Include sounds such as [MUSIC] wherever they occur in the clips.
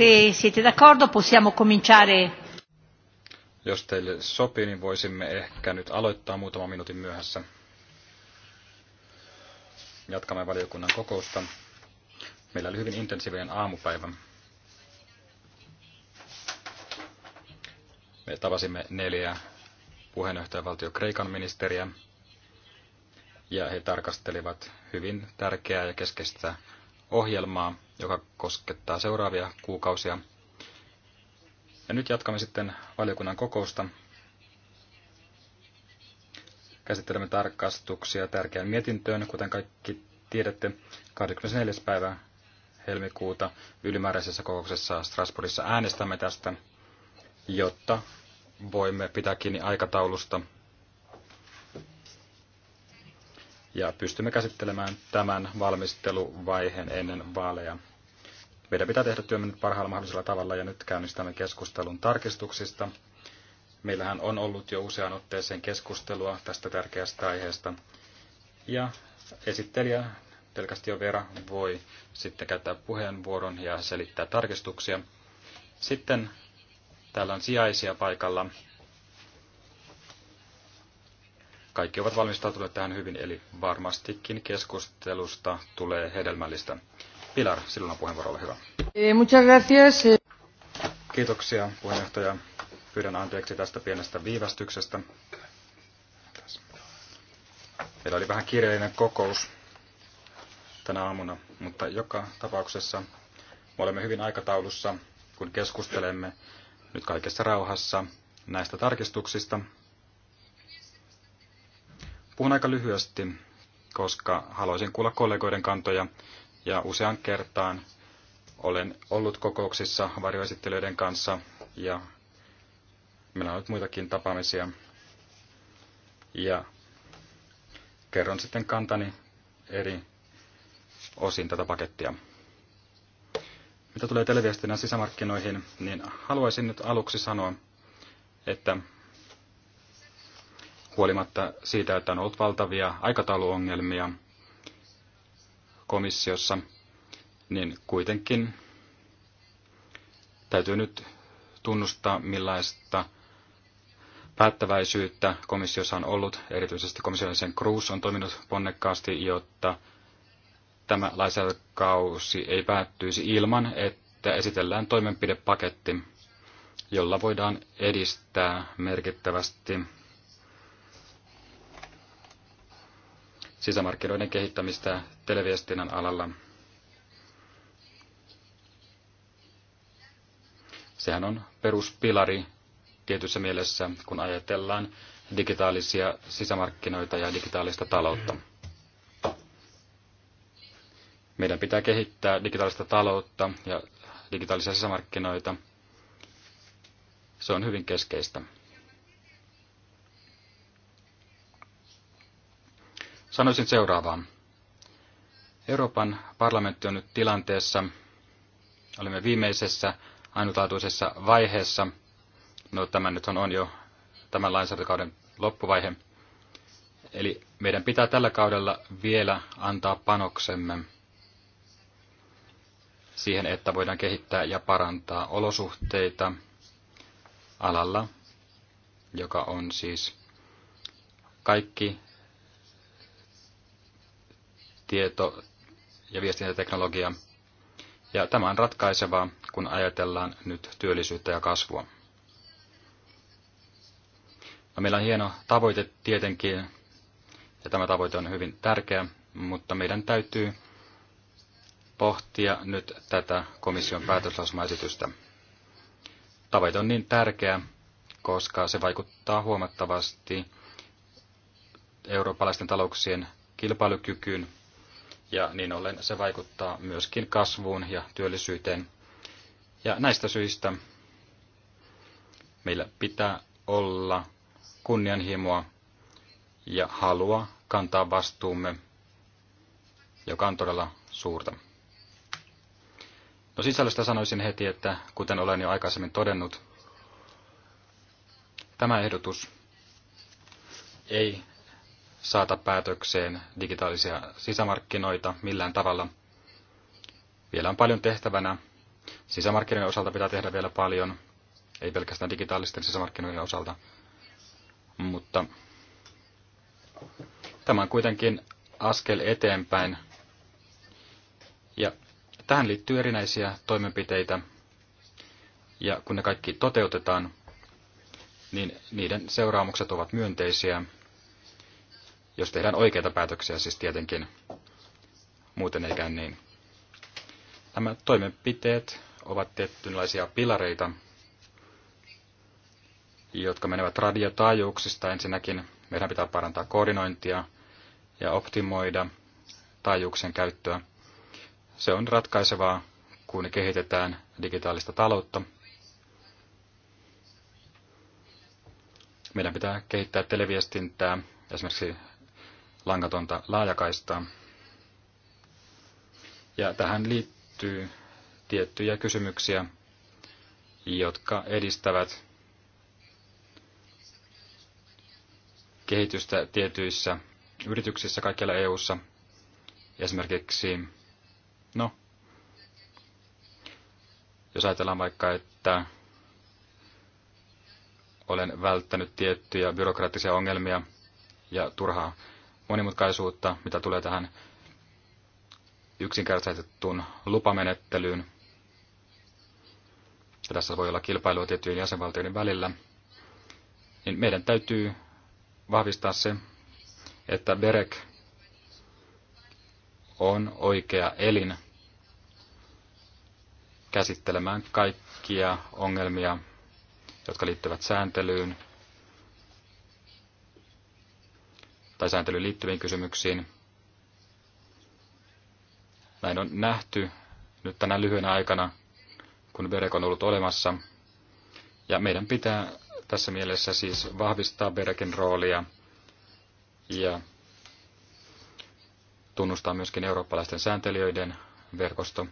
Se siete d'accordo, possiamo cominciare. Jos teille sopii, niin voisimme ehkä nyt aloittaa muutama minuutin myöhässä. Jatkamme valiokunnan kokousta. Meillä oli hyvin intensiivinen aamupäivä. Me tavasimme neljä valtio Kreikan ministeriä, ja he tarkastelivat hyvin tärkeää ja keskeistä ohjelmaa, joka koskettaa seuraavia kuukausia. Ja nyt jatkamme sitten valiokunnan kokousta. Käsittelemme tarkastuksia tärkeään mietintöön, kuten kaikki tiedätte, 24. päivä helmikuuta ylimääräisessä kokouksessa Strasbourgissa äänestämme tästä, jotta voimme pitää kiinni aikataulusta ja pystymme käsittelemään tämän valmisteluvaiheen ennen vaaleja. Meidän pitää tehdä työmme nyt parhaalla mahdollisella tavalla ja nyt käynnistämme keskustelun tarkistuksista. Meillähän on ollut jo useaan otteeseen keskustelua tästä tärkeästä aiheesta. Ja esittelijä jo Vera voi sitten käyttää puheenvuoron ja selittää tarkistuksia. Sitten täällä on sijaisia paikalla, kaikki ovat valmistautuneet tähän hyvin, eli varmastikin keskustelusta tulee hedelmällistä. Pilar, silloin on puheenvuoro, ole hyvä. Eh, eh. Kiitoksia puheenjohtaja. Pyydän anteeksi tästä pienestä viivästyksestä. Meillä oli vähän kiireellinen kokous tänä aamuna, mutta joka tapauksessa me olemme hyvin aikataulussa, kun keskustelemme nyt kaikessa rauhassa näistä tarkistuksista, Puhun aika lyhyesti, koska haluaisin kuulla kollegoiden kantoja ja usean kertaan olen ollut kokouksissa varjoesittelyiden kanssa ja meillä on nyt muitakin tapaamisia. Ja kerron sitten kantani eri osin tätä pakettia. Mitä tulee televiestinä sisämarkkinoihin, niin haluaisin nyt aluksi sanoa, että huolimatta siitä, että on ollut valtavia aikatauluongelmia komissiossa, niin kuitenkin täytyy nyt tunnustaa, millaista päättäväisyyttä komissiossa on ollut. Erityisesti komission sen Cruz on toiminut ponnekkaasti, jotta tämä lainsäädäntökausi ei päättyisi ilman, että esitellään toimenpidepaketti, jolla voidaan edistää merkittävästi sisämarkkinoiden kehittämistä televiestinnän alalla. Sehän on peruspilari tietyssä mielessä, kun ajatellaan digitaalisia sisämarkkinoita ja digitaalista taloutta. Meidän pitää kehittää digitaalista taloutta ja digitaalisia sisämarkkinoita. Se on hyvin keskeistä. Sanoisin seuraavaa. Euroopan parlamentti on nyt tilanteessa, olemme viimeisessä ainutlaatuisessa vaiheessa, no tämä nyt on, on jo tämän lainsäädäntökauden loppuvaihe, eli meidän pitää tällä kaudella vielä antaa panoksemme siihen, että voidaan kehittää ja parantaa olosuhteita alalla, joka on siis kaikki tieto- ja viestintäteknologia. Ja tämä on ratkaisevaa, kun ajatellaan nyt työllisyyttä ja kasvua. No, meillä on hieno tavoite tietenkin, ja tämä tavoite on hyvin tärkeä, mutta meidän täytyy pohtia nyt tätä komission päätöslausmaesitystä. Tavoite on niin tärkeä, koska se vaikuttaa huomattavasti eurooppalaisten talouksien kilpailukykyyn ja niin ollen se vaikuttaa myöskin kasvuun ja työllisyyteen. Ja näistä syistä meillä pitää olla kunnianhimoa ja halua kantaa vastuumme, joka on todella suurta. No sisällöstä sanoisin heti, että kuten olen jo aikaisemmin todennut, tämä ehdotus ei saata päätökseen digitaalisia sisämarkkinoita millään tavalla. Vielä on paljon tehtävänä. Sisämarkkinoiden osalta pitää tehdä vielä paljon, ei pelkästään digitaalisten sisämarkkinoiden osalta. Mutta tämä on kuitenkin askel eteenpäin. Ja tähän liittyy erinäisiä toimenpiteitä. Ja kun ne kaikki toteutetaan, niin niiden seuraamukset ovat myönteisiä jos tehdään oikeita päätöksiä siis tietenkin. Muuten ei niin. Nämä toimenpiteet ovat tietynlaisia pilareita, jotka menevät radiotaajuuksista. Ensinnäkin meidän pitää parantaa koordinointia ja optimoida taajuuksien käyttöä. Se on ratkaisevaa, kun kehitetään digitaalista taloutta. Meidän pitää kehittää televiestintää esimerkiksi langatonta laajakaistaa. Ja tähän liittyy tiettyjä kysymyksiä, jotka edistävät kehitystä tietyissä yrityksissä kaikkialla EU:ssa. Esimerkiksi, no, jos ajatellaan vaikka, että olen välttänyt tiettyjä byrokraattisia ongelmia ja turhaa monimutkaisuutta, mitä tulee tähän yksinkertaistettuun lupamenettelyyn. Ja tässä voi olla kilpailua tiettyjen jäsenvaltioiden välillä. Niin meidän täytyy vahvistaa se, että BEREC on oikea elin käsittelemään kaikkia ongelmia, jotka liittyvät sääntelyyn, tai sääntelyyn liittyviin kysymyksiin. Näin on nähty nyt tänä lyhyenä aikana, kun BEREK on ollut olemassa. Ja meidän pitää tässä mielessä siis vahvistaa BEREKin roolia ja tunnustaa myöskin eurooppalaisten sääntelijöiden verkosto.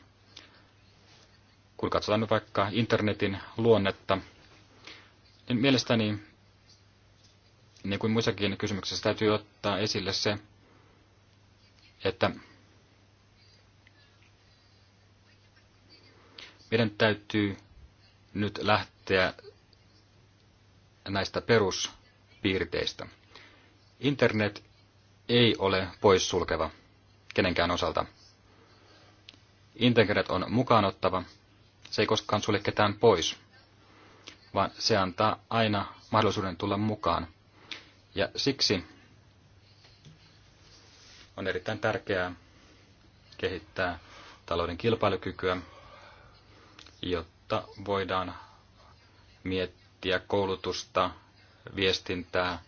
Kun katsotaan nyt vaikka internetin luonnetta, niin mielestäni niin kuin muissakin kysymyksissä täytyy ottaa esille se, että meidän täytyy nyt lähteä näistä peruspiirteistä. Internet ei ole poissulkeva kenenkään osalta. Internet on mukaanottava. Se ei koskaan sulle ketään pois, vaan se antaa aina mahdollisuuden tulla mukaan. Ja siksi on erittäin tärkeää kehittää talouden kilpailukykyä, jotta voidaan miettiä koulutusta, viestintää,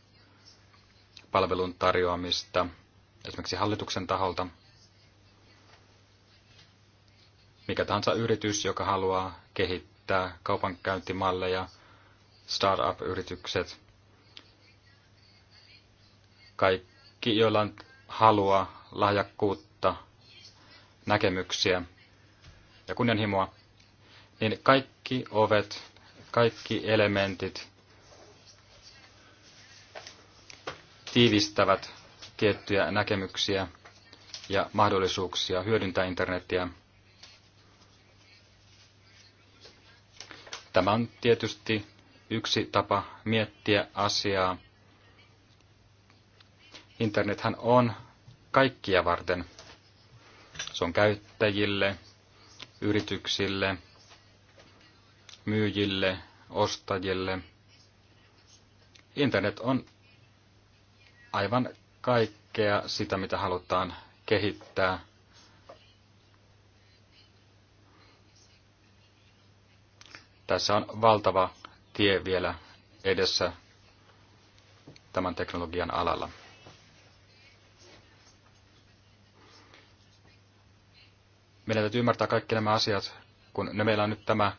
palvelun tarjoamista esimerkiksi hallituksen taholta. Mikä tahansa yritys, joka haluaa kehittää kaupankäyntimalleja, startup-yritykset, kaikki, joilla on halua, lahjakkuutta, näkemyksiä ja kunnianhimoa, niin kaikki ovet, kaikki elementit tiivistävät tiettyjä näkemyksiä ja mahdollisuuksia hyödyntää internetiä. Tämä on tietysti yksi tapa miettiä asiaa Internethän on kaikkia varten. Se on käyttäjille, yrityksille, myyjille, ostajille. Internet on aivan kaikkea sitä, mitä halutaan kehittää. Tässä on valtava tie vielä edessä tämän teknologian alalla. meidän täytyy ymmärtää kaikki nämä asiat, kun ne meillä on nyt tämä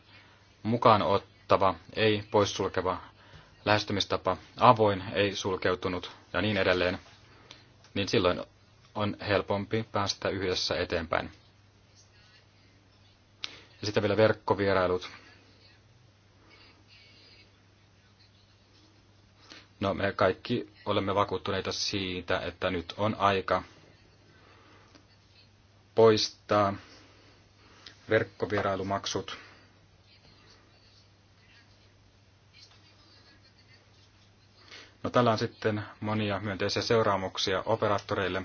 mukaan ottava, ei poissulkeva lähestymistapa, avoin, ei sulkeutunut ja niin edelleen, niin silloin on helpompi päästä yhdessä eteenpäin. Ja sitten vielä verkkovierailut. No me kaikki olemme vakuuttuneita siitä, että nyt on aika poistaa verkkovierailumaksut. No tällä on sitten monia myönteisiä seuraamuksia operaattoreille,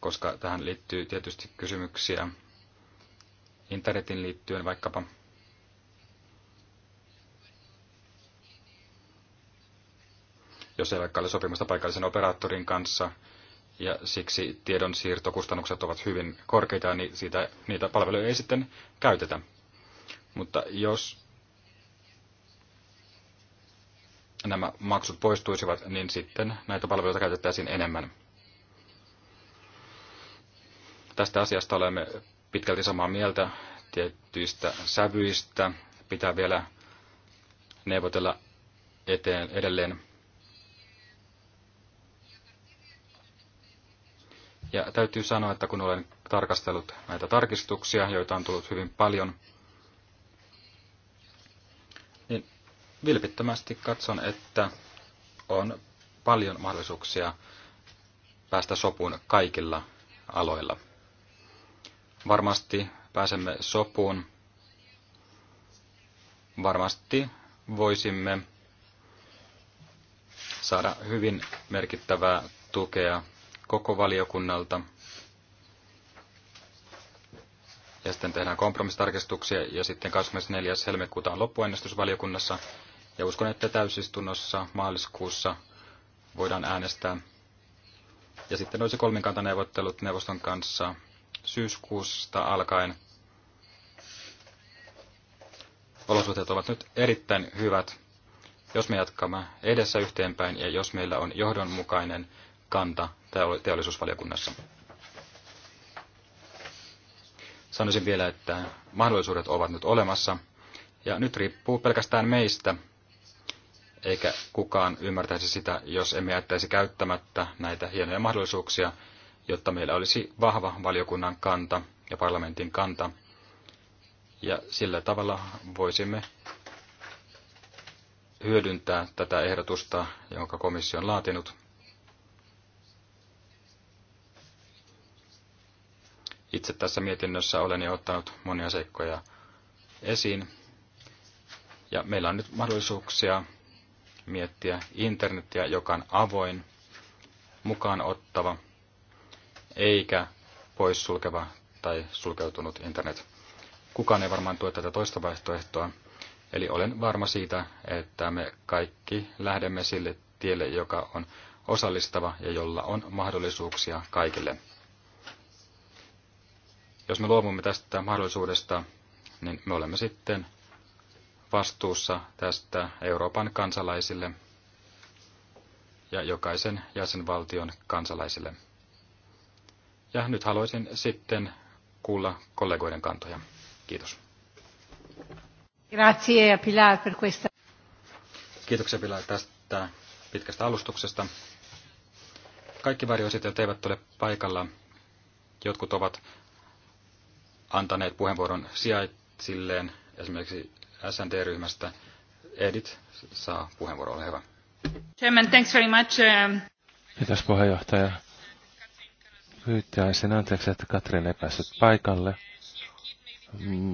koska tähän liittyy tietysti kysymyksiä internetin liittyen vaikkapa. Jos ei vaikka ole sopimusta paikallisen operaattorin kanssa, ja siksi tiedonsiirtokustannukset ovat hyvin korkeita, niin siitä, niitä palveluja ei sitten käytetä. Mutta jos nämä maksut poistuisivat, niin sitten näitä palveluita käytettäisiin enemmän. Tästä asiasta olemme pitkälti samaa mieltä tietyistä sävyistä. Pitää vielä neuvotella eteen edelleen. Ja täytyy sanoa, että kun olen tarkastellut näitä tarkistuksia, joita on tullut hyvin paljon, niin vilpittömästi katson, että on paljon mahdollisuuksia päästä sopuun kaikilla aloilla. Varmasti pääsemme sopuun. Varmasti voisimme saada hyvin merkittävää tukea koko valiokunnalta. Ja sitten tehdään kompromissitarkistuksia ja sitten 24. helmikuuta on loppuäänestys valiokunnassa. Ja uskon, että täysistunnossa maaliskuussa voidaan äänestää. Ja sitten olisi kolminkantaneuvottelut neuvoston kanssa syyskuusta alkaen. Olosuhteet ovat nyt erittäin hyvät, jos me jatkamme edessä yhteenpäin ja jos meillä on johdonmukainen kanta teollisuusvaliokunnassa. Sanoisin vielä, että mahdollisuudet ovat nyt olemassa, ja nyt riippuu pelkästään meistä, eikä kukaan ymmärtäisi sitä, jos emme jättäisi käyttämättä näitä hienoja mahdollisuuksia, jotta meillä olisi vahva valiokunnan kanta ja parlamentin kanta. Ja sillä tavalla voisimme hyödyntää tätä ehdotusta, jonka komissio on laatinut. Itse tässä mietinnössä olen jo ottanut monia seikkoja esiin. Ja meillä on nyt mahdollisuuksia miettiä internetiä, joka on avoin, mukaan ottava, eikä poissulkeva tai sulkeutunut internet. Kukaan ei varmaan tue tätä toista vaihtoehtoa, eli olen varma siitä, että me kaikki lähdemme sille tielle, joka on osallistava ja jolla on mahdollisuuksia kaikille. Jos me luovumme tästä mahdollisuudesta, niin me olemme sitten vastuussa tästä Euroopan kansalaisille ja jokaisen jäsenvaltion kansalaisille. Ja nyt haluaisin sitten kuulla kollegoiden kantoja. Kiitos. Grazie Pilar per questa. Kiitoksia Pilar tästä pitkästä alustuksesta. Kaikki varjoesittelijät eivät ole paikalla. Jotkut ovat antaneet puheenvuoron sijaitsilleen, esimerkiksi snt ryhmästä Edit saa puheenvuoron, ole hyvä. Chairman, thanks very much. Um, Kiitos puheenjohtaja. Pyytäisin anteeksi, että Katrin ei päässyt paikalle,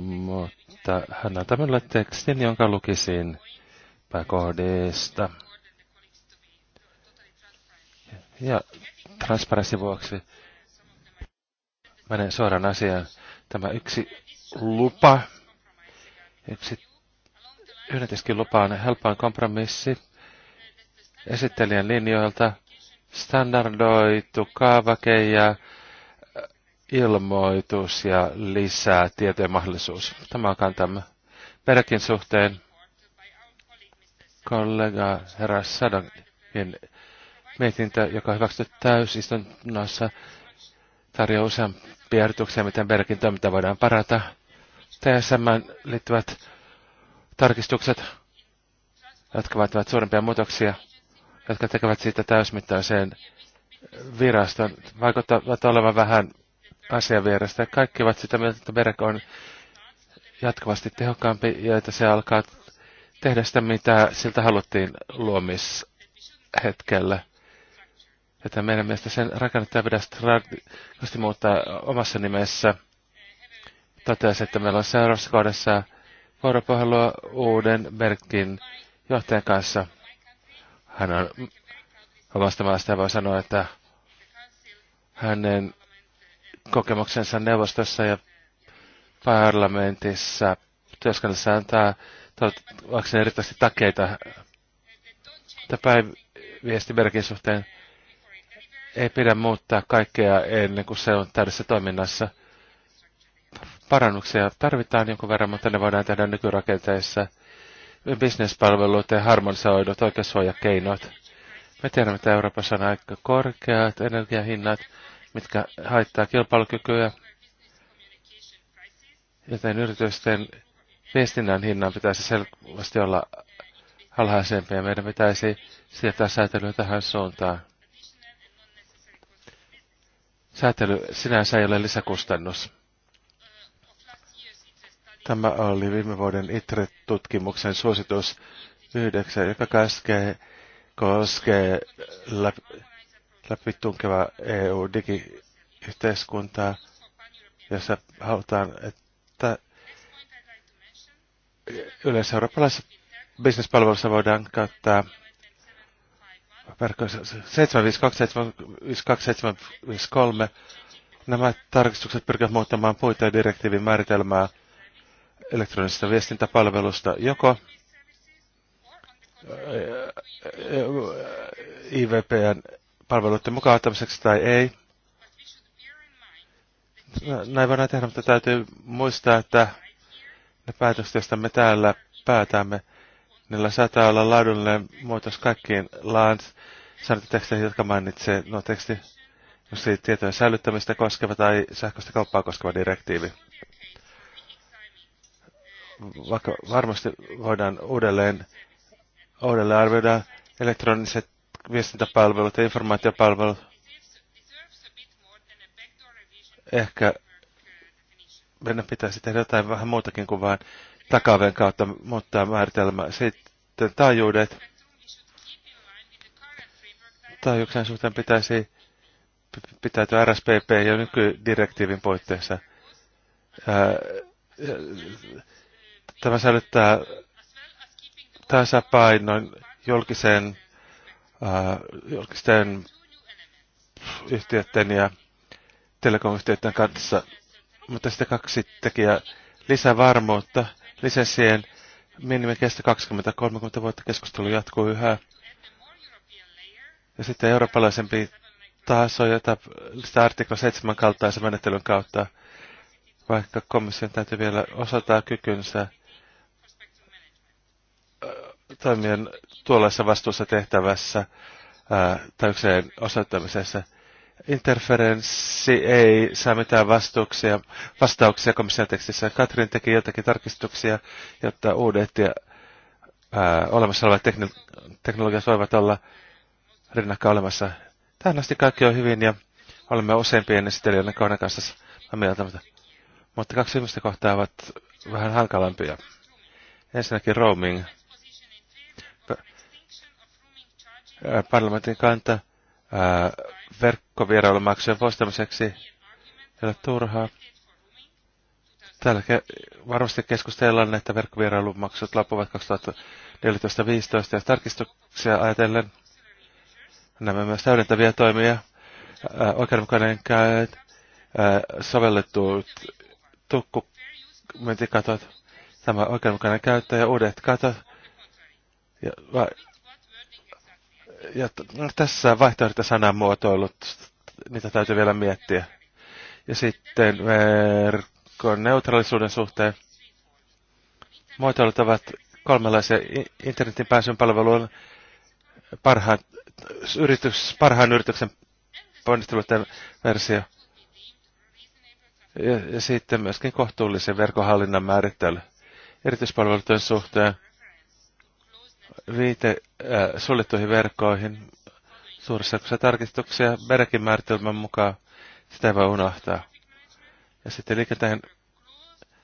mutta hän antaa minulle tekstin, jonka lukisin pääkohdista. Ja transparenssin vuoksi menen suoraan asiaan. Tämä yksi lupa, yksi yhdentyskin lupa on helpoin kompromissi esittelijän linjoilta standardoitu kaavake ja äh, ilmoitus ja lisää tietojen mahdollisuus. Tämä on kantamme. perkin suhteen kollega herra Sadonin mietintö, joka hyväksytty täysistunnossa, tarjoaa useampia ehdotuksia, miten Bergin toiminta voidaan parata. TSM liittyvät tarkistukset, jotka vaativat suurempia muutoksia, jotka tekevät siitä täysmittaiseen viraston, vaikuttavat olevan vähän asian vierestä. Kaikki ovat sitä mieltä, että Berg on jatkuvasti tehokkaampi ja että se alkaa tehdä sitä, mitä siltä haluttiin luomishetkellä että meidän mielestä sen rakennetta pidä strategisesti muuttaa omassa nimessä. Totesi, että meillä on seuraavassa kohdassa vuoropuhelua uuden merkin johtajan kanssa. Hän on omasta maasta ja voi sanoa, että hänen kokemuksensa neuvostossa ja parlamentissa työskennellessä antaa toivottavasti erittäin takeita tämän viestimerkin suhteen ei pidä muuttaa kaikkea ennen kuin se on täydessä toiminnassa. Parannuksia tarvitaan jonkun verran, mutta ne voidaan tehdä nykyrakenteissa. Bisnespalvelut ja harmonisoidut oikeussuojakeinot. Me tiedämme, että Euroopassa on aika korkeat energiahinnat, mitkä haittaa kilpailukykyä. Joten yritysten viestinnän hinnan pitäisi selvästi olla alhaisempi ja meidän pitäisi siirtää säätelyä tähän suuntaan säätely sinänsä ei ole lisäkustannus. Tämä oli viime vuoden ITRE-tutkimuksen suositus 9, joka käskee, koskee läpi, läpitunkevaa EU-digiyhteiskuntaa, jossa halutaan, että yleensä eurooppalaisessa bisnespalvelussa voidaan käyttää verkko 752, 752, 753. Nämä tarkistukset pyrkivät muuttamaan puitteen direktiivin määritelmää elektronisesta viestintäpalvelusta joko IVPn palveluiden mukaan ottamiseksi tai ei. Näin voidaan tehdä, mutta täytyy muistaa, että ne päätökset, joista me täällä päätämme, Niillä saattaa olla laadullinen muutos kaikkiin lainsäädäntöteksteihin, jotka mainitsee nuo teksti, tietojen säilyttämistä koskeva tai sähköistä kauppaa koskeva direktiivi. Vaikka varmasti voidaan uudelleen, uudelleen arvioida elektroniset viestintäpalvelut ja informaatiopalvelut. Ehkä meidän pitäisi tehdä jotain vähän muutakin kuin vain takaven kautta muuttaa määritelmä. Sitten taajuudet. Taajuuksien suhteen pitäisi pitäytyä RSPP ja nykydirektiivin puitteissa. Tämä säilyttää tasapainon julkiseen julkisten yhtiöiden ja telekomyhtiöiden kanssa, mutta sitten kaksi tekijää lisää varmuutta lisenssien minimi kestä 20-30 vuotta. Keskustelu jatkuu yhä. Ja sitten eurooppalaisempi taso, jota sitä artikla 7 kaltaisen menettelyn kautta, vaikka komission täytyy vielä osata kykynsä toimien tuollaisessa vastuussa tehtävässä tai yksilöiden osoittamisessa – interferenssi ei saa mitään vastauksia, vastauksia komission tekstissä. Katrin teki jotakin tarkistuksia, jotta uudet ja ää, olemassa olevat teknolo teknologiat voivat olla rinnakkain olemassa. Tähän asti kaikki on hyvin ja olemme useimpien esittelijöiden kohdan kanssa mieltä, mutta, mutta kaksi viimeistä kohtaa ovat vähän hankalampia. Ensinnäkin roaming. parlamentin kanta verkkovierailumaksujen poistamiseksi. Ei ole turhaa. Täällä ke- varmasti keskustellaan, että verkkovierailumaksut loppuvat 2014-2015 ja tarkistuksia ajatellen. Nämä myös täydentäviä toimia. Ää, oikeudenmukainen käy sovelletut tukkumyyntikatot, tämä oikeudenmukainen käyttö ja uudet katot. Ja, va ja no, tässä vaihtoehdot ja sanamuotoilut, niitä täytyy vielä miettiä. Ja sitten verkon neutraalisuuden suhteen muotoilut ovat kolmenlaisia internetin pääsyn palveluun parhaan, yritys, parhaan yrityksen ponnisteluiden versio. Ja, ja sitten myöskin kohtuullisen verkonhallinnan määrittely erityispalveluiden suhteen viite äh, suljettuihin verkkoihin suurissa tarkistuksia merkin määritelmän mukaan. Sitä ei voi unohtaa. Ja sitten liikenteen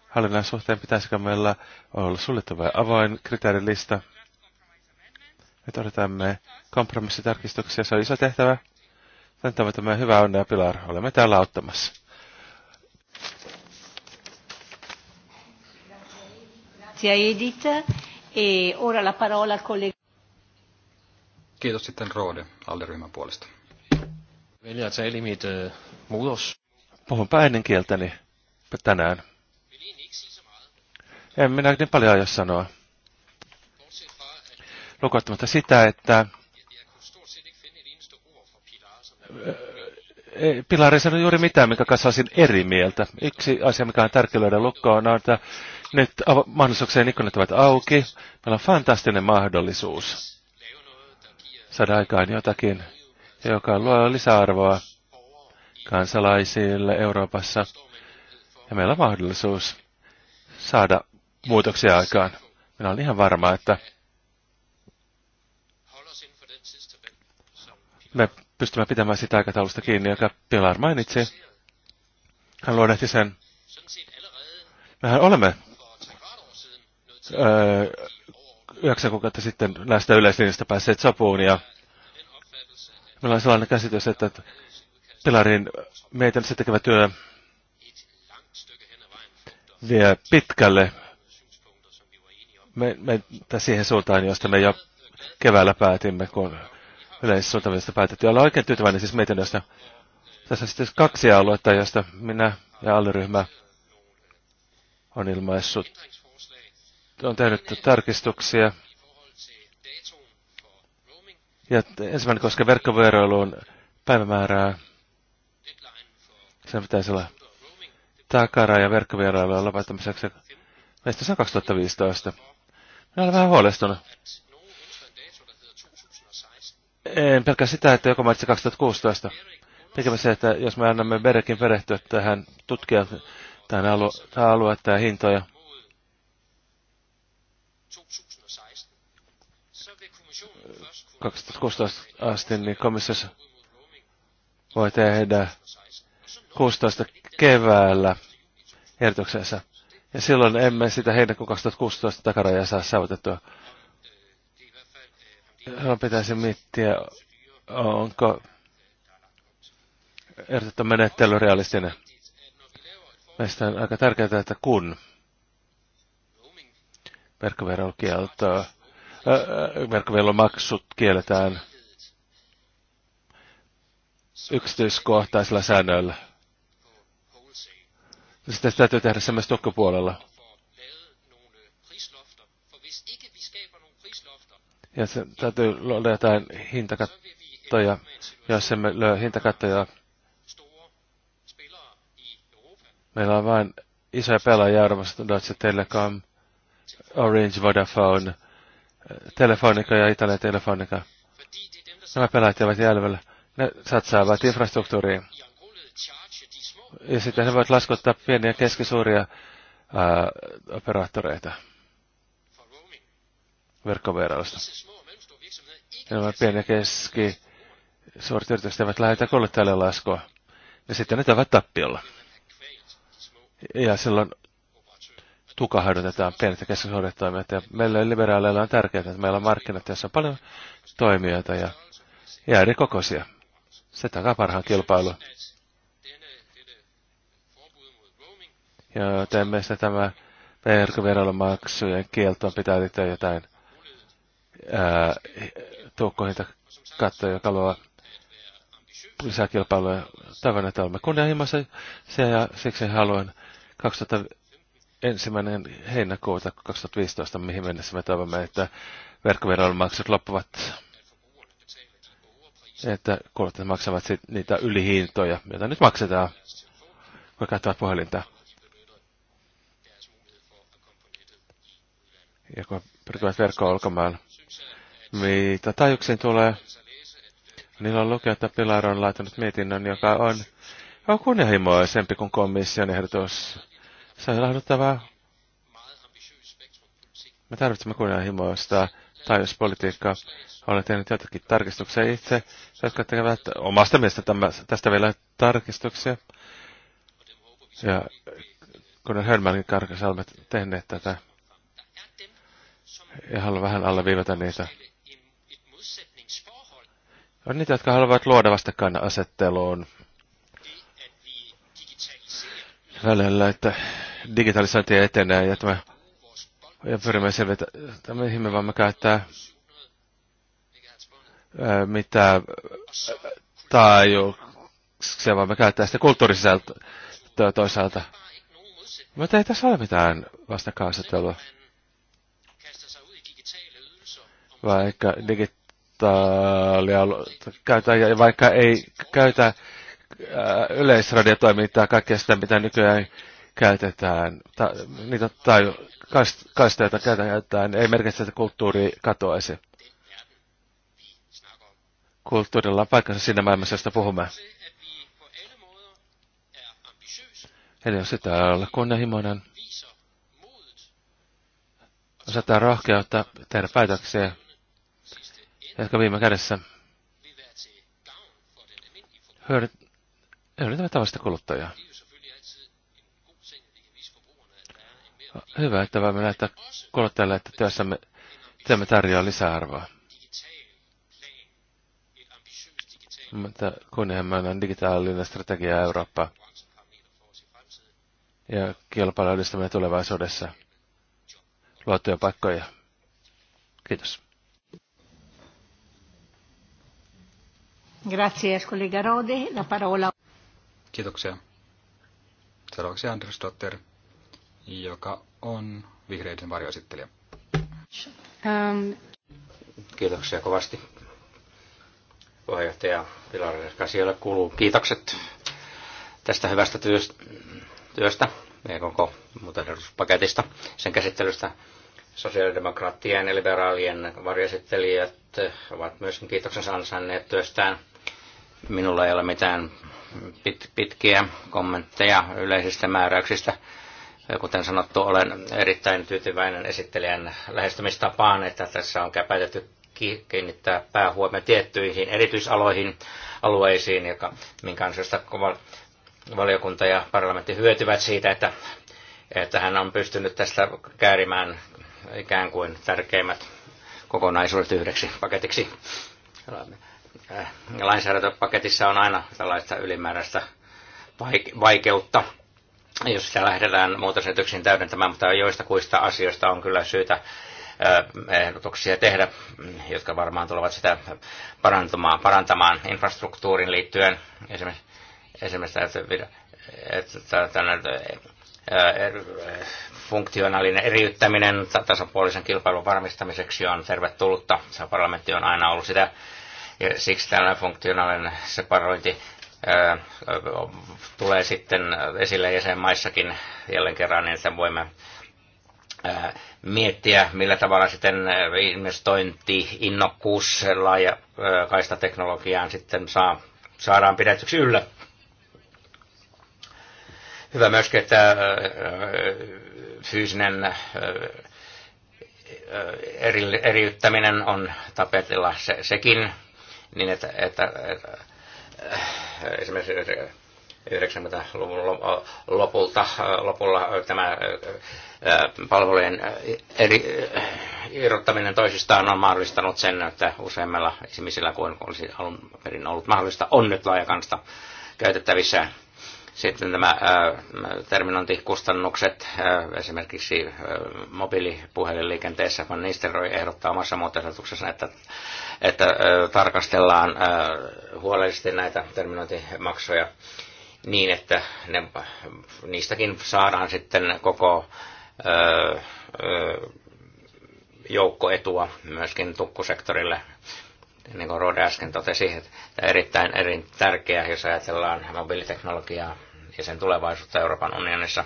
hallinnan suhteen pitäisikö meillä olla suljettu vai avoin kriteerilista. Nyt odotamme kompromissitarkistuksia. Se on iso tehtävä. tämä on tämä hyvä onnea Pilar. Olemme täällä auttamassa. ja Edith. E ora la parola al collega. Kiitos sitten Rode alderyhmän puolesta. Veljat sä muutos. Puhun äidinkieltäni niin tänään. En minä niin paljon aja sanoa. Lukottamatta sitä, että ei, Pilari sanoi juuri mitään, kanssa olisin eri mieltä. Yksi asia, mikä on tärkeä löydä lukkoon, on, että nyt mahdollisuuksien ikkunat ovat auki. Meillä on fantastinen mahdollisuus saada aikaan jotakin, joka luo lisäarvoa kansalaisille Euroopassa. Ja meillä on mahdollisuus saada muutoksia aikaan. Minä olen ihan varma, että me pystymään pitämään sitä aikataulusta kiinni, joka Pilar mainitsi. Hän luonnehti sen. Mehän olemme öö, yhdeksän kuukautta sitten näistä yleislinjasta päässeet sopuun ja meillä on sellainen käsitys, että Pilarin se tekevä työ vie pitkälle me, me, siihen suuntaan, josta me jo keväällä päätimme, kun yleissuuntaviivasta päätettiin. Olen oikein tyytyväinen siis mietinnöstä. Tässä on sitten kaksi aluetta, joista minä ja alliryhmä on ilmaissut, on tehnyt tarkistuksia. Ja ensimmäinen koskee verkkovuoroiluun päivämäärää. Sen pitäisi olla takaraja verkkovierailujen lopettamiseksi. Meistä se on 2015. Minä olen vähän huolestunut. En pelkää sitä, että joka mainitsi 2016. Tekemä se, että jos me annamme Berekin perehtyä tähän tutkia tähän alue, tämä hintoja. ja hintoja, asti, niin komissiossa voi tehdä 16 keväällä ehdotuksensa. Ja silloin emme sitä heinäkuun 2016 takarajaa saa saavutettua. No, pitäisi miettiä, onko ehdotettu menettely realistinen. Meistä on aika tärkeää, että kun verkkoveron äh, maksut kielletään yksityiskohtaisilla säännöillä. Niin sitten täytyy tehdä semmoista tukkopuolella. Ja se täytyy luoda jotain hintakattoja, jos emme löydä hintakattoja. Meillä on vain isoja pelaajia Euroopassa, Deutsche Telekom, Orange, Vodafone, Telefonica ja Italia Telefonica. Nämä pelaajat jäävät jäljellä. Ne satsaavat infrastruktuuriin. Ja sitten he voivat laskuttaa pieniä keskisuuria ää, operaattoreita verkkoveroista. Nämä pieni- ja keski suuret yritykset eivät lähetä kuljettajalle laskua. Ja sitten ne tavat tappiolla. Ja silloin tukahdotetaan pienet ja keskisuuret toimijat. Ja meillä liberaaleilla on tärkeää, että meillä on markkinat, joissa on paljon toimijoita ja, ja eri kokoisia. Se takaa parhaan kilpailun. Ja teemme sitä tämä verkkoviranomaksujen kieltoon pitää liittyä jotain tuukkohinta katto, joka luo lisää kilpailuja tavoin, että olemme se ja siksi haluan 2001. heinäkuuta 2015, mihin mennessä me toivomme, että verkkoveron loppuvat, että kuluttajat maksavat sit niitä ylihintoja, joita nyt maksetaan, kun käyttävät puhelinta. Ja kun pyrkivät verkkoon ulkomaan mitä tajuksiin tulee, niillä on lukea, että Pilar on laitanut mietinnön, joka on, on kunnianhimoisempi kuin komission ehdotus. Se on lahduttavaa. Me tarvitsemme kunnianhimoista taajuuspolitiikkaa. Olen tehnyt jotakin tarkistuksia itse, jotka tekevät omasta mielestä tästä vielä tarkistuksia. Ja kun on Hörmälkin karkasalmet tehneet tätä ja haluan vähän alleviivata niitä. On niitä, jotka haluavat luoda vastakkain asetteluun välillä, että digitalisointi etenee ja, tämä, ja pyrimme selvitä, että mihin me voimme käyttää mitä taajuuksia, vaan me käyttää sitä kulttuurisisältöä toisaalta. Mutta ei tässä ole mitään vastakkainasettelua vaikka digitaalia käytä ja vaikka ei käytä äh, yleisradiotoimintaa, kaikkea sitä, mitä nykyään käytetään, ta, niitä tai kasteita käytetään, ei merkitse, että kulttuuri katoaisi. Kulttuurilla on paikkansa siinä maailmassa, josta puhumme. Eli jos sitä olla kunnianhimoinen, osataan rohkeutta tehdä päätöksiä jotka viime kädessä hyödyntävät tavasta kuluttajaa. Hyvä, että voimme näyttää kuluttajalle, että työssämme teemme tarjoaa lisäarvoa. Mutta kunnianhimoinen on digitaalinen strategia Eurooppa ja kilpailun tulevaisuudessa luo työpaikkoja. Kiitos. Gracias, kollega Rode. La parola. Kiitoksia. Seuraavaksi Anders Dotter, joka on vihreiden varjoesittelijä. Ähm. Kiitoksia kovasti. Puheenjohtaja Pilar Kasialle kuuluu kiitokset tästä hyvästä työstä ja koko muutenperuspaketista, sen käsittelystä. Sosiaalidemokraattien ja liberaalien varjesittelijät ovat myöskin kiitoksensa ansainneet työstään – Minulla ei ole mitään pit, pitkiä kommentteja yleisistä määräyksistä. Kuten sanottu, olen erittäin tyytyväinen esittelijän lähestymistapaan, että tässä on päätetty kiinnittää päähuomio tiettyihin erityisaloihin, alueisiin, joka, minkä ansiosta valiokunta ja parlamentti hyötyvät siitä, että, että hän on pystynyt tästä käärimään ikään kuin tärkeimmät kokonaisuudet yhdeksi paketiksi. Äh, lainsäädäntöpaketissa on aina tällaista ylimääräistä vaikeutta, jos sitä lähdetään muutosetyksiin täydentämään, mutta joista kuista asioista on kyllä syytä äh, ehdotuksia tehdä, mm, jotka varmaan tulevat sitä parantamaan, parantamaan infrastruktuurin liittyen. Esimerkiksi, esimerkiksi että, että, äh, er, funktionaalinen eriyttäminen tasapuolisen kilpailun varmistamiseksi on tervetullutta. Se parlamentti on aina ollut sitä ja siksi tällainen funktionaalinen separointi tulee sitten esille jäsenmaissakin jälleen kerran, niin että voimme miettiä, millä tavalla sitten investointi, innokkuus, laaja teknologiaan sitten saa, saadaan pidetyksi yllä. Hyvä myöskin, että fyysinen eriyttäminen on tapetilla se, sekin niin että, että, että äh, esimerkiksi 90-luvun lopulta, äh, lopulla tämä äh, palvelujen eri, irrottaminen toisistaan on mahdollistanut sen, että useimmilla ihmisillä kuin olisi alun perin ollut mahdollista, on nyt laajakanta käytettävissä sitten nämä äh, terminointikustannukset, äh, esimerkiksi äh, mobiilipuhelinliikenteessä, Van Nistelrooy ehdottaa omassa muotoisetuksessa, että, että tarkastellaan huolellisesti näitä terminointimaksuja niin, että ne, niistäkin saadaan sitten koko joukkoetua myöskin tukkusektorille niin kuin Rode äsken totesi, että erittäin, erittäin tärkeää, jos ajatellaan mobiiliteknologiaa ja sen tulevaisuutta Euroopan unionissa.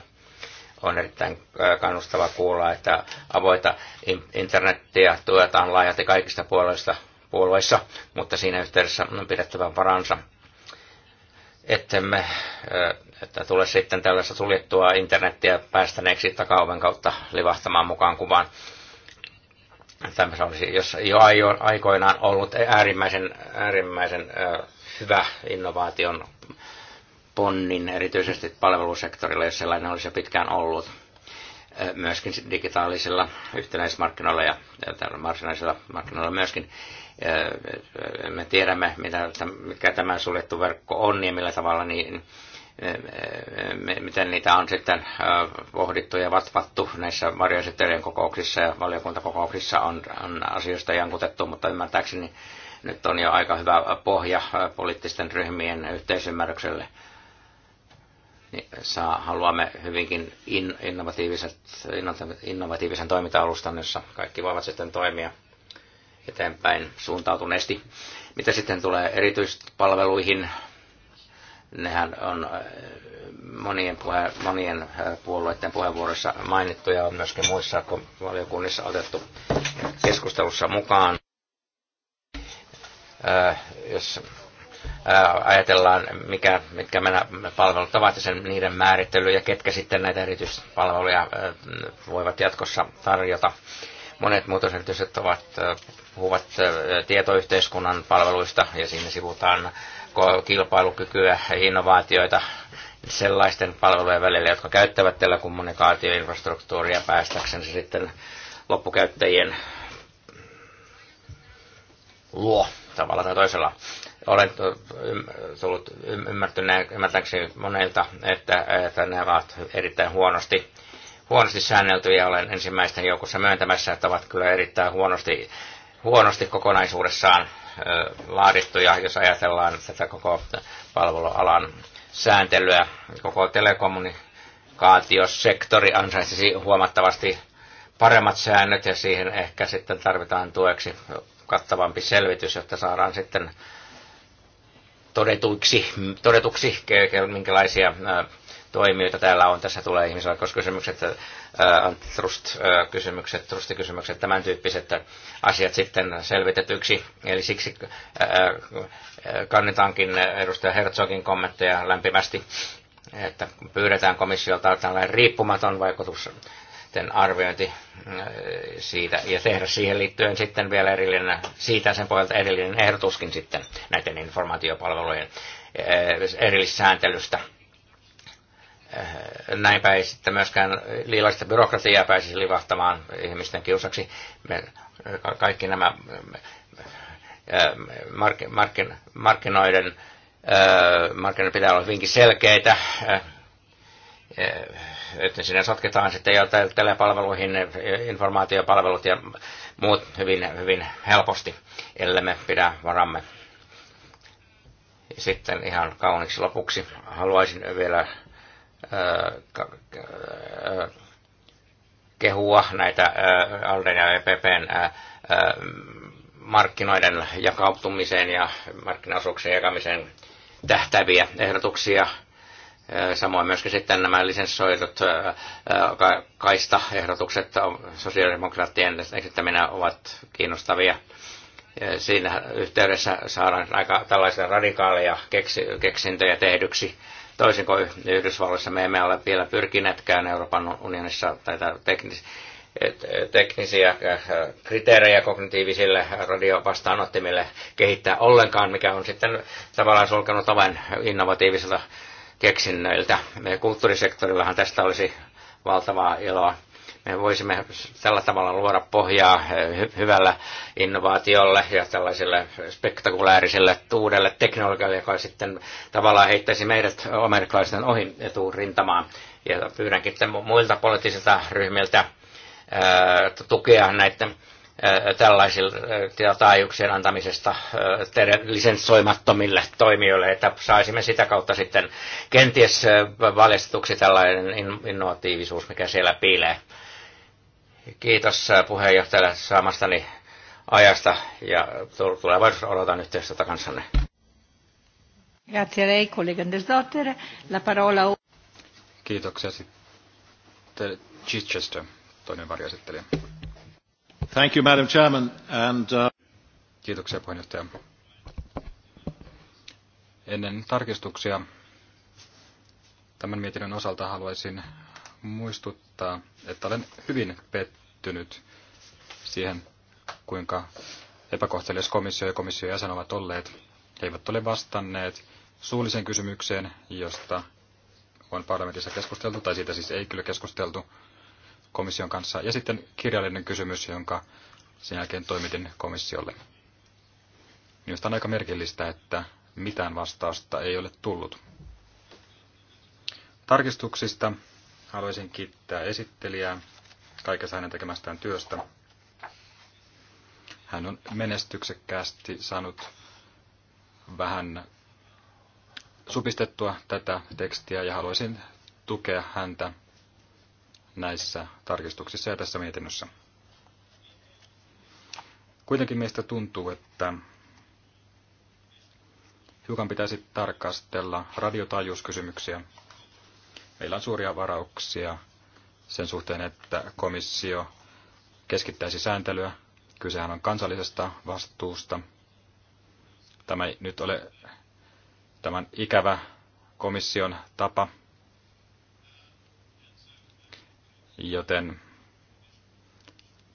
On erittäin kannustava kuulla, että avoita internettiä tuetaan laajalti kaikista puolueista, puolueissa, mutta siinä yhteydessä on pidettävä varansa, ettemme että tule sitten tällaista suljettua internettiä päästäneeksi takaoven kautta livahtamaan mukaan kuvaan Tämä olisi, jos jo aikoinaan ollut äärimmäisen, äärimmäisen hyvä innovaation ponnin, erityisesti palvelusektorilla, jos sellainen olisi jo pitkään ollut myöskin digitaalisilla yhtenäismarkkinoilla ja varsinaisilla markkinoilla myöskin. Me tiedämme, mitä, mikä tämä suljettu verkko on ja millä tavalla niin miten niitä on sitten pohdittu ja vatvattu näissä varjoesittelyjen kokouksissa ja valiokuntakokouksissa on, on asioista jankutettu, mutta ymmärtääkseni nyt on jo aika hyvä pohja poliittisten ryhmien yhteisymmärrykselle. Niin, saa, haluamme hyvinkin innovatiiviset, innovatiivisen toiminta-alustan, jossa kaikki voivat sitten toimia eteenpäin suuntautuneesti. Mitä sitten tulee erityispalveluihin, Nehän on äh, monien, puhe, monien äh, puolueiden puheenvuoroissa mainittu ja on myöskin muissa valiokunnissa otettu keskustelussa mukaan. Äh, jos äh, ajatellaan, mikä, mitkä meidän palvelut ovat ja sen, niiden määrittely ja ketkä sitten näitä erityispalveluja voivat jatkossa tarjota. Monet muutosyritykset ovat, puhuvat tietoyhteiskunnan palveluista ja siinä sivutaan kilpailukykyä, innovaatioita sellaisten palvelujen välillä, jotka käyttävät tällä kommunikaatioinfrastruktuuria päästäkseen sitten loppukäyttäjien luo tavalla tai toisella. Olen tullut ymmärtänyt monelta, että, että ne ovat erittäin huonosti, huonosti säänneltyjä. Olen ensimmäisten joukossa myöntämässä, että ovat kyllä erittäin huonosti, huonosti kokonaisuudessaan laadittuja, jos ajatellaan tätä koko palvelualan sääntelyä. Koko telekommunikaatiosektori ansaitsisi huomattavasti paremmat säännöt ja siihen ehkä sitten tarvitaan tueksi kattavampi selvitys, jotta saadaan sitten todetuiksi, todetuksi minkälaisia toimijoita täällä on. Tässä tulee ihmisoikeuskysymykset, äh, antitrust-kysymykset, äh, trustikysymykset, tämän tyyppiset asiat sitten selvitetyksi. Eli siksi äh, kannetaankin edustaja Herzogin kommentteja lämpimästi, että pyydetään komissiolta tällainen riippumaton vaikutus arviointi siitä ja tehdä siihen liittyen sitten vielä erillinen, siitä sen pohjalta erillinen ehdotuskin sitten näiden informaatiopalvelujen erillissääntelystä Äh, näinpä ei sitten myöskään liilaista byrokratiaa pääsisi livahtamaan ihmisten kiusaksi. Me, kaikki nämä äh, mark, mark, markkinoiden, äh, markkinoiden pitää olla hyvinkin selkeitä, että sinne sotketaan sitten jo telepalveluihin informaatiopalvelut ja muut hyvin, hyvin helposti, ellei me pidä varamme. Sitten ihan kauniksi lopuksi haluaisin vielä kehua näitä Alden ja EPPn markkinoiden jakautumiseen ja markkinaosuuksien jakamiseen tähtäviä ehdotuksia. Samoin myöskin sitten nämä lisenssoidut kaistaehdotukset sosiaalidemokraattien esittäminä ovat kiinnostavia. Siinä yhteydessä saadaan aika tällaisia radikaaleja keksintöjä tehdyksi Toisin kuin Yhdysvalloissa me emme ole vielä pyrkineetkään Euroopan unionissa tai teknis- teknisiä äh, kriteerejä kognitiivisille radiovastaanottimille kehittää ollenkaan, mikä on sitten tavallaan sulkenut oven innovatiivisilta keksinnöiltä. Meidän kulttuurisektorillahan tästä olisi valtavaa iloa. Me voisimme tällä tavalla luoda pohjaa eh, hyvällä innovaatiolle ja tällaiselle spektakulaariselle uudelle teknologialle, joka sitten tavallaan heittäisi meidät amerikkalaisten ohi rintamaan. Ja pyydänkin muilta poliittisilta ryhmiltä eh, tukea näiden eh, tällaisilla taajuuksien antamisesta lisenssoimattomille toimijoille, että saisimme sitä kautta sitten kenties valjastetuksi tällainen innovatiivisuus, mikä siellä piilee. Kiitos äh, puheenjohtajalle saamastani ajasta ja tulevaisuudessa odotan yhteistyötä kanssanne. La parola... Kiitoksia sitten Chichester, toinen varjoesittelijä. Thank you, Madam Chairman. And, uh... Kiitoksia puheenjohtaja. Ennen tarkistuksia tämän mietinnön osalta haluaisin muistuttaa, että olen hyvin pettynyt siihen, kuinka epäkohtelias komissio ja komission jäsen ovat olleet. He eivät ole vastanneet suulliseen kysymykseen, josta on parlamentissa keskusteltu, tai siitä siis ei kyllä keskusteltu komission kanssa. Ja sitten kirjallinen kysymys, jonka sen jälkeen toimitin komissiolle. Minusta on aika merkillistä, että mitään vastausta ei ole tullut. Tarkistuksista Haluaisin kiittää esittelijää kaikessa hänen tekemästään työstä. Hän on menestyksekkäästi saanut vähän supistettua tätä tekstiä ja haluaisin tukea häntä näissä tarkistuksissa ja tässä mietinnössä. Kuitenkin meistä tuntuu, että hiukan pitäisi tarkastella radiotaajuuskysymyksiä Meillä on suuria varauksia sen suhteen, että komissio keskittäisi sääntelyä. Kysehän on kansallisesta vastuusta. Tämä ei nyt ole tämän ikävä komission tapa, joten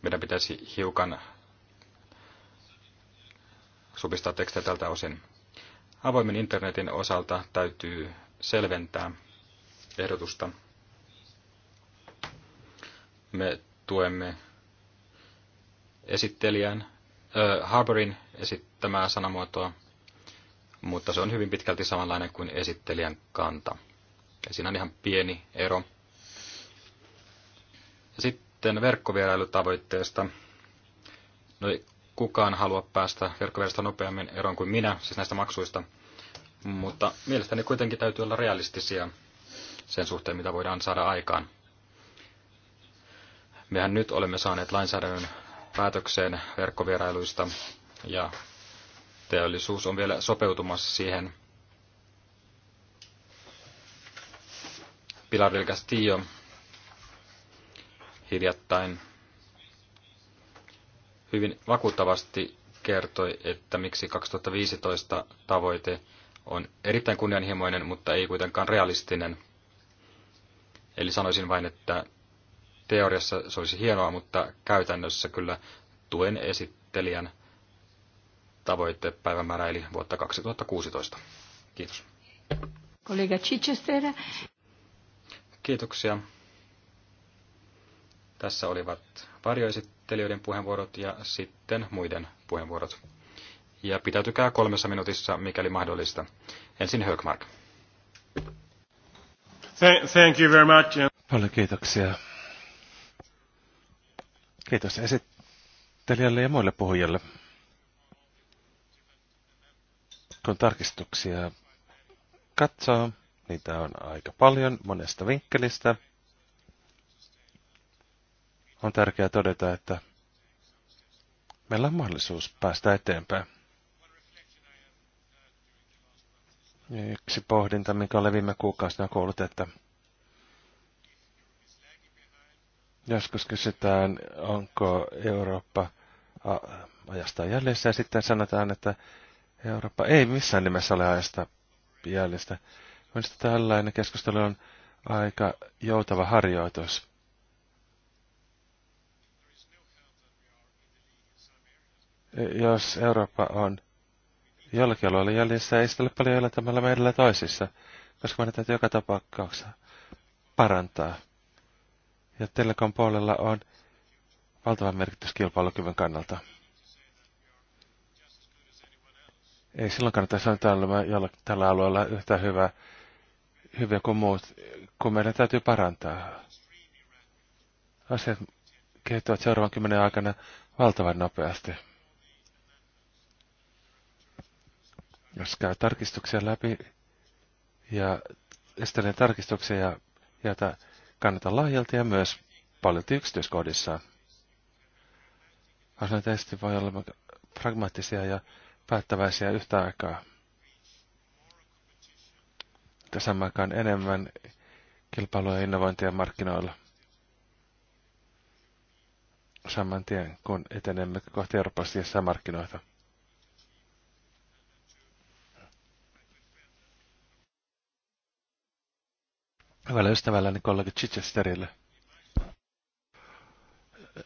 meidän pitäisi hiukan supistaa tekstejä tältä osin. Avoimen internetin osalta täytyy selventää, ehdotusta. Me tuemme esittelijän, äh, Harborin esittämää sanamuotoa, mutta se on hyvin pitkälti samanlainen kuin esittelijän kanta. Ja siinä on ihan pieni ero. Ja sitten verkkovierailutavoitteesta. No ei kukaan halua päästä verkkovierailusta nopeammin eroon kuin minä, siis näistä maksuista. Mutta mielestäni kuitenkin täytyy olla realistisia sen suhteen, mitä voidaan saada aikaan. Mehän nyt olemme saaneet lainsäädännön päätökseen verkkovierailuista ja teollisuus on vielä sopeutumassa siihen. Pilar del Castillo hiljattain hyvin vakuuttavasti kertoi, että miksi 2015 tavoite on erittäin kunnianhimoinen, mutta ei kuitenkaan realistinen – Eli sanoisin vain, että teoriassa se olisi hienoa, mutta käytännössä kyllä tuen esittelijän tavoitepäivämäärä eli vuotta 2016. Kiitos. Kollega Chichester. Kiitoksia. Tässä olivat varjoesittelijöiden puheenvuorot ja sitten muiden puheenvuorot. Ja pitäytykää kolmessa minuutissa, mikäli mahdollista. Ensin Högmark. Thank you very much. Paljon kiitoksia. Kiitos esittelijälle ja muille puhujille. Kun tarkistuksia katsoo, niitä on aika paljon monesta vinkkelistä. On tärkeää todeta, että meillä on mahdollisuus päästä eteenpäin. Yksi pohdinta, mikä olen viime kuukausina kuullut, että joskus kysytään, onko Eurooppa ajasta jäljessä, ja sitten sanotaan, että Eurooppa ei missään nimessä ole ajasta jäljestä. Minusta tällainen keskustelu on aika joutava harjoitus. Jos Eurooppa on jollakin oli jäljessä ei sitä ole paljon elätämällä meidällä toisissa, koska meidän täytyy joka tapauksessa parantaa. Ja Telekom puolella on valtava merkitys kilpailukyvyn kannalta. Ei silloin kannata sanoa tällä, tällä alueella yhtä hyvä, hyviä kuin muut, kun meidän täytyy parantaa. Asiat kehittyvät seuraavan kymmenen aikana valtavan nopeasti. Jos käy tarkistuksia läpi ja estelen tarkistuksia, ja, jätä kannata lahjalta ja myös paljon yksityiskohdissa. Asioiden testi voi olla pragmaattisia ja päättäväisiä yhtä aikaa. Tässä aikaan enemmän kilpailua ja innovointia markkinoilla saman tien, kun etenemme kohti eurooppalaisia markkinoita. hyvällä ystävälläni kollega Chichesterille.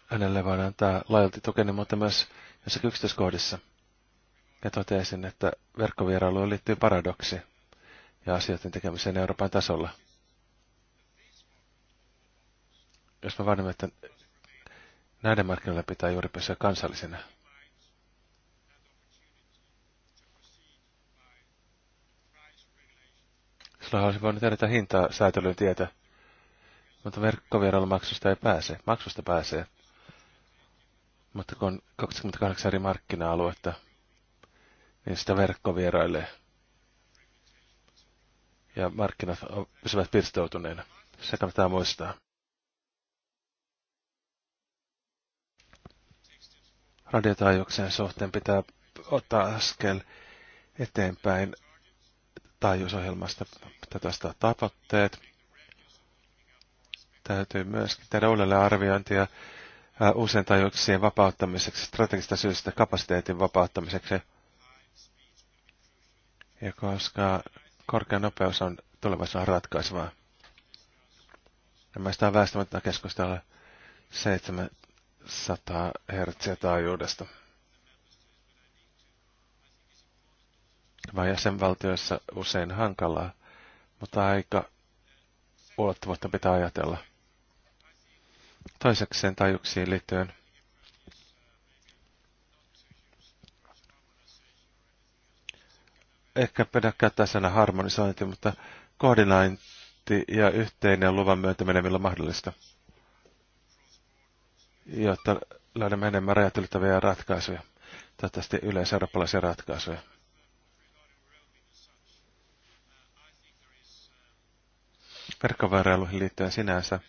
Hänelle voin antaa laajalti tukeni, mutta myös jossakin yksityiskohdissa. Ja totesin, että verkkovierailuun liittyy paradoksi ja asioiden tekemiseen Euroopan tasolla. Jos me vaadimme, että näiden markkinoilla pitää juuri pysyä kansallisena. Sulla olisi voinut tehdä hintaa säätelyn tietä, mutta verkkovierailumaksusta ei pääse. Maksusta pääsee. Mutta kun on 28 eri markkina-aluetta, niin sitä verkko vierailee. Ja markkinat pysyvät pirstoutuneena. Se kannattaa muistaa. Radiotaajuuksien suhteen pitää ottaa askel eteenpäin taajuusohjelmasta tästä tavoitteet. Täytyy myöskin tehdä uudelleen arviointia uusien taajuuksien vapauttamiseksi, strategista syystä kapasiteetin vapauttamiseksi. Ja koska korkea nopeus on tulevaisuuden ratkaisevaa. Nämä sitä on väestämättä keskustella 700 Hz taajuudesta. vai jäsenvaltioissa usein hankalaa, mutta aika ulottuvuutta pitää ajatella. Toisekseen tajuksiin liittyen ehkä pidä käyttää sana harmonisointi, mutta koordinointi ja yhteinen luvan myöntäminen millä mahdollista, jotta löydämme enemmän rajat ratkaisuja, toivottavasti yleiseurooppalaisia ratkaisuja. verkkovierailuihin liittyen sinänsä.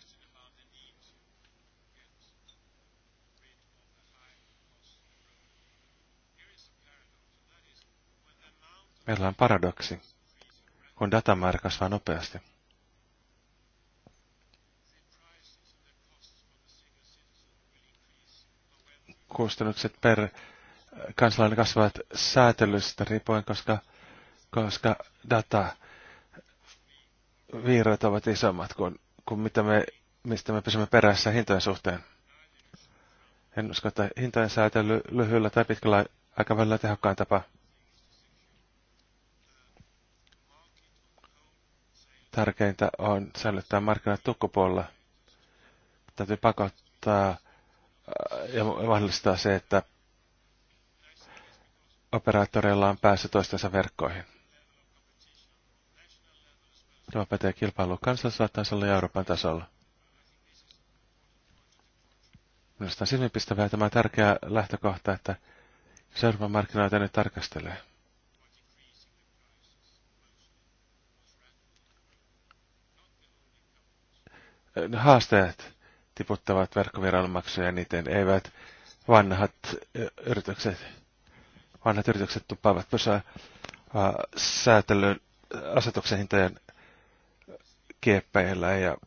Meillä on paradoksi, kun datamäärä kasvaa nopeasti. Kustannukset per kansalainen kasvavat säätelystä riippuen, koska, koska data viirat ovat isommat kuin, kuin mitä me, mistä me pysymme perässä hintojen suhteen. En usko, että hintojen säätely lyhyellä tai pitkällä aikavälillä tehokkain tapa. Tärkeintä on säilyttää markkinat tukkupuolella. Täytyy pakottaa äh, ja mahdollistaa se, että operaattoreilla on päässyt toistensa verkkoihin. Tämä pätee kilpailu kansallisella tasolla ja Euroopan tasolla. Minusta on silmipistävää tämä tärkeä lähtökohta, että jos Euroopan markkinoita nyt tarkastelee. Haasteet tiputtavat verkkoviranomaksuja, niiden eivät vanhat yritykset, vanhat yritykset tuppaavat pysää äh, säätelyn äh, asetuksen hintojen kieppeillä ja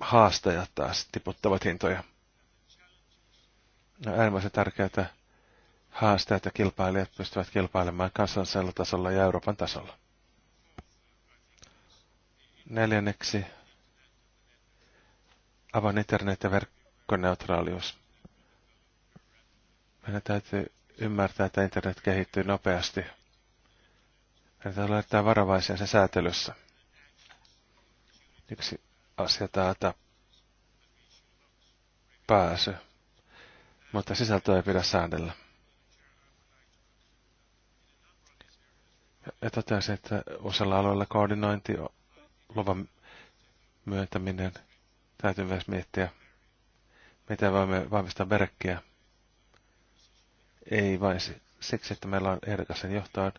haastajat taas tiputtavat hintoja. No, äärimmäisen tärkeää, että haastajat ja kilpailijat pystyvät kilpailemaan kansallisella tasolla ja Euroopan tasolla. Neljänneksi avan internet- ja verkkoneutraalius. Meidän täytyy ymmärtää, että internet kehittyy nopeasti. Meidän täytyy olla varovaisia sen säätelyssä yksi asia täältä pääsy, mutta sisältöä ei pidä säännellä. Ja totesin, että useilla aloilla koordinointi, luvan myöntäminen, täytyy myös miettiä, mitä voimme vahvistaa verkkiä. Ei vain siksi, että meillä on ehdokasen johtoon,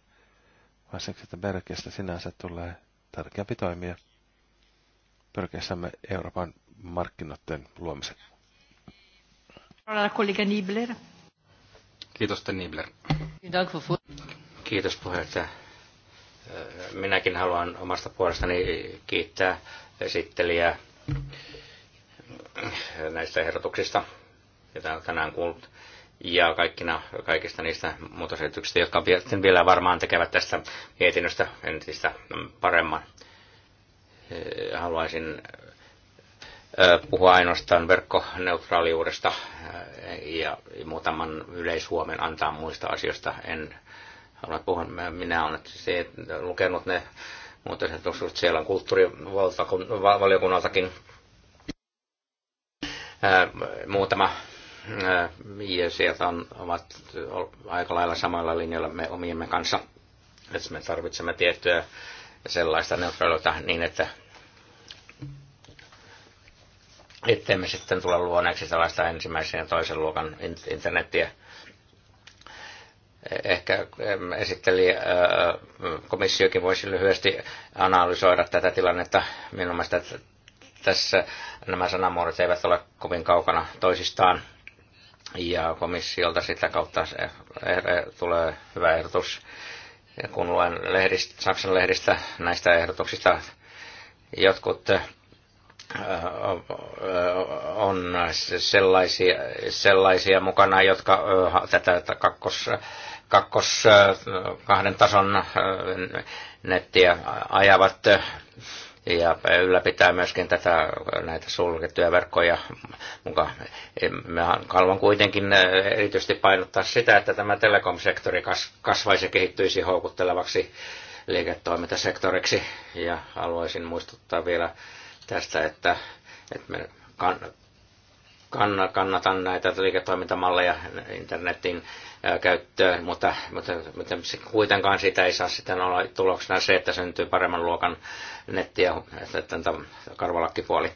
vaan siksi, että verkistä sinänsä tulee tärkeämpi toimija pyrkiessämme Euroopan markkinoiden luomisen. Nibler. Kiitos, te Nibler. Kiitos puheenjohtaja. Minäkin haluan omasta puolestani kiittää esittelijää näistä ehdotuksista, joita on tänään kuullut, ja kaikkina, kaikista niistä muutosesityksistä, jotka vielä varmaan tekevät tästä mietinnöstä entistä paremman. Eh, haluaisin eh, puhua ainoastaan verkkoneutraaliudesta eh, ja muutaman yleishuomen antaa muista asioista. En halua puhua, minä olen se, lukenut ne muutosehdotukset, siellä on kulttuurivaliokunnaltakin muutama ja sieltä on, ovat aika lailla samalla linjalla me omiemme kanssa, että me tarvitsemme tiettyä sellaista neutraaliota niin, että ettemme sitten tule luoneeksi sellaista ensimmäisen ja toisen luokan internettiä. E-, ehkä esitteli komissiokin voisi lyhyesti analysoida tätä tilannetta. Minun mielestä tässä nämä sanamuodot eivät ole kovin kaukana toisistaan. Ja komissiolta sitä kautta e-, e-, tulee hyvä ehdotus. Ja kun luen lehdistä, Saksan lehdistä näistä ehdotuksista, jotkut Äh, on sellaisia, sellaisia mukana, jotka äh, tätä kakkos, kakkos äh, kahden tason nettiä ajavat ja ylläpitää myöskin tätä, näitä sulkettuja verkkoja mukaan. haluan kuitenkin erityisesti painottaa sitä, että tämä telekomsektori kasvaisi ja kehittyisi houkuttelevaksi liiketoimintasektoriksi. Ja haluaisin muistuttaa vielä tästä, että, että me kannatan näitä liiketoimintamalleja internetin käyttöön, mutta, mutta, mutta kuitenkaan sitä ei saa sitten olla tuloksena se, että syntyy paremman luokan nettiä, että karvalakkipuoli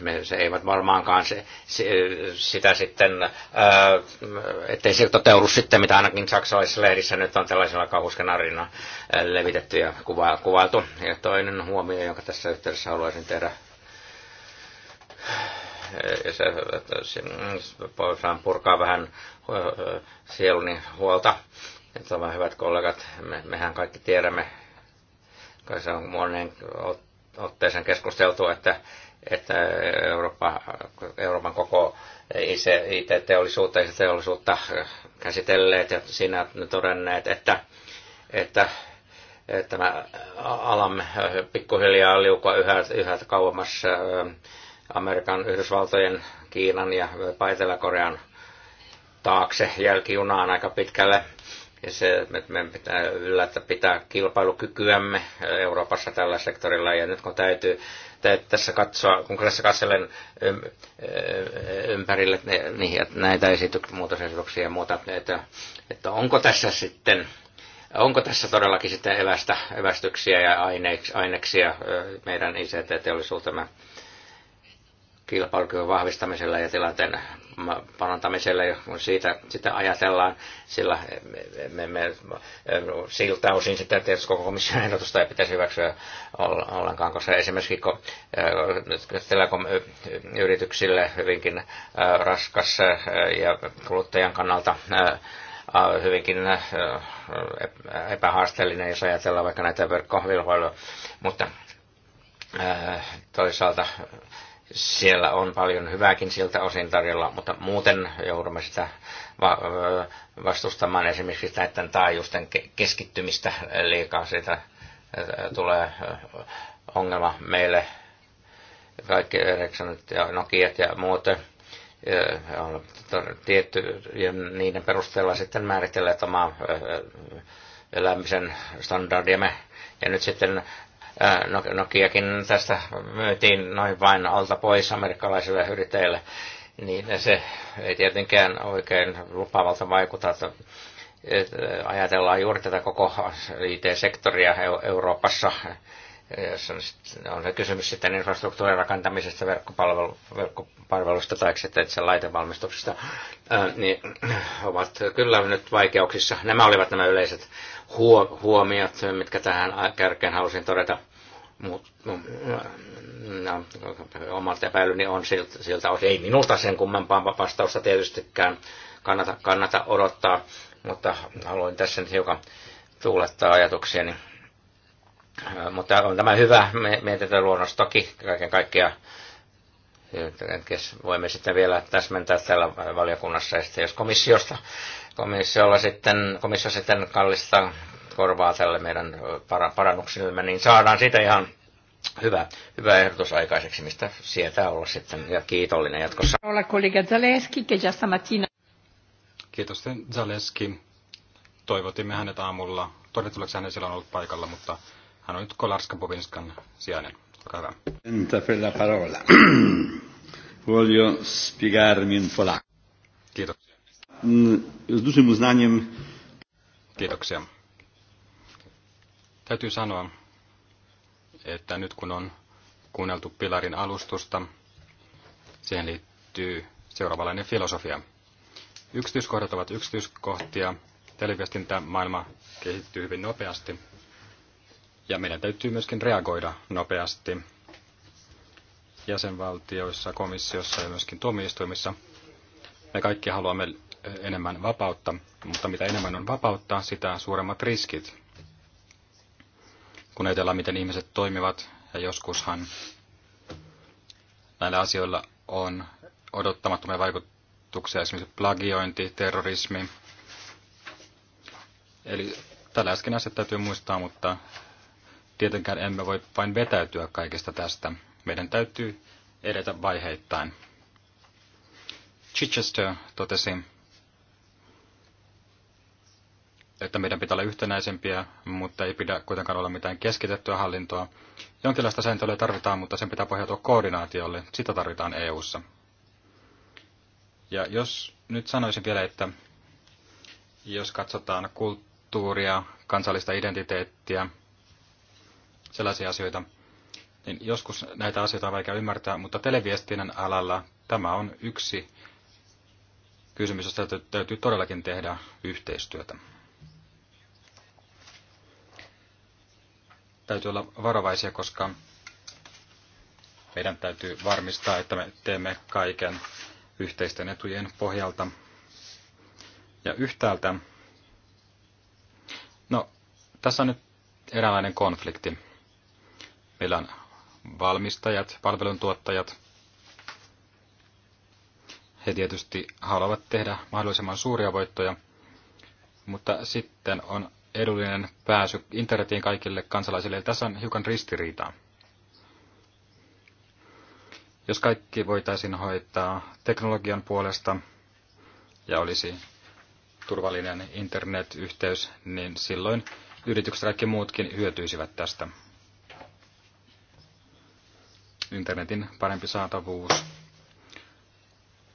me, se eivät varmaankaan se, se, sitä sitten, ää, ettei se toteudu sitten, mitä ainakin saksalaisessa lehdissä nyt on tällaisella kauhuskenaarina levitetty ja kuva, kuvailtu. Ja toinen huomio, jonka tässä yhteydessä haluaisin tehdä, ja se, että mm, saan purkaa vähän sieluni huolta. Että on hyvät kollegat, me, mehän kaikki tiedämme, kai se on monen otteeseen keskusteltu, että että Eurooppa, Euroopan koko IT-teollisuutta ja teollisuutta käsitelleet ja siinä todenneet, että, että tämä alamme pikkuhiljaa liukua yhä, yhä kauemmas Amerikan, Yhdysvaltojen, Kiinan ja Paitella-Korean taakse jälkijunaan aika pitkälle. Ja se, että meidän pitää yllätä pitää kilpailukykyämme Euroopassa tällä sektorilla. Ja nyt kun täytyy tässä katsoa, kun tässä katselen ympärille niin, että näitä esityksiä, muutosesityksiä ja muuta, että, että onko tässä sitten onko tässä todellakin sitten evästä, evästyksiä ja aineks, aineksia meidän ICT-teollisuutemme kilpailukyvyn vahvistamisella ja tilanteen parantamisella, kun siitä sitä ajatellaan, sillä me, me, me siltä osin sitä tietysti koko komission ehdotusta ei pitäisi hyväksyä ollenkaan, koska esimerkiksi äh, telekom yrityksille hyvinkin äh, raskas äh, ja kuluttajan kannalta hyvinkin epähaasteellinen, jos ajatellaan vaikka näitä verkkovilhoiluja, mutta toisaalta siellä on paljon hyvääkin siltä osin tarjolla, mutta muuten joudumme sitä vastustamaan esimerkiksi näiden taajuusten keskittymistä liikaa. Siitä tulee ongelma meille. Kaikki Ericssonit ja Nokiat ja muut on tietty, ja niiden perusteella sitten määritelleet omaa elämisen standardiamme. Ja nyt sitten Nokiakin tästä myytiin noin vain alta pois amerikkalaisille yrittäjille, niin se ei tietenkään oikein lupaavalta vaikuta. Että ajatellaan juuri tätä koko IT-sektoria Euroopassa, jossa on se kysymys sitten infrastruktuurin rakentamisesta, verkkopalvelu, verkkopalvelu palvelusta tai itse laitevalmistuksesta, niin ovat kyllä nyt vaikeuksissa. Nämä olivat nämä yleiset huomiot, mitkä tähän kärkeen halusin todeta. mutta mm, no, omat epäilyni on siltä, siltä osin. Ei minulta sen kummempaa vastausta tietystikään kannata, kannata odottaa, mutta haluan tässä nyt hiukan tuulettaa ajatuksiani. Mutta on tämä hyvä mietintöluonnos toki kaiken kaikkiaan voimme sitten vielä täsmentää täällä valiokunnassa, ja sitten jos komissiosta, komissiolla sitten, komissio sitten kallista korvaa tälle meidän parannuksillemme, niin saadaan siitä ihan hyvä, hyvä ehdotus aikaiseksi, mistä sietää olla sitten ja kiitollinen jatkossa. kollega Zaleski, Kiitos Zaleski. Toivotimme hänet aamulla. Todetullaksi hän ei silloin ollut paikalla, mutta hän on nyt Kolarska-Bobinskan sijainen. Olkaa hyvä. per la parola? [CLEARS THROAT] Voglio spiegarmi in polacco. Kiitoksia. Z mm, dużym uznaniem... Kiitoksia. Täytyy sanoa, että nyt kun on kuunneltu Pilarin alustusta, siihen liittyy seuraavanlainen filosofia. Yksityiskohdat ovat yksityiskohtia, maailma kehittyy hyvin nopeasti. Ja meidän täytyy myöskin reagoida nopeasti jäsenvaltioissa, komissiossa ja myöskin tuomioistuimissa. Me kaikki haluamme enemmän vapautta, mutta mitä enemmän on vapautta, sitä suuremmat riskit. Kun ajatellaan, miten ihmiset toimivat, ja joskushan näillä asioilla on odottamattomia vaikutuksia, esimerkiksi plagiointi, terrorismi. Eli tällä äsken asiat täytyy muistaa, mutta Tietenkään emme voi vain vetäytyä kaikesta tästä. Meidän täytyy edetä vaiheittain. Chichester totesi, että meidän pitää olla yhtenäisempiä, mutta ei pidä kuitenkaan olla mitään keskitettyä hallintoa. Jonkinlaista sääntelyä tarvitaan, mutta sen pitää pohjautua koordinaatiolle. Sitä tarvitaan EU:ssa. Ja jos nyt sanoisin vielä, että jos katsotaan kulttuuria, kansallista identiteettiä, sellaisia asioita, niin joskus näitä asioita on vaikea ymmärtää, mutta televiestinnän alalla tämä on yksi kysymys, josta täytyy todellakin tehdä yhteistyötä. Täytyy olla varovaisia, koska meidän täytyy varmistaa, että me teemme kaiken yhteisten etujen pohjalta. Ja yhtäältä, no tässä on nyt eräänlainen konflikti. Meillä on valmistajat, palveluntuottajat. He tietysti haluavat tehdä mahdollisimman suuria voittoja, mutta sitten on edullinen pääsy internetiin kaikille kansalaisille. Eli tässä on hiukan ristiriitaa. Jos kaikki voitaisiin hoitaa teknologian puolesta ja olisi turvallinen internetyhteys, niin silloin yritykset ja kaikki muutkin hyötyisivät tästä internetin parempi saatavuus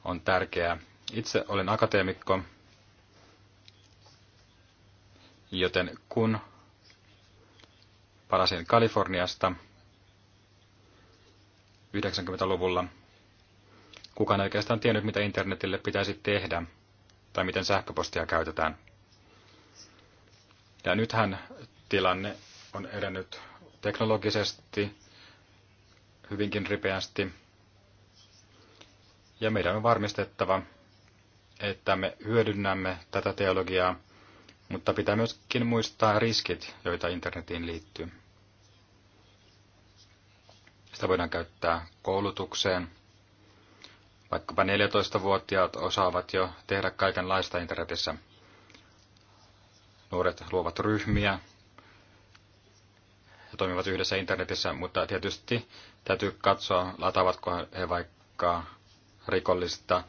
on tärkeää. Itse olen akateemikko, joten kun palasin Kaliforniasta 90-luvulla, kukaan ei oikeastaan tiennyt, mitä internetille pitäisi tehdä tai miten sähköpostia käytetään. Ja nythän tilanne on edennyt teknologisesti hyvinkin ripeästi. Ja meidän on varmistettava, että me hyödynnämme tätä teologiaa, mutta pitää myöskin muistaa riskit, joita internetiin liittyy. Sitä voidaan käyttää koulutukseen. Vaikkapa 14-vuotiaat osaavat jo tehdä kaikenlaista internetissä. Nuoret luovat ryhmiä, he toimivat yhdessä internetissä, mutta tietysti täytyy katsoa, lataavatko he vaikka rikollista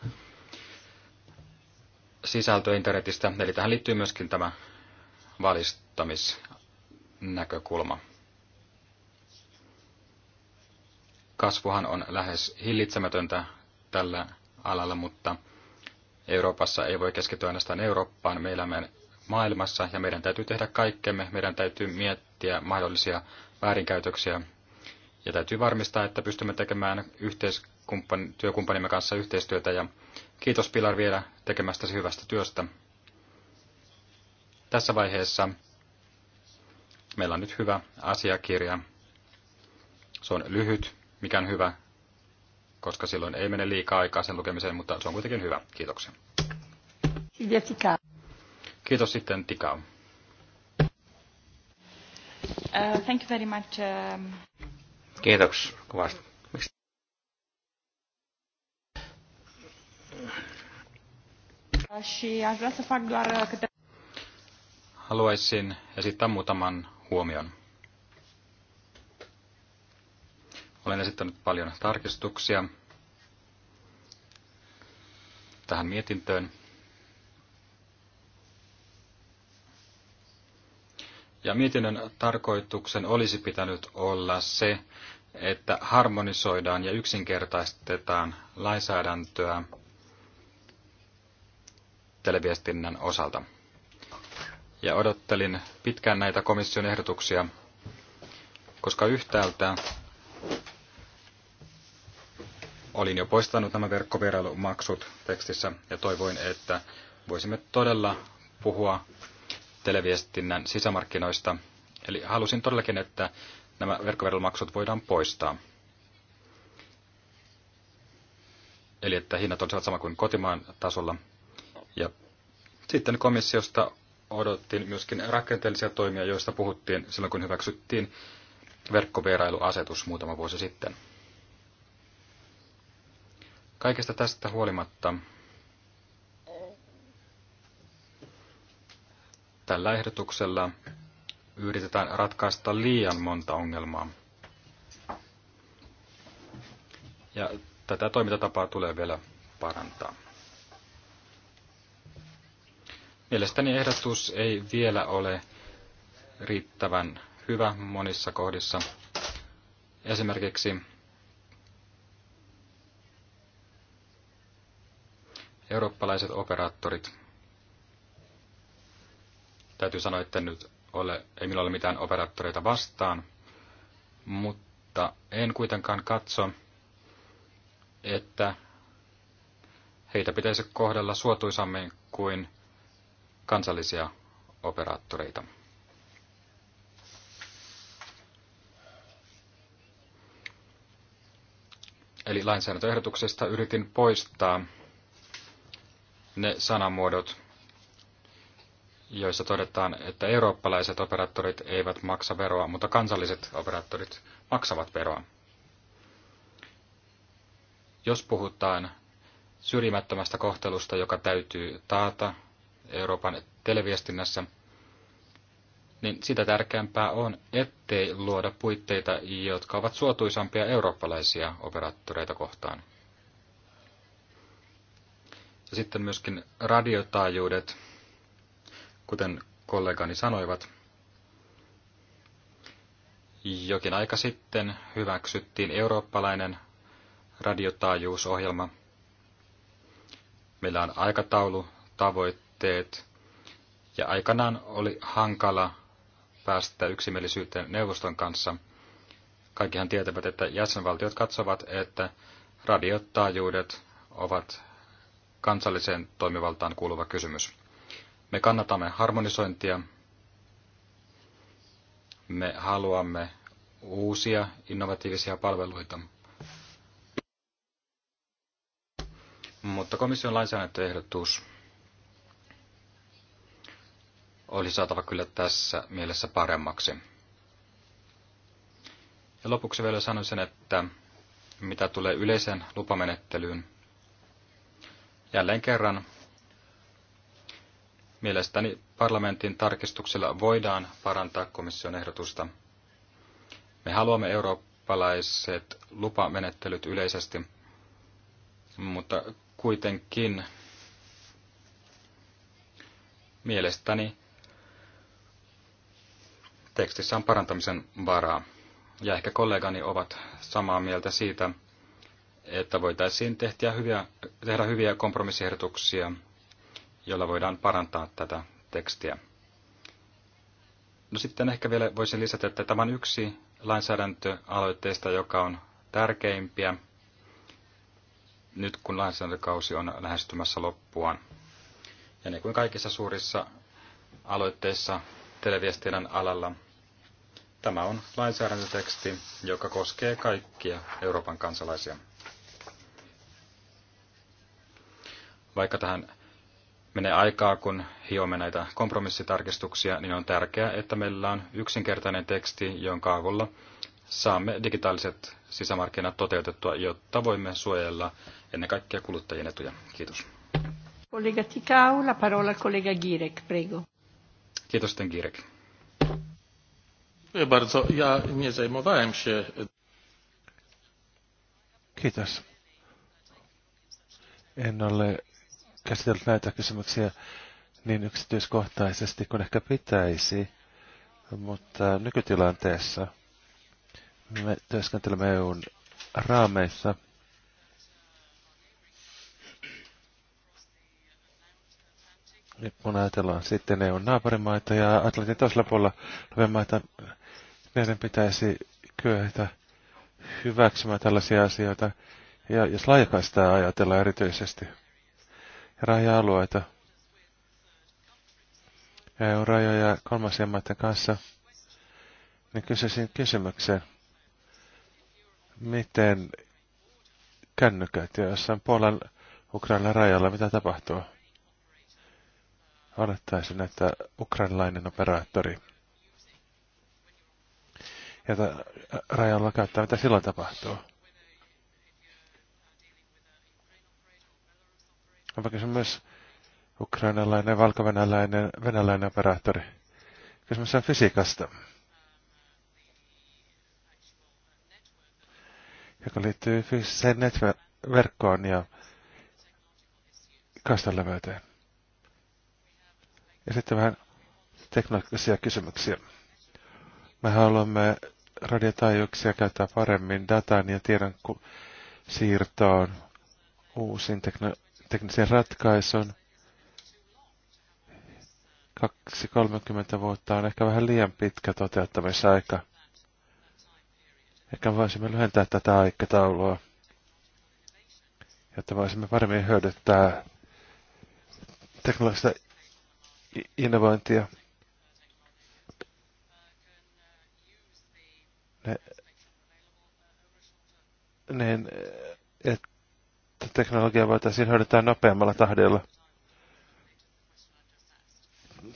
sisältöä internetistä. Eli tähän liittyy myöskin tämä valistamisnäkökulma. Kasvuhan on lähes hillitsemätöntä tällä alalla, mutta Euroopassa ei voi keskittyä ainoastaan Eurooppaan. meillä maailmassa ja meidän täytyy tehdä kaikkemme. Meidän täytyy miettiä mahdollisia väärinkäytöksiä ja täytyy varmistaa, että pystymme tekemään yhteiskumppan, työkumppanimme kanssa yhteistyötä. Ja kiitos Pilar vielä tekemästäsi hyvästä työstä. Tässä vaiheessa meillä on nyt hyvä asiakirja. Se on lyhyt, mikä on hyvä, koska silloin ei mene liikaa aikaa sen lukemiseen, mutta se on kuitenkin hyvä. Kiitoksia. Silvia Tika. Kiitos sitten Tikau. Uh, thank you very much. Um... Kiitos kovasti. Miks? Și aș vrea să fac doar uh, câte... Haluaisin esittää muutaman huomion. Olen esittänyt paljon tarkistuksia tähän mietintöön Ja mietinnön tarkoituksen olisi pitänyt olla se, että harmonisoidaan ja yksinkertaistetaan lainsäädäntöä televiestinnän osalta. Ja odottelin pitkään näitä komission ehdotuksia, koska yhtäältä olin jo poistanut nämä verkkovierailumaksut tekstissä ja toivoin, että voisimme todella puhua televiestinnän sisämarkkinoista. Eli halusin todellakin, että nämä verkkoveromaksut voidaan poistaa. Eli että hinnat olisivat sama kuin kotimaan tasolla. Ja sitten komissiosta odottiin myöskin rakenteellisia toimia, joista puhuttiin silloin, kun hyväksyttiin verkkovierailuasetus muutama vuosi sitten. Kaikesta tästä huolimatta Tällä ehdotuksella yritetään ratkaista liian monta ongelmaa. Ja tätä toimintatapaa tulee vielä parantaa. Mielestäni ehdotus ei vielä ole riittävän hyvä monissa kohdissa. Esimerkiksi eurooppalaiset operaattorit Täytyy sanoa, että nyt ole, ei minulla ole mitään operaattoreita vastaan, mutta en kuitenkaan katso, että heitä pitäisi kohdella suotuisammin kuin kansallisia operaattoreita. Eli lainsäädäntöehdotuksesta yritin poistaa ne sanamuodot, joissa todetaan, että eurooppalaiset operaattorit eivät maksa veroa, mutta kansalliset operaattorit maksavat veroa. Jos puhutaan syrjimättömästä kohtelusta, joka täytyy taata Euroopan televiestinnässä, niin sitä tärkeämpää on, ettei luoda puitteita, jotka ovat suotuisampia eurooppalaisia operaattoreita kohtaan. Ja sitten myöskin radiotaajuudet Kuten kollegani sanoivat, jokin aika sitten hyväksyttiin eurooppalainen radiotaajuusohjelma. Meillä on aikataulu, tavoitteet ja aikanaan oli hankala päästä yksimielisyyteen neuvoston kanssa. Kaikkihan tietävät, että jäsenvaltiot katsovat, että radiotaajuudet ovat kansalliseen toimivaltaan kuuluva kysymys. Me kannatamme harmonisointia. Me haluamme uusia innovatiivisia palveluita. Mutta komission lainsäädäntöehdotus oli saatava kyllä tässä mielessä paremmaksi. Ja lopuksi vielä sanon sen, että mitä tulee yleiseen lupamenettelyyn, jälleen kerran Mielestäni parlamentin tarkistuksella voidaan parantaa komission ehdotusta. Me haluamme eurooppalaiset lupamenettelyt yleisesti, mutta kuitenkin mielestäni tekstissä on parantamisen varaa. Ja ehkä kollegani ovat samaa mieltä siitä, että voitaisiin tehdä hyviä, tehdä hyviä kompromissiehdotuksia jolla voidaan parantaa tätä tekstiä. No sitten ehkä vielä voisin lisätä, että tämä on yksi lainsäädäntöaloitteista, joka on tärkeimpiä nyt kun lainsäädäntökausi on lähestymässä loppuaan. Ja niin kuin kaikissa suurissa aloitteissa televiestinnän alalla, tämä on lainsäädäntöteksti, joka koskee kaikkia Euroopan kansalaisia. Vaikka tähän menee aikaa, kun hiomme näitä kompromissitarkistuksia, niin on tärkeää, että meillä on yksinkertainen teksti, jonka avulla saamme digitaaliset sisämarkkinat toteutettua, jotta voimme suojella ennen kaikkea kuluttajien etuja. Kiitos. Kollega Tikau, la parola kollega Girek, prego. Kiitos, ten Girek. Kiitos. En ole käsitellyt näitä kysymyksiä niin yksityiskohtaisesti kuin ehkä pitäisi, mutta nykytilanteessa me työskentelemme EUn raameissa. Ja kun ajatellaan sitten EUn naapurimaita ja Atlantin toisella puolella olevia maita, meidän pitäisi kyetä hyväksymään tällaisia asioita. Ja jos laajakaistaa ajatellaan erityisesti, raja-alueita, EU-rajoja kolmansien maiden kanssa, niin kysyisin kysymykseen, miten kännykät, ja on Puolan Ukrainan rajalla, mitä tapahtuu? Olettaisin, että ukrainalainen operaattori, jota rajalla käyttää, mitä silloin tapahtuu? Vaikka se on myös ukrainalainen, valko-venäläinen, venäläinen operaattori. Kysymys on fysiikasta, joka liittyy fyysiseen verkkoon ja kastanleveyteen. Ja sitten vähän teknologisia kysymyksiä. Me haluamme radiotaajuuksia käyttää paremmin datan ja tiedon siirtoon uusiin teknologioihin teknisen ratkaisun. 2-30 vuotta on ehkä vähän liian pitkä toteuttamisaika. Ehkä voisimme lyhentää tätä aikataulua, jotta voisimme paremmin hyödyttää teknologista innovointia. Ne, niin, että että teknologiaa voitaisiin hyödyntää nopeammalla tahdilla.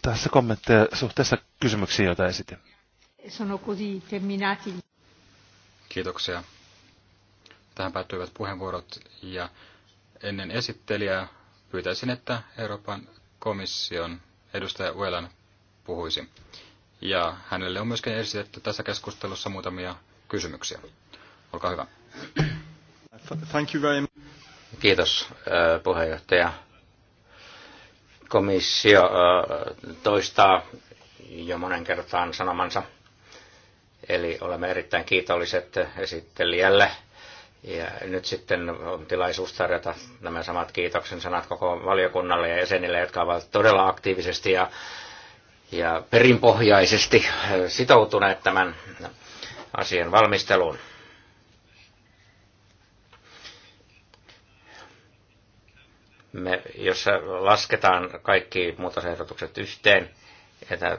Tässä kommentteja suhteessa kysymyksiin, joita esitin. Kiitoksia. Tähän päättyivät puheenvuorot ja ennen esittelijää pyytäisin, että Euroopan komission edustaja Uelan puhuisi. Ja hänelle on myöskin esitetty tässä keskustelussa muutamia kysymyksiä. Olkaa hyvä. Thank you very Kiitos puheenjohtaja. Komissio toistaa jo monen kertaan sanomansa. Eli olemme erittäin kiitolliset esittelijälle. Ja nyt sitten on tilaisuus tarjota nämä samat kiitoksen sanat koko valiokunnalle ja jäsenille, jotka ovat todella aktiivisesti ja, ja perinpohjaisesti sitoutuneet tämän asian valmisteluun. me, jos lasketaan kaikki muutosehdotukset yhteen, että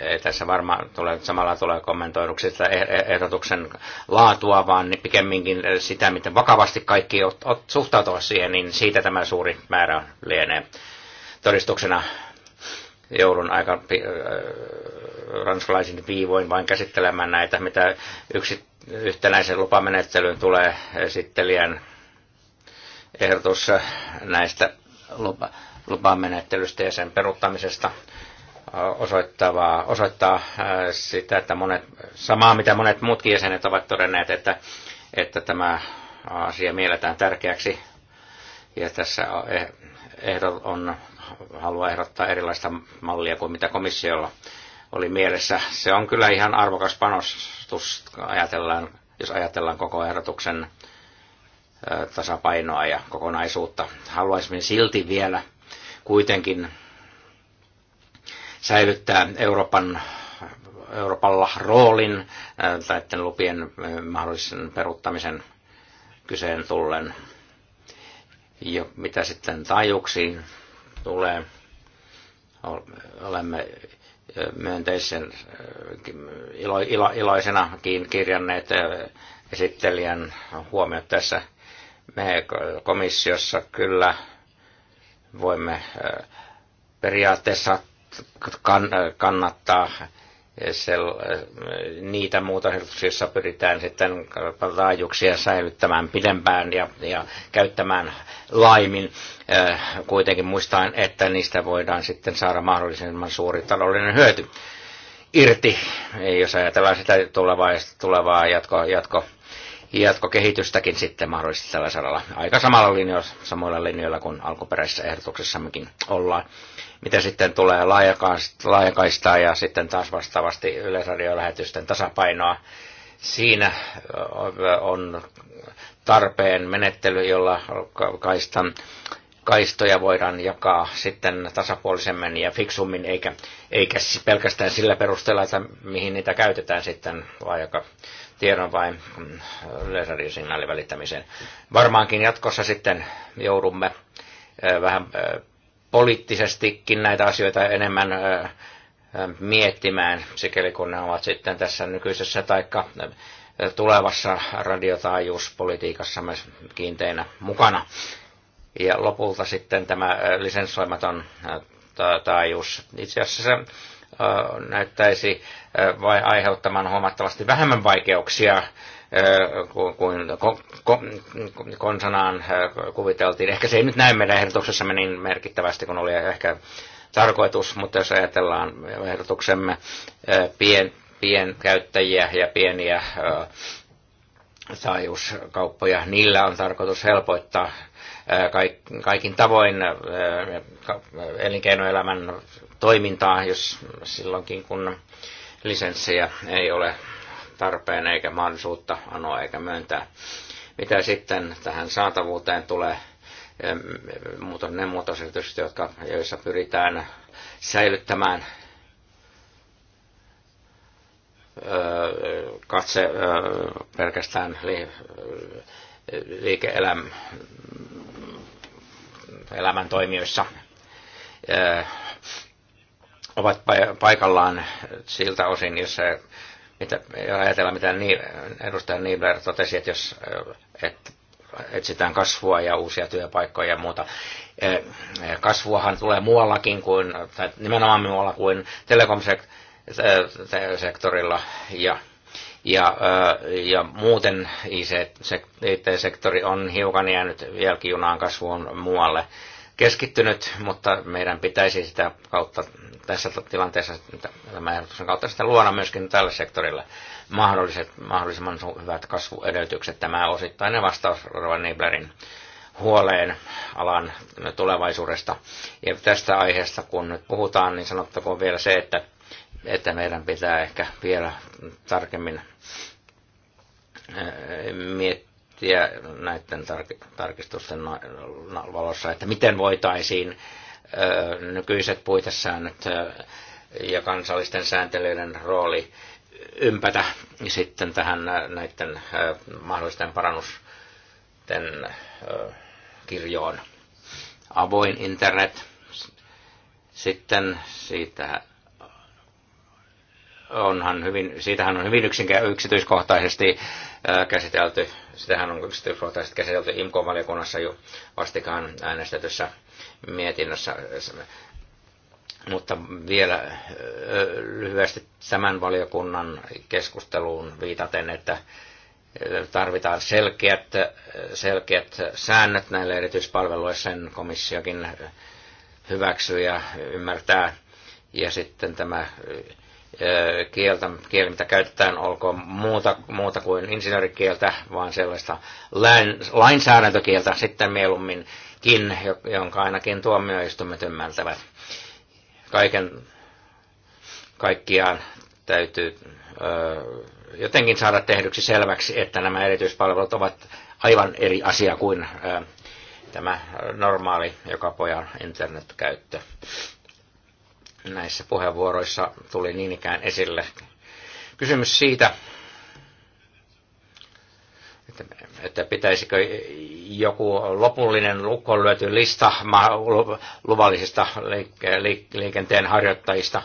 e, tässä varmaan tulee, samalla tulee kommentoiduksi sitä eh, eh, ehdotuksen laatua, vaan pikemminkin sitä, miten vakavasti kaikki ot, ot, suhtautuvat siihen, niin siitä tämä suuri määrä lienee todistuksena joulun aika äh, ranskalaisin viivoin vain käsittelemään näitä, mitä yksi, yhtenäisen lupamenettelyyn tulee esittelijän ehdotus äh, näistä lupa, lupamenettelystä ja sen peruuttamisesta äh, osoittavaa, osoittaa äh, sitä, että monet, samaa mitä monet muutkin jäsenet ovat todenneet, että, että tämä asia mielletään tärkeäksi. Ja tässä eh, ehdot on, haluaa ehdottaa erilaista mallia kuin mitä komissiolla oli mielessä. Se on kyllä ihan arvokas panostus, ajatellaan, jos ajatellaan koko ehdotuksen tasapainoa ja kokonaisuutta. Haluaisimme silti vielä kuitenkin säilyttää Euroopan, Euroopalla roolin äh, näiden lupien äh, mahdollisen peruttamisen kyseen tullen. Ja mitä sitten taajuuksiin tulee, olemme äh, myönteisen ilo, ilo, iloisena kirjanneet esittelijän huomiot tässä – me komissiossa kyllä voimme äh, periaatteessa kannattaa äh, niitä muuta joissa pyritään sitten laajuuksia säilyttämään pidempään ja, ja käyttämään laimin, äh, kuitenkin muistaen, että niistä voidaan sitten saada mahdollisimman suuri taloudellinen hyöty irti, jos ajatellaan sitä tulevaa, tulevaa jatko, jatko jatkokehitystäkin sitten mahdollisesti tällä saralla. Aika samalla linjoilla, samoilla linjoilla kuin alkuperäisessä ehdotuksessammekin ollaan. Mitä sitten tulee laajakaistaa ja sitten taas vastaavasti yleisradiolähetysten tasapainoa, siinä on tarpeen menettely, jolla kaistan kaistoja voidaan jakaa sitten tasapuolisemmin ja fiksummin, eikä, eikä siis pelkästään sillä perusteella, että mihin niitä käytetään sitten laajaka tiedon vai mm, yleisradiosignaalin välittämiseen. Varmaankin jatkossa sitten joudumme vähän poliittisestikin näitä asioita enemmän miettimään, sikäli kun ne ovat sitten tässä nykyisessä taikka tulevassa radiotaajuuspolitiikassa myös kiinteinä mukana. Ja lopulta sitten tämä lisenssoimaton taajuus. Itse asiassa näyttäisi vai aiheuttamaan huomattavasti vähemmän vaikeuksia kuin konsanaan kuviteltiin. Ehkä se ei nyt näy meidän ehdotuksessamme niin merkittävästi kuin oli ehkä tarkoitus, mutta jos ajatellaan ehdotuksemme pien, pienkäyttäjiä ja pieniä saajuuskauppoja, niillä on tarkoitus helpoittaa kaikin tavoin elinkeinoelämän toimintaa, jos silloinkin kun lisenssejä ei ole tarpeen eikä mahdollisuutta anoa eikä myöntää. Mitä sitten tähän saatavuuteen tulee, ne muutosesitykset, jotka, joissa pyritään säilyttämään katse pelkästään liike elämäntoimijoissa ovat paikallaan siltä osin, jos se, mitä, ajatella, mitä niin, edustaja Niebler totesi, että jos että etsitään kasvua ja uusia työpaikkoja ja muuta. Kasvuahan tulee muuallakin kuin, tai nimenomaan muualla kuin telekomsektorilla ja ja, äh, ja muuten IT-sektori on hiukan jäänyt jälkijunaan kasvuun muualle keskittynyt, mutta meidän pitäisi sitä kautta tässä tilanteessa, tämän ehdotuksen kautta sitä luoda myöskin tällä sektorilla mahdolliset, mahdollisimman hyvät kasvuedellytykset. Tämä osittainen vastaus Rovan Niblerin huoleen alan tulevaisuudesta. Ja tästä aiheesta, kun nyt puhutaan, niin sanottakoon vielä se, että että meidän pitää ehkä vielä tarkemmin eh, miettiä näiden tarkistusten valossa, että miten voitaisiin eh, nykyiset puitesäännöt eh, ja kansallisten sääntelyiden rooli ympätä sitten tähän näiden mahdollisten parannusten kirjoon. Avoin internet, sitten siitä onhan hyvin, siitähän on hyvin yksinkä, yksityiskohtaisesti äh, käsitelty, sitähän on yksityiskohtaisesti käsitelty IMKO-valiokunnassa jo vastikaan äänestetyssä mietinnössä. Mutta vielä äh, lyhyesti tämän valiokunnan keskusteluun viitaten, että äh, tarvitaan selkeät, selkeät säännöt näille erityispalveluille, sen komissiokin hyväksyy ja ymmärtää. Ja sitten tämä kieltä, kieli, mitä käytetään, olkoon muuta, muuta kuin insinöörikieltä, vaan sellaista lainsäädäntökieltä sitten mieluumminkin, jonka ainakin tuomioistuimet ymmärtävät. Kaiken kaikkiaan täytyy ö, jotenkin saada tehdyksi selväksi, että nämä erityispalvelut ovat aivan eri asia kuin ö, tämä normaali joka pojan internetkäyttö. käyttö näissä puheenvuoroissa tuli niin ikään esille. Kysymys siitä, että, että pitäisikö joku lopullinen lukkoon lyöty lista luvallisista liikenteen harjoittajista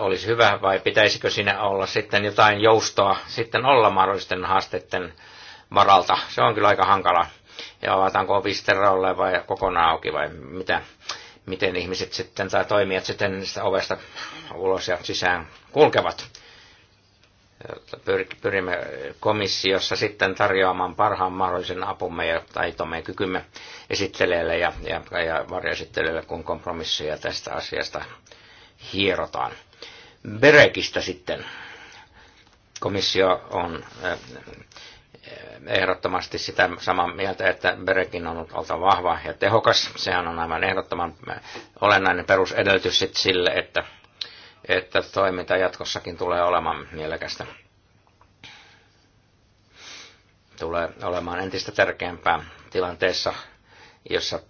olisi hyvä, vai pitäisikö siinä olla sitten jotain joustoa sitten olla mahdollisten haasteiden varalta? Se on kyllä aika hankala. Ja avataanko opisterolle vai kokonaan auki vai mitä? miten ihmiset sitten tai toimijat sitten niistä ovesta ulos ja sisään kulkevat. Pyrimme komissiossa sitten tarjoamaan parhaan mahdollisen apumme ja taitomme ja kykymme esittelijälle ja, ja, ja varjoesittelijälle, kun kompromisseja tästä asiasta hierotaan. Berekistä sitten. Komissio on äh, ehdottomasti sitä samaa mieltä, että Berekin on oltava vahva ja tehokas. Sehän on aivan ehdottoman äh, olennainen perusedellytys sit sille, että, että toiminta jatkossakin tulee olemaan mielekästä. Tulee olemaan entistä tärkeämpää tilanteessa, jossa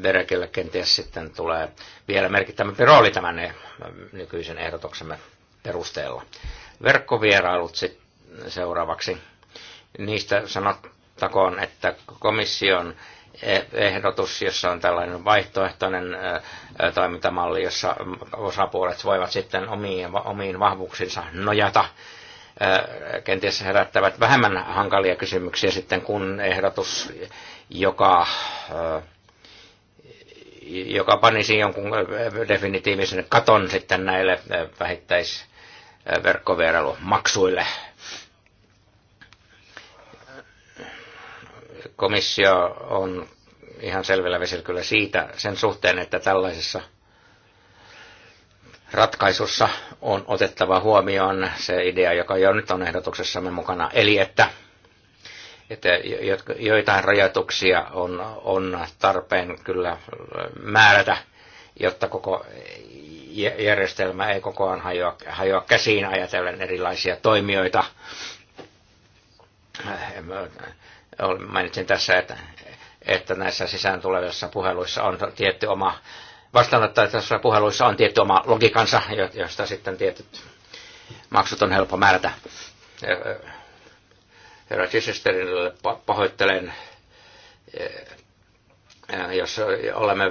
Berekillä kenties sitten tulee vielä merkittävämpi rooli tämän äh, nykyisen ehdotuksemme perusteella. Verkkovierailut sitten seuraavaksi Niistä sanottakoon, että komission e- ehdotus, jossa on tällainen vaihtoehtoinen toimintamalli, jossa osapuolet voivat sitten omiin, omiin vahvuuksinsa nojata, kenties herättävät vähemmän hankalia kysymyksiä sitten kuin ehdotus, joka joka panisi jonkun definitiivisen katon sitten näille vähittäisverkkovierailumaksuille. maksuille komissio on ihan selvillä vesillä kyllä siitä sen suhteen, että tällaisessa ratkaisussa on otettava huomioon se idea, joka jo nyt on ehdotuksessamme mukana, eli että, että joitain rajoituksia on, on tarpeen kyllä määrätä, jotta koko järjestelmä ei koko ajan hajoa, hajoa käsiin ajatellen erilaisia toimijoita Mainitsin tässä, että, että näissä sisään tulevissa puheluissa on tietty oma vastaanottavissa puheluissa on tietty oma logikansa, josta sitten tietyt maksut on helppo määrätä. Herra Chichesterille pahoittelen, jos olemme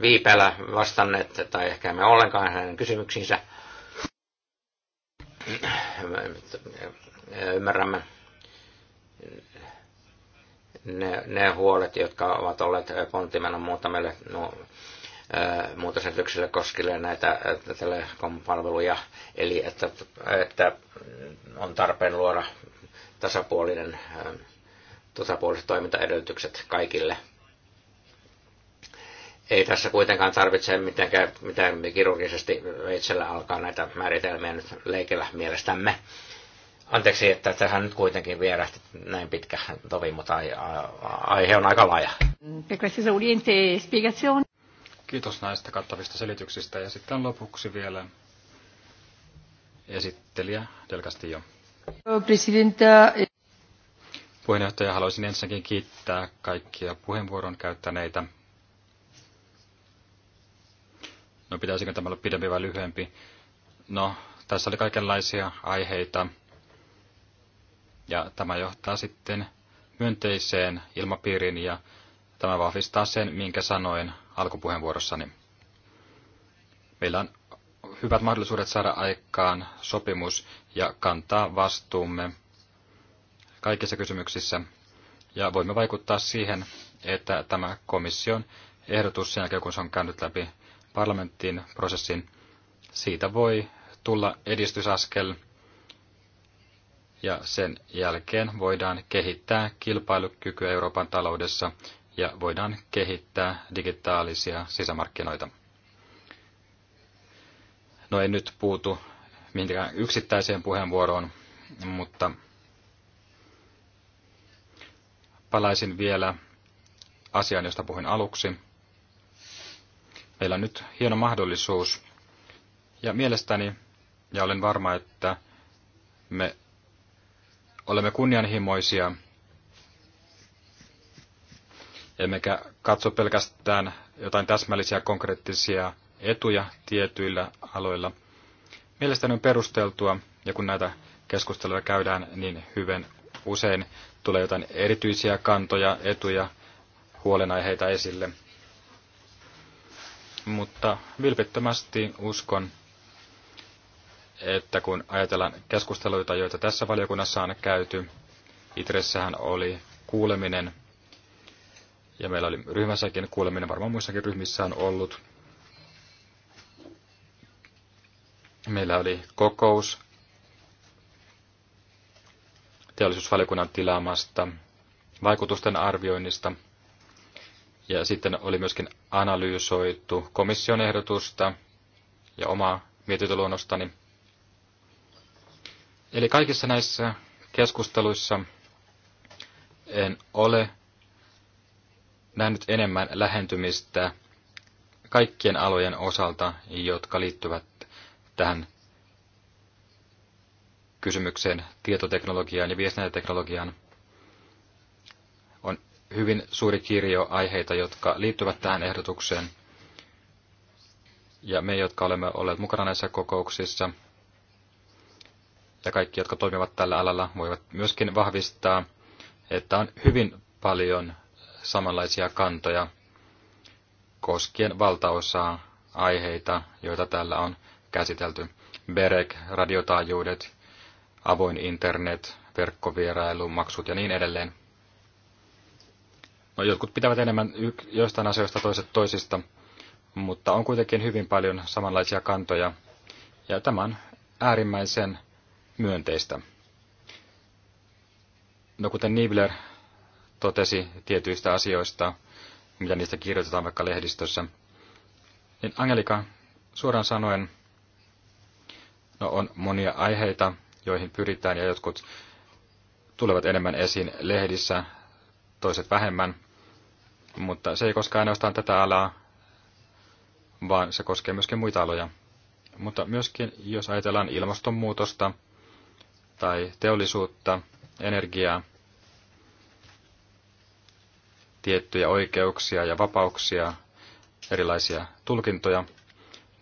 viipeellä vastanneet, tai ehkä me ollenkaan hänen kysymyksiinsä. Ymmärrämme ne, ne huolet, jotka ovat olleet äh, pontimena muutamille no, äh, muutosetyksille koskille näitä äh, telekompalveluja, eli että, että on tarpeen luoda tasapuolinen, tasapuoliset toimintaedellytykset kaikille. Ei tässä kuitenkaan tarvitse mitenkään, mitään kirurgisesti itsellä alkaa näitä määritelmiä nyt leikellä mielestämme Anteeksi, että tähän nyt kuitenkin vierähti näin pitkä tovi, mutta aihe on aika laaja. Kiitos näistä kattavista selityksistä ja sitten lopuksi vielä esittelijä Del Castillo. Presidenta. Puheenjohtaja, haluaisin ensinnäkin kiittää kaikkia puheenvuoron käyttäneitä. No pitäisikö tämä olla pidempi vai lyhyempi? No, tässä oli kaikenlaisia aiheita ja tämä johtaa sitten myönteiseen ilmapiiriin ja tämä vahvistaa sen, minkä sanoin alkupuheenvuorossani. Meillä on hyvät mahdollisuudet saada aikaan sopimus ja kantaa vastuumme kaikissa kysymyksissä. Ja voimme vaikuttaa siihen, että tämä komission ehdotus sen jälkeen, kun se on käynyt läpi parlamenttiin prosessin, siitä voi tulla edistysaskel – ja sen jälkeen voidaan kehittää kilpailukykyä Euroopan taloudessa ja voidaan kehittää digitaalisia sisämarkkinoita. No en nyt puutu mihinkään yksittäiseen puheenvuoroon, mutta palaisin vielä asiaan, josta puhuin aluksi. Meillä on nyt hieno mahdollisuus, ja mielestäni, ja olen varma, että me olemme kunnianhimoisia, emmekä katso pelkästään jotain täsmällisiä konkreettisia etuja tietyillä aloilla. Mielestäni on perusteltua, ja kun näitä keskusteluja käydään, niin hyvin usein tulee jotain erityisiä kantoja, etuja, huolenaiheita esille. Mutta vilpittömästi uskon, että kun ajatellaan keskusteluita, joita tässä valiokunnassa on käyty, Itressähän oli kuuleminen, ja meillä oli ryhmässäkin kuuleminen, varmaan muissakin ryhmissä on ollut. Meillä oli kokous teollisuusvaliokunnan tilaamasta vaikutusten arvioinnista, ja sitten oli myöskin analysoitu komission ehdotusta ja omaa mietintöluonnostani. Eli kaikissa näissä keskusteluissa en ole nähnyt enemmän lähentymistä kaikkien alojen osalta, jotka liittyvät tähän kysymykseen tietoteknologiaan ja viestintäteknologiaan. On hyvin suuri kirjo aiheita, jotka liittyvät tähän ehdotukseen. Ja me, jotka olemme olleet mukana näissä kokouksissa, ja kaikki, jotka toimivat tällä alalla, voivat myöskin vahvistaa, että on hyvin paljon samanlaisia kantoja koskien valtaosaa aiheita, joita täällä on käsitelty. BEREC, radiotaajuudet, avoin internet, verkkovierailu, maksut ja niin edelleen. No, jotkut pitävät enemmän joistain asioista toiset toisista, mutta on kuitenkin hyvin paljon samanlaisia kantoja. Ja tämän äärimmäisen myönteistä. No kuten Niebler totesi tietyistä asioista, mitä niistä kirjoitetaan vaikka lehdistössä, niin Angelika suoraan sanoen, no on monia aiheita, joihin pyritään ja jotkut tulevat enemmän esiin lehdissä, toiset vähemmän, mutta se ei koskaan ainoastaan tätä alaa, vaan se koskee myöskin muita aloja. Mutta myöskin, jos ajatellaan ilmastonmuutosta, tai teollisuutta, energiaa, tiettyjä oikeuksia ja vapauksia, erilaisia tulkintoja,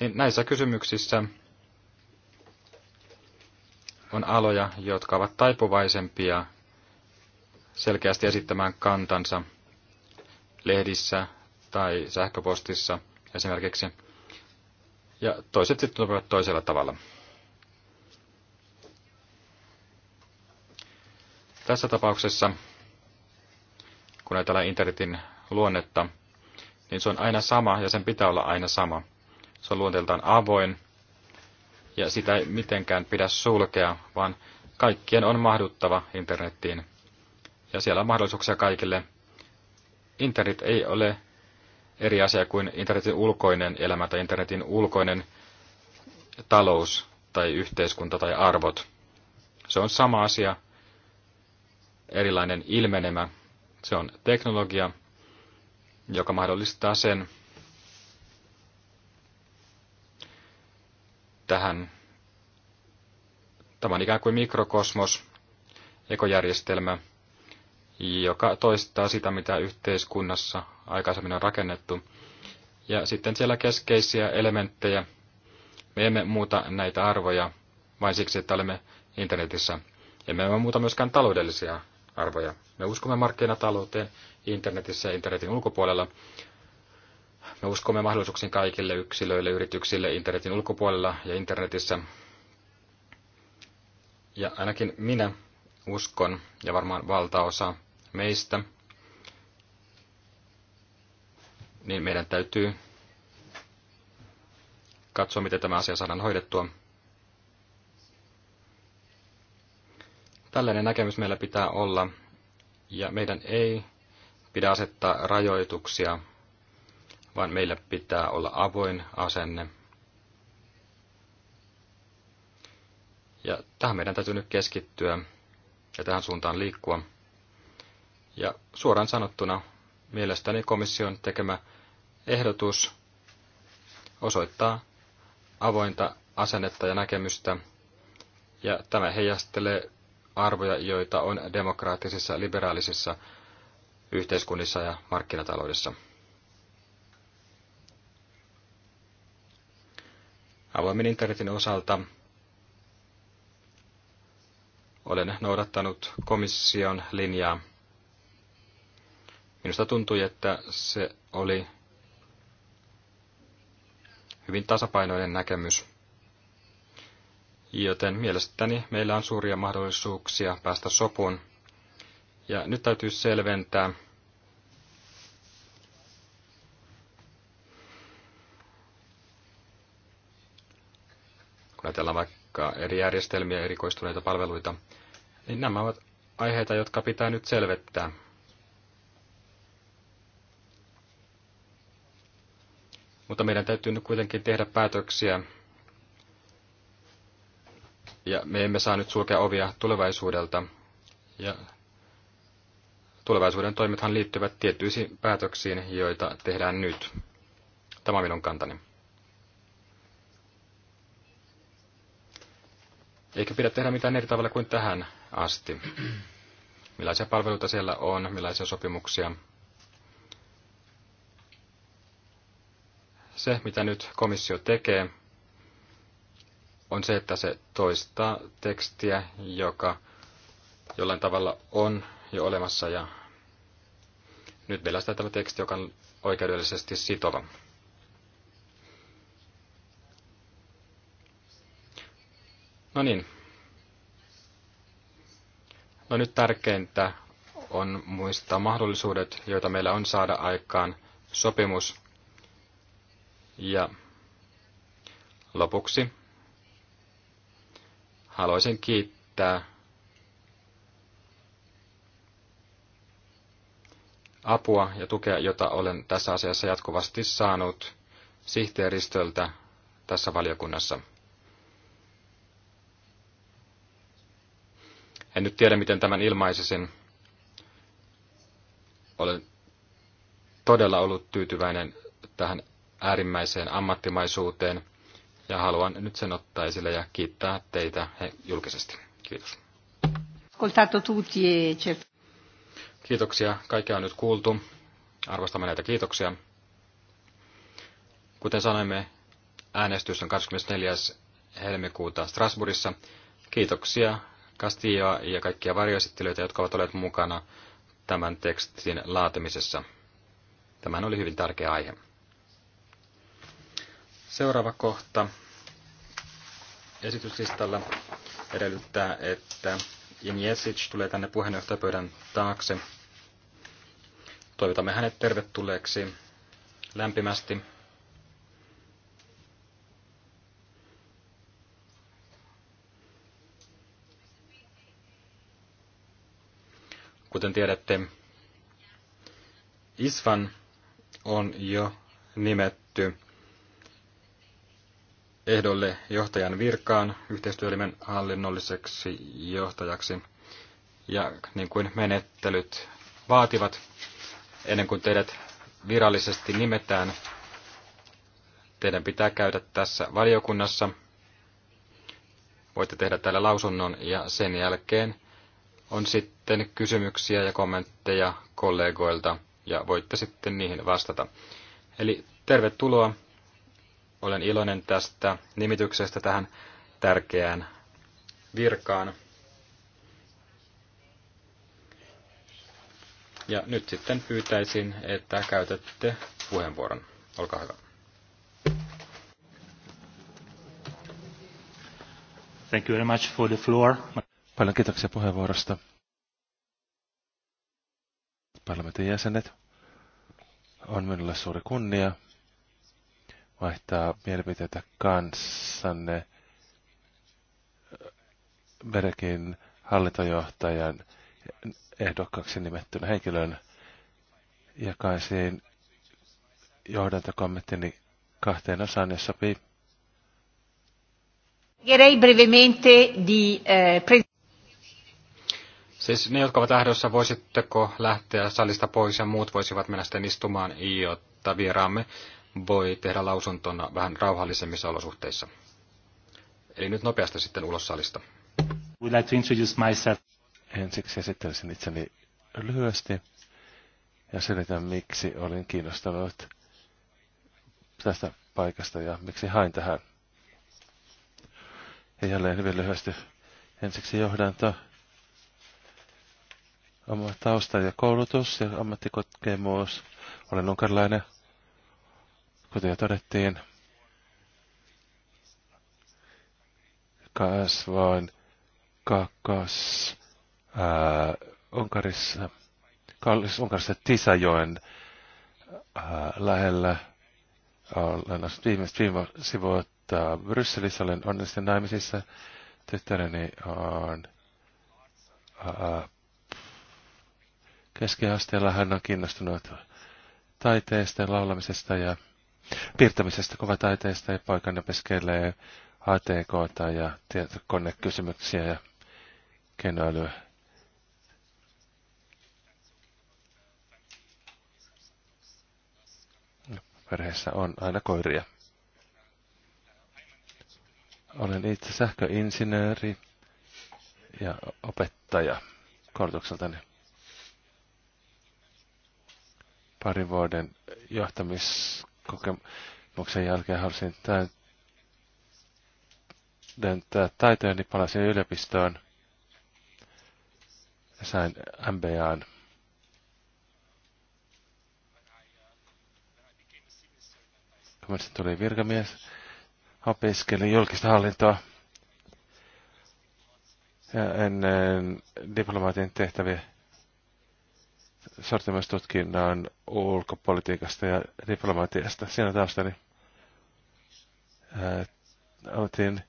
niin näissä kysymyksissä on aloja, jotka ovat taipuvaisempia selkeästi esittämään kantansa lehdissä tai sähköpostissa esimerkiksi. Ja toiset sitten toisella tavalla. Tässä tapauksessa, kun ajatellaan internetin luonnetta, niin se on aina sama ja sen pitää olla aina sama. Se on luonteeltaan avoin ja sitä ei mitenkään pidä sulkea, vaan kaikkien on mahduttava internettiin. Ja siellä on mahdollisuuksia kaikille. Internet ei ole eri asia kuin internetin ulkoinen elämä tai internetin ulkoinen talous tai yhteiskunta tai arvot. Se on sama asia erilainen ilmenemä. Se on teknologia, joka mahdollistaa sen tähän. Tämä on ikään kuin mikrokosmos, ekojärjestelmä, joka toistaa sitä, mitä yhteiskunnassa aikaisemmin on rakennettu. Ja sitten siellä keskeisiä elementtejä. Me emme muuta näitä arvoja vain siksi, että olemme internetissä. Emme muuta myöskään taloudellisia arvoja. Me uskomme markkinatalouteen internetissä ja internetin ulkopuolella. Me uskomme mahdollisuuksiin kaikille yksilöille, yrityksille internetin ulkopuolella ja internetissä. Ja ainakin minä uskon, ja varmaan valtaosa meistä, niin meidän täytyy katsoa, miten tämä asia saadaan hoidettua. Tällainen näkemys meillä pitää olla, ja meidän ei pidä asettaa rajoituksia, vaan meillä pitää olla avoin asenne. Ja tähän meidän täytyy nyt keskittyä ja tähän suuntaan liikkua. Ja suoraan sanottuna mielestäni komission tekemä ehdotus osoittaa avointa asennetta ja näkemystä, ja tämä heijastelee arvoja, joita on demokraattisissa liberaalisissa yhteiskunnissa ja markkinataloudessa. Avoimen internetin osalta olen noudattanut komission linjaa. Minusta tuntui, että se oli hyvin tasapainoinen näkemys. Joten mielestäni meillä on suuria mahdollisuuksia päästä sopuun. Ja nyt täytyy selventää, kun ajatellaan vaikka eri järjestelmiä, erikoistuneita palveluita, niin nämä ovat aiheita, jotka pitää nyt selvettää. Mutta meidän täytyy nyt kuitenkin tehdä päätöksiä, ja me emme saa nyt sulkea ovia tulevaisuudelta. Ja tulevaisuuden toimethan liittyvät tiettyisiin päätöksiin, joita tehdään nyt. Tämä on minun kantani. Eikä pidä tehdä mitään eri tavalla kuin tähän asti. Millaisia palveluita siellä on, millaisia sopimuksia. Se, mitä nyt komissio tekee, on se, että se toistaa tekstiä, joka jollain tavalla on jo olemassa ja nyt meillä on tämä teksti, joka on oikeudellisesti sitova. No niin. No nyt tärkeintä on muistaa mahdollisuudet, joita meillä on saada aikaan sopimus. Ja lopuksi haluaisin kiittää apua ja tukea, jota olen tässä asiassa jatkuvasti saanut sihteeristöltä tässä valiokunnassa. En nyt tiedä, miten tämän ilmaisisin. Olen todella ollut tyytyväinen tähän äärimmäiseen ammattimaisuuteen – ja haluan nyt sen ottaa esille ja kiittää teitä he, julkisesti. Kiitos. E kiitoksia. Kaikkea on nyt kuultu. Arvostamme näitä kiitoksia. Kuten sanoimme, äänestys on 24. helmikuuta Strasbourgissa. Kiitoksia Castilloa ja kaikkia varjoesittelyitä, jotka ovat olleet mukana tämän tekstin laatimisessa. Tämä oli hyvin tärkeä aihe. Seuraava kohta esityslistalla edellyttää, että Jesic tulee tänne puheenjohtajapöydän taakse. Toivotamme hänet tervetulleeksi lämpimästi. Kuten tiedätte, Isvan on jo nimetty ehdolle johtajan virkaan yhteistyöelimen hallinnolliseksi johtajaksi. Ja niin kuin menettelyt vaativat, ennen kuin teidät virallisesti nimetään, teidän pitää käydä tässä valiokunnassa. Voitte tehdä täällä lausunnon ja sen jälkeen on sitten kysymyksiä ja kommentteja kollegoilta ja voitte sitten niihin vastata. Eli tervetuloa olen iloinen tästä nimityksestä tähän tärkeään virkaan. Ja nyt sitten pyytäisin, että käytätte puheenvuoron. Olkaa hyvä. Thank you very much for the floor. Paljon kiitoksia puheenvuorosta. Parlamentin jäsenet, on minulle suuri kunnia vaihtaa mielipiteitä kanssanne Berkin hallintojohtajan ehdokkaaksi nimettyn henkilön jakaisin johdantokommenttini kahteen osaan, jos sopii. Eh, siis ne, jotka ovat ähdössä, voisitteko lähteä salista pois ja muut voisivat mennä sitten istumaan, jotta vieraamme voi tehdä lausuntona vähän rauhallisemmissa olosuhteissa. Eli nyt nopeasti sitten ulos salista. Would like to introduce myself. Ensiksi esittelisin itseni lyhyesti ja selitän, miksi olin kiinnostunut tästä paikasta ja miksi hain tähän. Ja jälleen hyvin lyhyesti ensiksi johdanto. Oma tausta ja koulutus ja ammattikokemus. Olen unkarilainen Kuten jo todettiin, kasvoin kakkos ää, Unkarissa, Kallis, Unkarissa Tisajoen ää, lähellä. Olen asunut viimeiset viime sivuutta Brysselissä, olen onnellisesti naimisissa. Tyttäreni on ää, keskiasteella, hän on kiinnostunut taiteesta ja laulamisesta ja piirtämisestä, kuvataiteesta ja poikana peskelee ATK ja tietokonekysymyksiä ja keinoälyä. Perheessä on aina koiria. Olen itse sähköinsinööri ja opettaja koulutukseltani. Parin vuoden johtamis kokemuksen jälkeen halusin täydentää taitojani, niin palasin yliopistoon ja sain MBAn. Kun minusta tuli virkamies, opiskelin julkista hallintoa. Ja ennen diplomaatin tehtäviä sortimistutkinnan ulkopolitiikasta ja diplomatiasta. Siinä taustani ää, äh, otin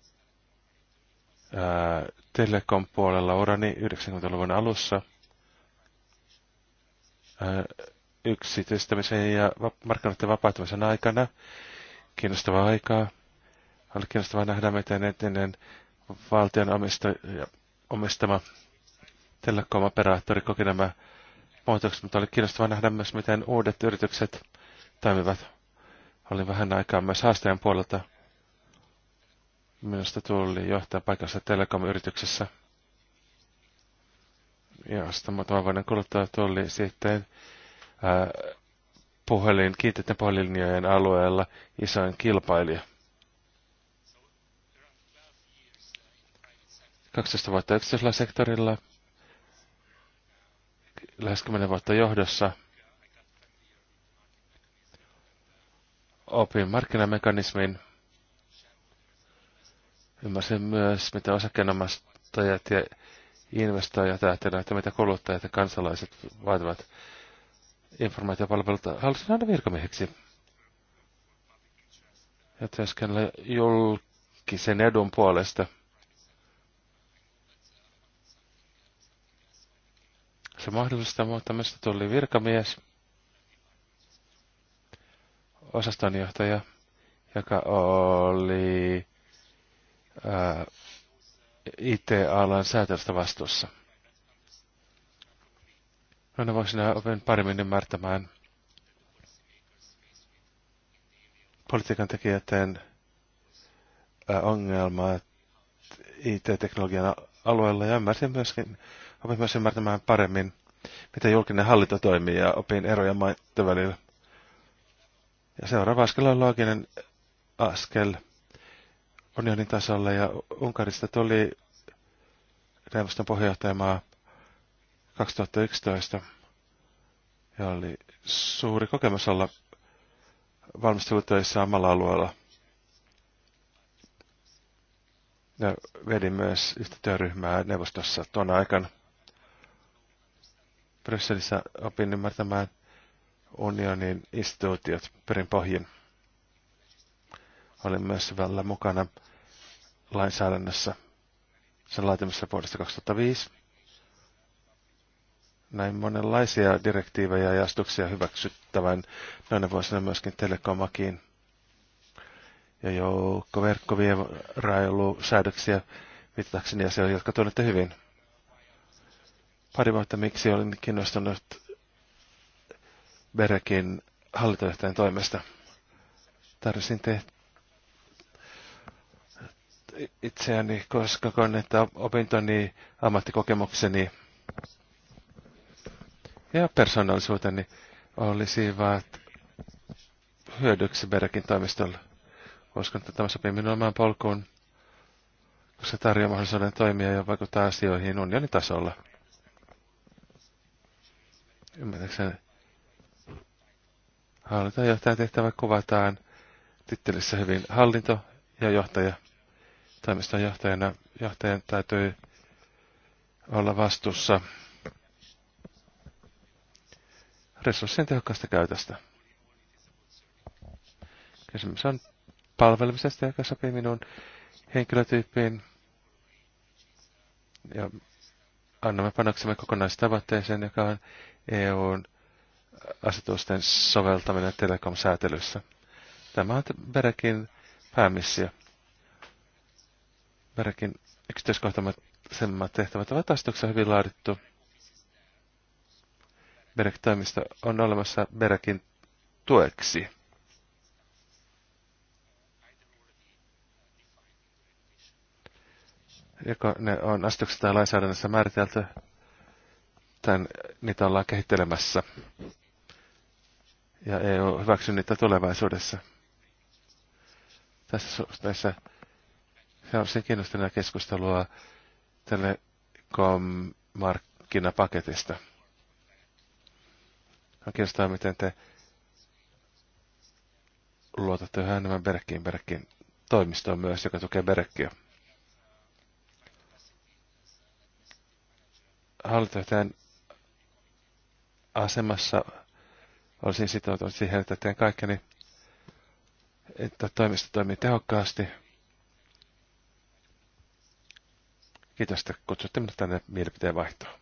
äh, Telekom puolella urani 90-luvun alussa ää, äh, yksityistämisen ja markkinoiden vapautumisen aikana. Kiinnostavaa aikaa. Oli kiinnostavaa nähdä, miten entinen valtion omista, omistama telekom-operaattori koki nämä muutokset, mutta oli kiinnostavaa nähdä myös, miten uudet yritykset toimivat. oli vähän aikaa myös haastajan puolelta. Minusta tuli johtaja paikassa telekom-yrityksessä, sitten muutaman vuoden kuluttua tuli sitten ää, puhelin, kiinteiden puhelinjojen alueella isoin kilpailija. 12 vuotta yksityisellä sektorilla, lähes 10 vuotta johdossa. Opin markkinamekanismin. Ymmärsin myös, mitä osakkeenomistajat ja investoijat ajattelevat, että mitä kuluttajat ja kansalaiset vaativat informaatiopalveluita. Halusin aina virkamieheksi. Ja työskennellä julkisen edun puolesta – se mahdollista, mutta minusta tuli virkamies, osastonjohtaja, joka oli äh, IT-alan säätelystä vastuussa. Noina voisin opin paremmin ymmärtämään politiikan tekijöiden äh, ongelmat IT-teknologian alueella ja ymmärsin myöskin Opin myös ymmärtämään paremmin, miten julkinen hallinto toimii ja opin eroja maiden välillä. Ja seuraava askel on looginen askel unionin tasolla ja Unkarista tuli neuvoston puheenjohtajamaa 2011 ja oli suuri kokemus olla valmistelutöissä samalla alueella. Ja vedin myös yhtä työryhmää neuvostossa tuona aikana. Brysselissä opin ymmärtämään unionin instituutiot perin pohjin. Olin myös syvällä mukana lainsäädännössä sen laatimassa vuodesta 2005. Näin monenlaisia direktiivejä ja astuksia hyväksyttävän noina vuosina myöskin telekomakiin. Ja joukko verkkovierailusäädöksiä, viitatakseni asioihin, jotka tunnette hyvin pari vuotta, miksi olin kiinnostunut Berekin hallintojohtajan toimesta. Tarvitsin tehdä itseäni, koska koen, että opintoni, ammattikokemukseni ja persoonallisuuteni olisivat hyödyksi Berkin toimistolle. Uskon, että tämä sopii minun omaan polkuun, koska se tarjoaa mahdollisuuden toimia ja vaikuttaa asioihin unionin tasolla ja hallintojohtajan tehtävä kuvataan tittelissä hyvin hallinto ja johtaja. Toimiston johtajana johtajan täytyy olla vastuussa resurssien tehokkaasta käytöstä. Kysymys on palvelemisesta, joka sopii minun henkilötyyppiin ja annamme panoksemme kokonaistavoitteeseen, joka on EUn asetusten soveltaminen telekom-säätelyssä. Tämä on Berekin päämissio. Berekin yksityiskohtaisemmat tehtävät ovat asetuksessa hyvin laadittu. Berek-toimisto on olemassa Berekin tueksi. joko ne on astuksessa tai lainsäädännössä määritelty, tämän, niitä ollaan kehittelemässä. Ja EU hyväksy niitä tulevaisuudessa. Tässä suhteessa se on sen kiinnostavaa keskustelua telekom-markkinapaketista. On kiinnostavaa, miten te luotatte yhä enemmän Berkkiin Berkkiin toimistoon myös, joka tukee Berkkiä. hallintojohtajan asemassa olisin sitoutunut siihen, että teen kaikkeni, että toimisto toimii tehokkaasti. Kiitos, että kutsutte minut tänne mielipiteen vaihtoon.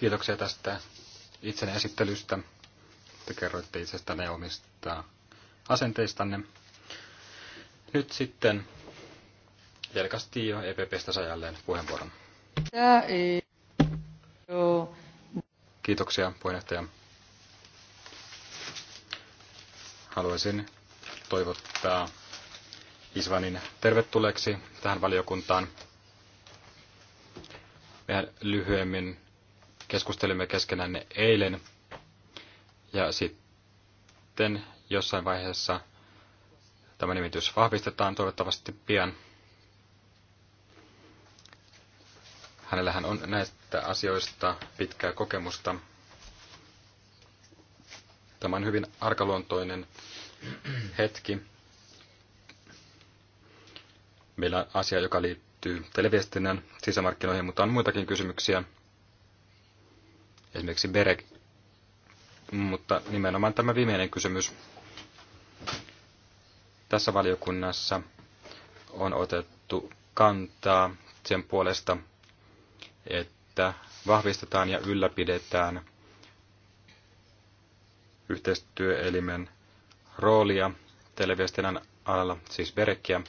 Kiitoksia tästä itsen esittelystä. Te kerroitte itsestänne omista asenteistanne. Nyt sitten Del EPPstä saa jälleen puheenvuoron. Kiitoksia puheenjohtaja. Haluaisin toivottaa Isvanin tervetulleeksi tähän valiokuntaan. Mehän lyhyemmin keskustelimme keskenänne eilen ja sitten jossain vaiheessa tämä nimitys vahvistetaan toivottavasti pian. Hänellähän on näistä asioista pitkää kokemusta. Tämä on hyvin arkaluontoinen hetki. Meillä on asia, joka liittyy televiestinnän sisämarkkinoihin, mutta on muitakin kysymyksiä. Esimerkiksi Berek. Mutta nimenomaan tämä viimeinen kysymys. Tässä valiokunnassa on otettu kantaa sen puolesta, että vahvistetaan ja ylläpidetään yhteistyöelimen roolia televiestinnän alalla, siis verkkiä.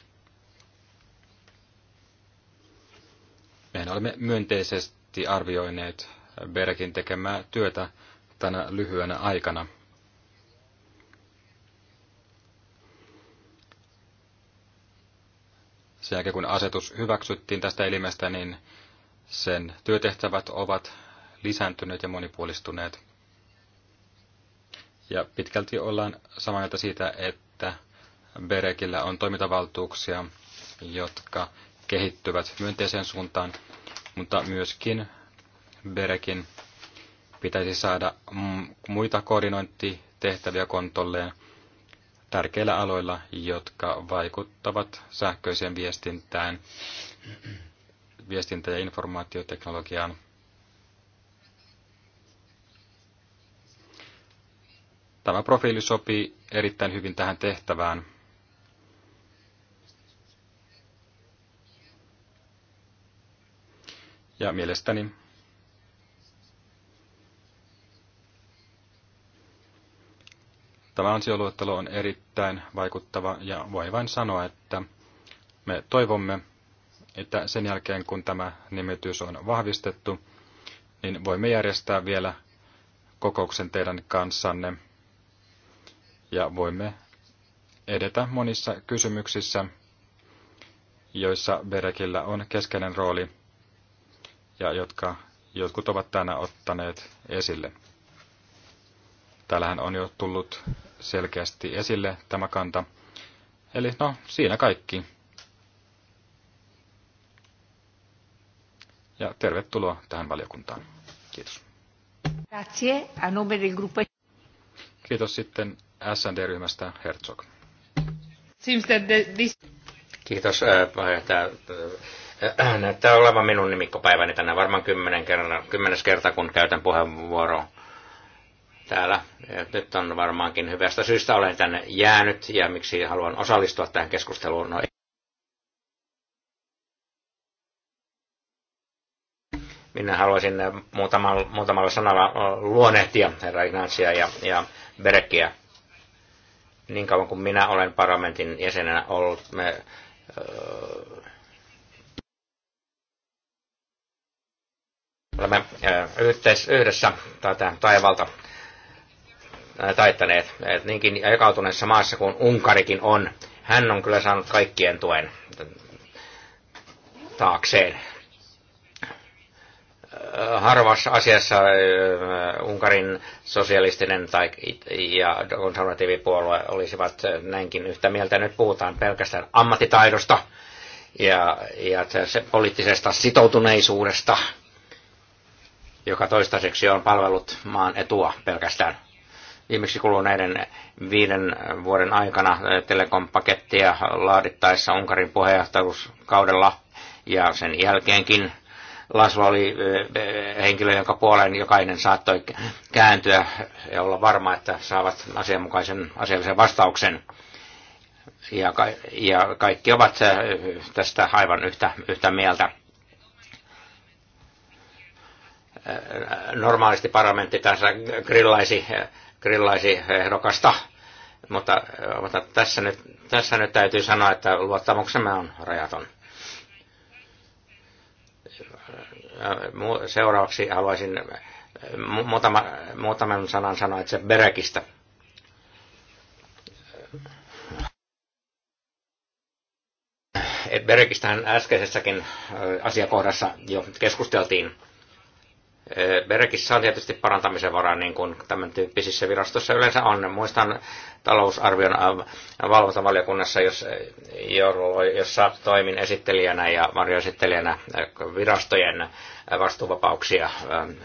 Mehän olemme myönteisesti arvioineet Berekin tekemää työtä tänä lyhyenä aikana. Sen jälkeen kun asetus hyväksyttiin tästä elimestä, niin sen työtehtävät ovat lisääntyneet ja monipuolistuneet. Ja pitkälti ollaan samaa mieltä siitä, että Berekillä on toimintavaltuuksia, jotka kehittyvät myönteiseen suuntaan, mutta myöskin Berekin pitäisi saada mm, muita koordinointitehtäviä kontolleen tärkeillä aloilla, jotka vaikuttavat sähköiseen viestintään viestintä- ja informaatioteknologiaan. Tämä profiili sopii erittäin hyvin tähän tehtävään. Ja mielestäni Tämä ansioluettelo on erittäin vaikuttava ja voi vain sanoa, että me toivomme, että sen jälkeen kun tämä nimitys on vahvistettu, niin voimme järjestää vielä kokouksen teidän kanssanne ja voimme edetä monissa kysymyksissä, joissa Berekillä on keskeinen rooli ja jotka jotkut ovat tänään ottaneet esille. Täällähän on jo tullut selkeästi esille tämä kanta. Eli no, siinä kaikki. ja tervetuloa tähän valiokuntaan. Kiitos. Grazie a nome del gruppo. Kiitos sitten SND-ryhmästä Herzog. Kiitos äh, äh, äh, Näyttää olevan minun nimikkopäiväni tänään varmaan kymmenen kerran, kymmenes kerta, kun käytän puheenvuoroa täällä. Nyt on varmaankin hyvästä syystä olen tänne jäänyt ja miksi haluan osallistua tähän keskusteluun. No, Minä haluaisin äh, muutamalla, muutamalla sanalla äh, luonehtia herra Ignacia ja, ja Berekkiä. Niin kauan kuin minä olen parlamentin jäsenenä ollut, me äh, olemme yhteis, yhdessä tätä taivalta taittaneet. Et niinkin jakautuneessa maassa kuin Unkarikin on, hän on kyllä saanut kaikkien tuen taakseen harvassa asiassa äh, Unkarin sosialistinen tai ja konservatiivipuolue olisivat näinkin yhtä mieltä. Nyt puhutaan pelkästään ammattitaidosta ja, ja se poliittisesta sitoutuneisuudesta, joka toistaiseksi on palvellut maan etua pelkästään. Viimeksi kuluneiden viiden vuoden aikana äh, telekompakettia laadittaessa Unkarin puheenjohtajuuskaudella ja sen jälkeenkin – Laslo oli henkilö, jonka puoleen jokainen saattoi kääntyä ja olla varma, että saavat asianmukaisen asiallisen vastauksen. Ja, ka- ja kaikki ovat tästä aivan yhtä, yhtä mieltä. Normaalisti parlamentti tässä grillaisi, grillaisi ehdokasta, mutta, mutta tässä, nyt, tässä nyt täytyy sanoa, että luottamuksemme on rajaton. Äh, seuraavaksi haluaisin äh, muutama, muutaman sanan sanoa itse Berekistä. Berekistähän äskeisessäkin äh, asiakohdassa jo keskusteltiin Berekissä on tietysti parantamisen varaa, niin kuin tämän tyyppisissä virastossa yleensä on. Muistan talousarvion valvontavaliokunnassa, jos, jossa toimin esittelijänä ja varjoesittelijänä eh, virastojen vastuuvapauksia eh,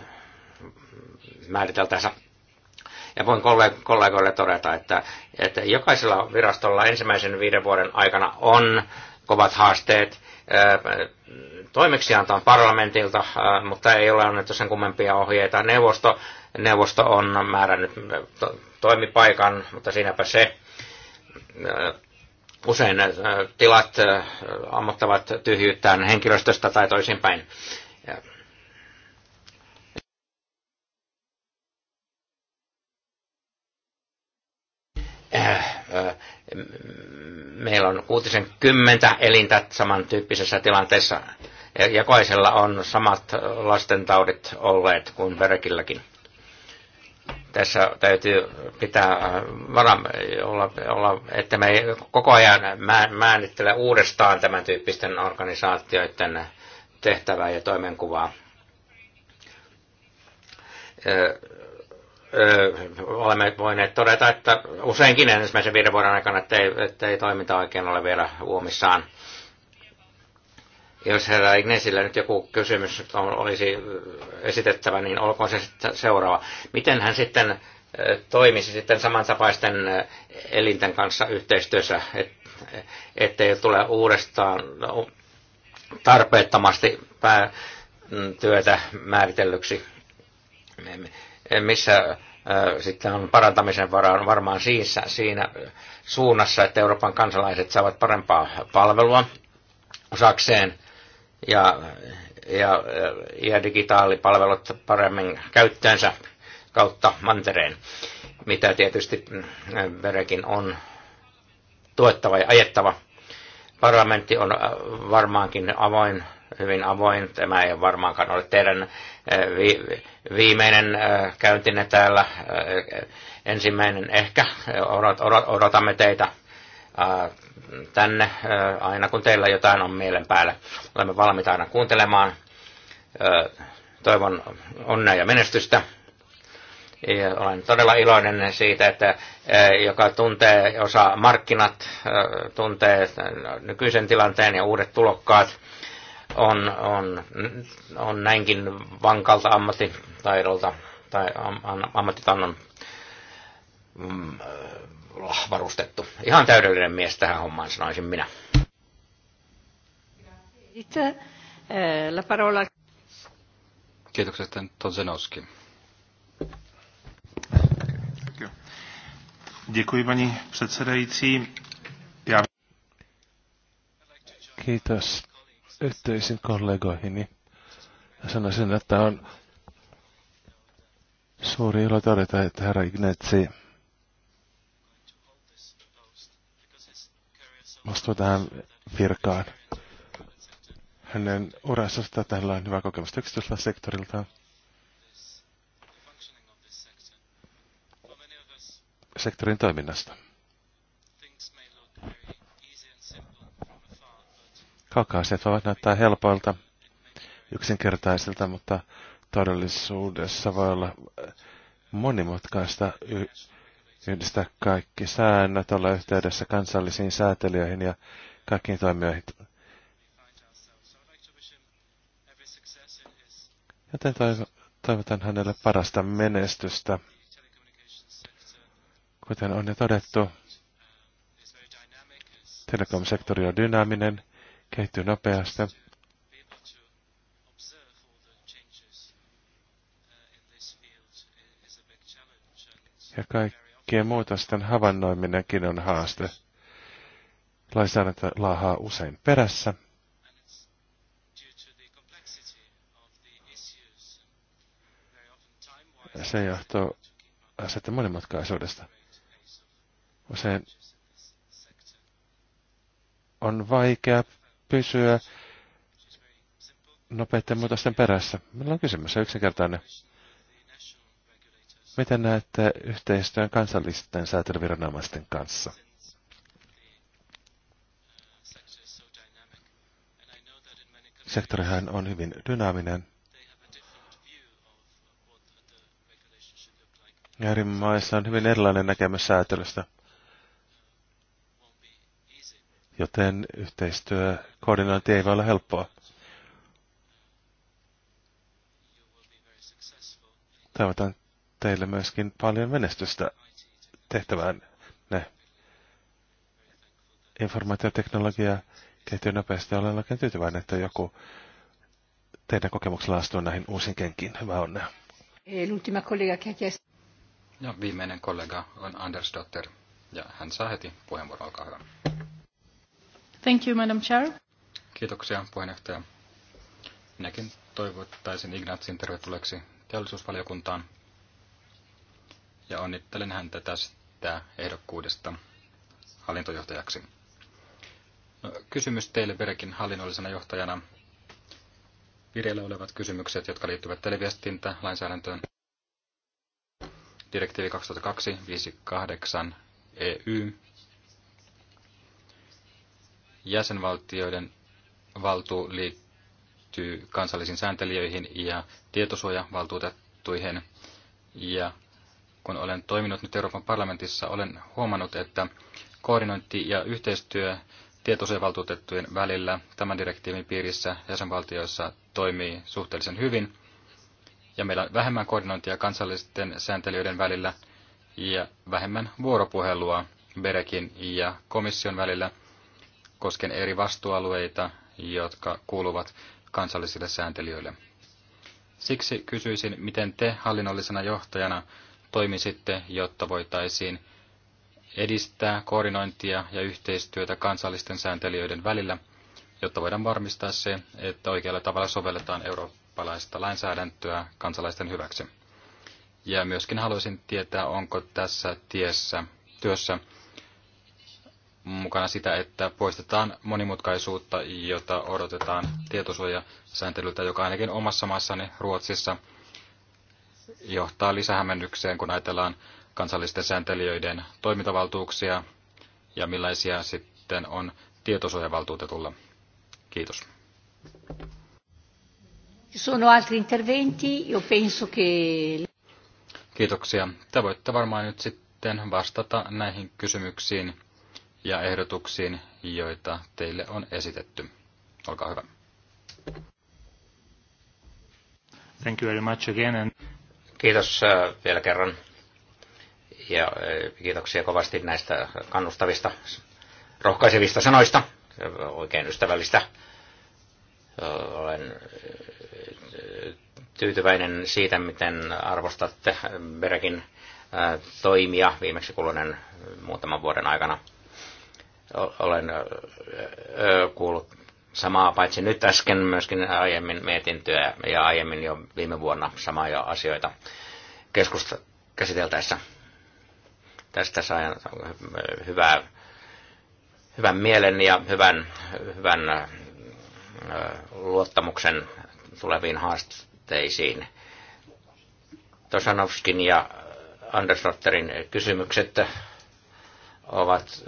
määriteltäessä. Ja voin kollegoille todeta, että, että jokaisella virastolla ensimmäisen viiden vuoden aikana on kovat haasteet, toimeksiantaan parlamentilta, mutta ei ole annettu sen kummempia ohjeita. Neuvosto, neuvosto on määrännyt toimipaikan, mutta siinäpä se. Usein tilat ammottavat tyhjyyttään henkilöstöstä tai toisinpäin. Äh, äh, meillä on kuutisen kymmentä elintä samantyyppisessä tilanteessa. Jokaisella on samat lastentaudit olleet kuin verkilläkin. Tässä täytyy pitää äh, vara, olla, olla, että me ei koko ajan määrittele uudestaan tämän tyyppisten organisaatioiden tehtävää ja toimenkuvaa äh, olemme voineet todeta, että useinkin ensimmäisen viiden vuoden aikana, että ei, että ei toiminta oikein ole vielä huomissaan. Jos herra Ignesillä nyt joku kysymys olisi esitettävä, niin olkoon se seuraava. Miten hän sitten toimisi sitten samantapaisten elinten kanssa yhteistyössä, et, ettei tule uudestaan tarpeettomasti työtä määritellyksi? missä äh, sitten on parantamisen varaa varmaan siinä, siinä suunnassa, että Euroopan kansalaiset saavat parempaa palvelua osakseen ja, ja, ja digitaalipalvelut paremmin käyttöönsä kautta mantereen, mitä tietysti äh, verekin on tuettava ja ajettava. Parlamentti on äh, varmaankin avoin hyvin avoin. Tämä ei varmaankaan ole teidän äh, viimeinen äh, käyntinne täällä, äh, ensimmäinen ehkä. Odotamme teitä tänne aina kun teillä jotain on mielen päällä. Olemme valmiita aina kuuntelemaan. Toivon onnea ja menestystä. Ja olen todella iloinen siitä, että joka tuntee, osaa markkinat, tuntee nykyisen tilanteen ja uudet tulokkaat, on, on, on näinkin vankalta ammattitaidolta tai am, ammattitannon mm, äh, varustettu. Ihan täydellinen mies tähän hommaan, sanoisin minä. Itse äh, la parola. Kiitokset, Todzenowski. Děkuji, paní předsedající. Já... Kiitos, yhtyisin kollegoihini ja sanoisin, että on suuri ilo todeta, että herra Ignetsi vastuu tähän virkaan. Hänen uransa tällä on hyvä kokemus yksityisellä sektorilta. Sektorin toiminnasta. kaukaiset voivat näyttää helpoilta, yksinkertaisilta, mutta todellisuudessa voi olla äh, monimutkaista yhdistää kaikki säännöt, olla yhteydessä kansallisiin säätelijöihin ja kaikkiin toimijoihin. Joten toiv toivotan hänelle parasta menestystä. Kuten on jo todettu, telekom-sektori on dynaaminen, kehittyy nopeasti. Ja kaikkien muutosten havainnoiminenkin on haaste. Lainsäädäntö laahaa usein perässä. Se johtuu asetta monimutkaisuudesta. Usein on vaikea pysyä nopeiden muutosten perässä. Meillä on kysymys yksinkertainen. Miten näette yhteistyön kansallisten säätelyviranomaisten kanssa? Sektorihan on hyvin dynaaminen. Ja eri maissa on hyvin erilainen näkemys säätelystä, joten yhteistyö koordinointi ei voi olla helppoa. Toivotan teille myöskin paljon menestystä tehtävään ne. Informaatioteknologia kehittyy nopeasti ja olen oikein tyytyväinen, että joku teidän kokemuksella astuu näihin uusiin kenkiin. Hyvää onnea. Ja viimeinen kollega on Anders Dotter, ja hän saa heti puheenvuoron. Olkaa hyvä. Thank you, Madam Chair. Kiitoksia puheenjohtaja. Minäkin toivottaisin Ignatsin tervetulleeksi teollisuusvaliokuntaan ja onnittelen häntä tästä ehdokkuudesta hallintojohtajaksi. No, kysymys teille Berekin hallinnollisena johtajana. Vireillä olevat kysymykset, jotka liittyvät televiestintä lainsäädäntöön. Direktiivi 2002-58 EU. Jäsenvaltioiden valtu liittyy kansallisiin sääntelijöihin ja tietosuojavaltuutettuihin. Ja kun olen toiminut nyt Euroopan parlamentissa, olen huomannut, että koordinointi ja yhteistyö tietosuojavaltuutettujen välillä tämän direktiivin piirissä jäsenvaltioissa toimii suhteellisen hyvin. Ja meillä on vähemmän koordinointia kansallisten sääntelijöiden välillä ja vähemmän vuoropuhelua Berekin ja komission välillä koskien eri vastuualueita jotka kuuluvat kansallisille sääntelijöille. Siksi kysyisin, miten te hallinnollisena johtajana toimisitte, jotta voitaisiin edistää koordinointia ja yhteistyötä kansallisten sääntelijöiden välillä, jotta voidaan varmistaa se, että oikealla tavalla sovelletaan eurooppalaista lainsäädäntöä kansalaisten hyväksi. Ja myöskin haluaisin tietää, onko tässä tiessä, työssä mukana sitä, että poistetaan monimutkaisuutta, jota odotetaan tietosuojasääntelyltä, joka ainakin omassa maassani Ruotsissa johtaa lisähämennykseen, kun ajatellaan kansallisten sääntelijöiden toimintavaltuuksia ja millaisia sitten on tietosuojavaltuutetulla. Kiitos. Sono altri interventi, io penso che... Kiitoksia. Te voitte varmaan nyt sitten vastata näihin kysymyksiin ja ehdotuksiin, joita teille on esitetty. Olkaa hyvä. Thank you very much again. And... Kiitos äh, vielä kerran ja äh, kiitoksia kovasti näistä kannustavista, rohkaisevista sanoista, oikein ystävällistä. Äh, olen tyytyväinen siitä, miten arvostatte Berekin toimia viimeksi kuluneen muutaman vuoden aikana – olen kuullut samaa paitsi nyt äsken myöskin aiemmin mietintöä ja aiemmin jo viime vuonna samaa jo asioita keskusta käsiteltäessä. Tästä saan hyvää, hyvän mielen ja hyvän, hyvän luottamuksen tuleviin haasteisiin. Tosanovskin ja Andersrotterin kysymykset ovat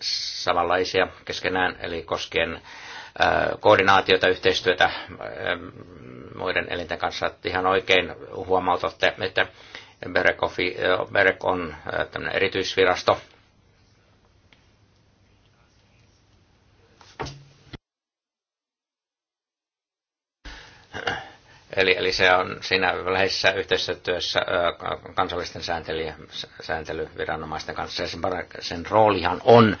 samanlaisia keskenään, eli koskien koordinaatiota, yhteistyötä muiden elinten kanssa. Ihan oikein huomautatte, että BEREC on erityisvirasto, Eli, eli se on siinä läheisessä yhteistyössä kansallisten sääntely, sääntelyviranomaisten kanssa. Sen, sen roolihan on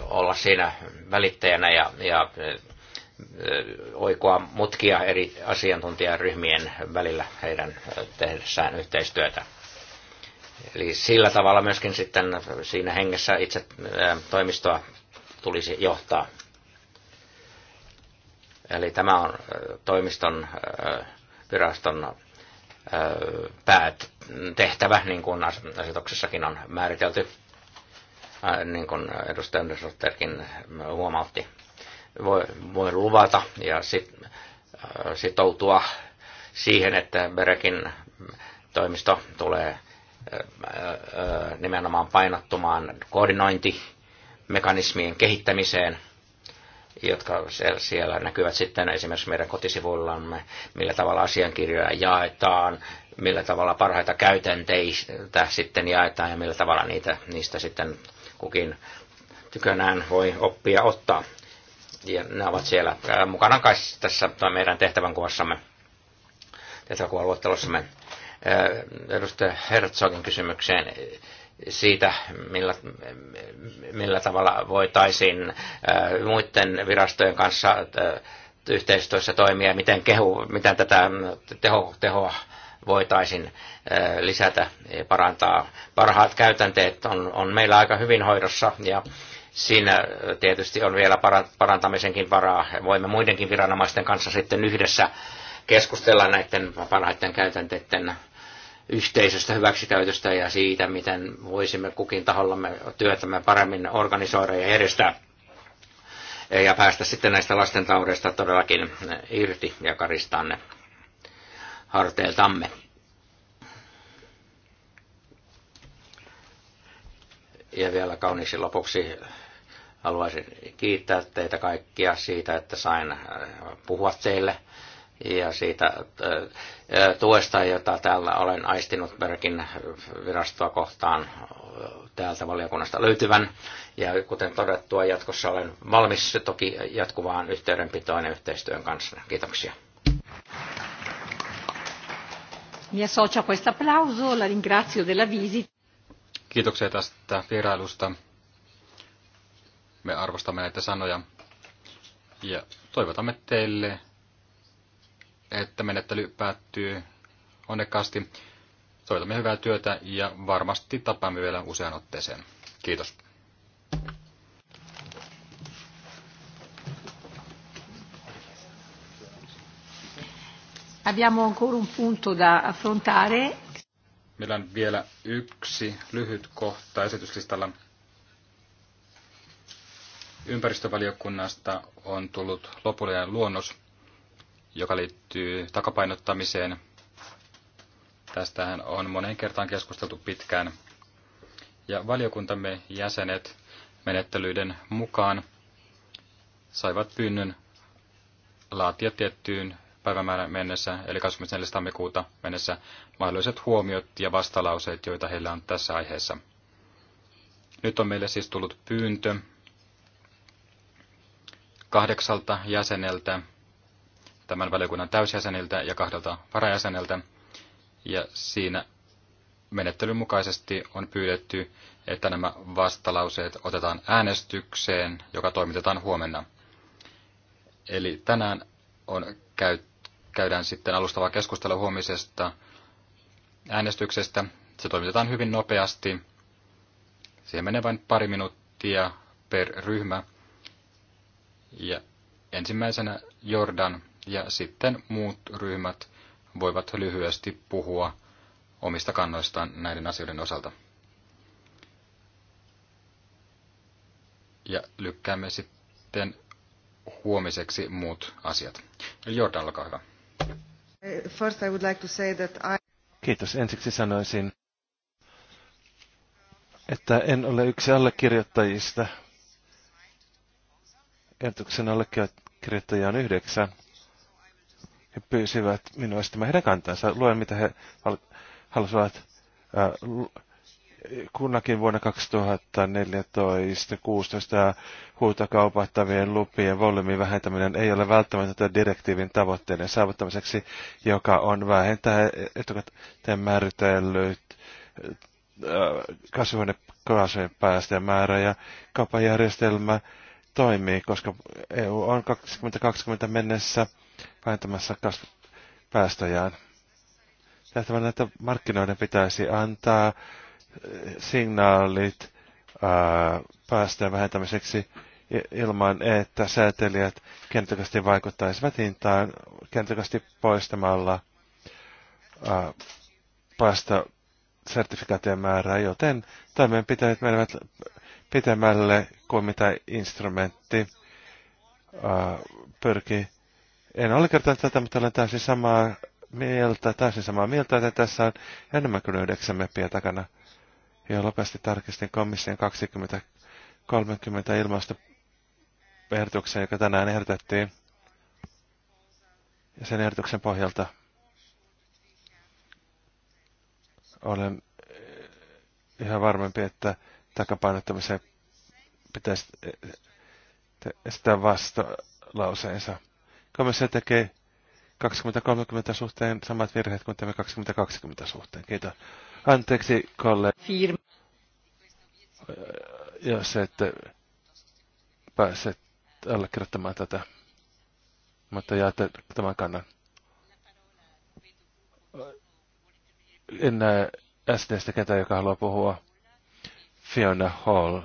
olla siinä välittäjänä ja, ja oikoa mutkia eri asiantuntijaryhmien välillä heidän tehdessään yhteistyötä. Eli sillä tavalla myöskin sitten siinä hengessä itse toimistoa tulisi johtaa. Eli tämä on toimiston viraston päätehtävä, niin kuin asetuksessakin on määritelty, niin kuin edustaja Andersotterkin huomautti. Voi, voi luvata ja sit, sitoutua siihen, että Berekin toimisto tulee nimenomaan painottumaan koordinointimekanismien kehittämiseen – jotka siellä näkyvät sitten esimerkiksi meidän kotisivuillamme, millä tavalla asiankirjoja jaetaan, millä tavalla parhaita käytänteitä sitten jaetaan ja millä tavalla niitä, niistä sitten kukin tykönään voi oppia ottaa. Ja ne ovat siellä äh, mukana kai siis tässä meidän tehtävänkuvassamme, tehtävänkuvaluottelossamme. Äh, edustaja Herzogin kysymykseen siitä, millä, millä tavalla voitaisiin äh, muiden virastojen kanssa äh, yhteistyössä toimia, miten, kehu, miten tätä teho, tehoa voitaisiin äh, lisätä ja parantaa. Parhaat käytänteet on, on meillä aika hyvin hoidossa ja siinä tietysti on vielä parantamisenkin varaa. Voimme muidenkin viranomaisten kanssa sitten yhdessä keskustella näiden parhaiten käytänteiden yhteisöstä hyväksikäytöstä ja siitä, miten voisimme kukin tahollamme työtämme paremmin organisoida ja järjestää ja päästä sitten näistä lasten taudeista todellakin irti ja karistaa ne harteiltamme. Ja vielä kauniiksi lopuksi haluaisin kiittää teitä kaikkia siitä, että sain puhua teille ja siitä tuesta, jota täällä olen aistinut Berkin virastoa kohtaan täältä valiokunnasta löytyvän. Ja kuten todettua, jatkossa olen valmis toki jatkuvaan yhteydenpitoon ja yhteistyön kanssa. Kiitoksia. della visita. Kiitoksia tästä vierailusta. Me arvostamme näitä sanoja ja toivotamme teille että menettely päättyy onnekkaasti. Toivotamme hyvää työtä ja varmasti tapaamme vielä usean otteeseen. Kiitos. Abbiamo ancora un punto da affrontare. Meillä on vielä yksi lyhyt kohta esityslistalla. Ympäristövaliokunnasta on tullut lopullinen luonnos joka liittyy takapainottamiseen. Tästähän on moneen kertaan keskusteltu pitkään. Ja valiokuntamme jäsenet menettelyiden mukaan saivat pyynnön laatia tiettyyn päivämäärän mennessä, eli 24. tammikuuta mennessä, mahdolliset huomiot ja vastalauseet, joita heillä on tässä aiheessa. Nyt on meille siis tullut pyyntö kahdeksalta jäseneltä tämän valiokunnan täysjäseniltä ja kahdelta varajäseneltä. Ja siinä menettelyn mukaisesti on pyydetty, että nämä vastalauseet otetaan äänestykseen, joka toimitetaan huomenna. Eli tänään on käy, käydään sitten alustavaa keskustelua huomisesta äänestyksestä. Se toimitetaan hyvin nopeasti. Siihen menee vain pari minuuttia per ryhmä. Ja ensimmäisenä Jordan ja sitten muut ryhmät voivat lyhyesti puhua omista kannoistaan näiden asioiden osalta. Ja lykkäämme sitten huomiseksi muut asiat. Jordan, olkaa hyvä. First I would like to say that I... Kiitos. Ensiksi sanoisin, että en ole yksi allekirjoittajista. Ehdotuksen allekirjoittajia on yhdeksän. He pyysivät minua esittämään heidän kantansa. Luen, mitä he halusivat kunnakin vuonna 2014 2016 huutokaupattavien lupien volyymin vähentäminen ei ole välttämätöntä direktiivin tavoitteiden saavuttamiseksi, joka on vähentää etukäteen määritellyt kasvihuonekaasujen määrä ja kaupajärjestelmä toimii, koska EU on 2020 mennessä vähentämässä kasv- päästöjään. Tähtävänä, että markkinoiden pitäisi antaa eh, signaalit päästöjen vähentämiseksi ilman, että säätelijät kentäkästi vaikuttaisivat hintaan kentäkästi poistamalla ää, päästösertifikaatien määrää, joten toimenpiteet menevät pitemmälle kuin mitä instrumentti pyrkii en allekirjoittanut tätä, mutta olen täysin samaa mieltä, täysin samaa mieltä, että tässä on enemmän kuin yhdeksän meppiä takana. Ja lopesti tarkistin komission 2030 ilmastoehdotuksen, joka tänään ehdotettiin. Ja sen ehdotuksen pohjalta olen ihan varmempi, että takapainottamiseen pitäisi sitä vastalauseensa komissio tekee 2030 suhteen samat virheet kuin tämä 2020 suhteen. Kiitos. Anteeksi, kollega. Firma. se että pääset allekirjoittamaan tätä, mutta jaatte tämän kannan. En näe SDstä ketään, joka haluaa puhua. Fiona Hall,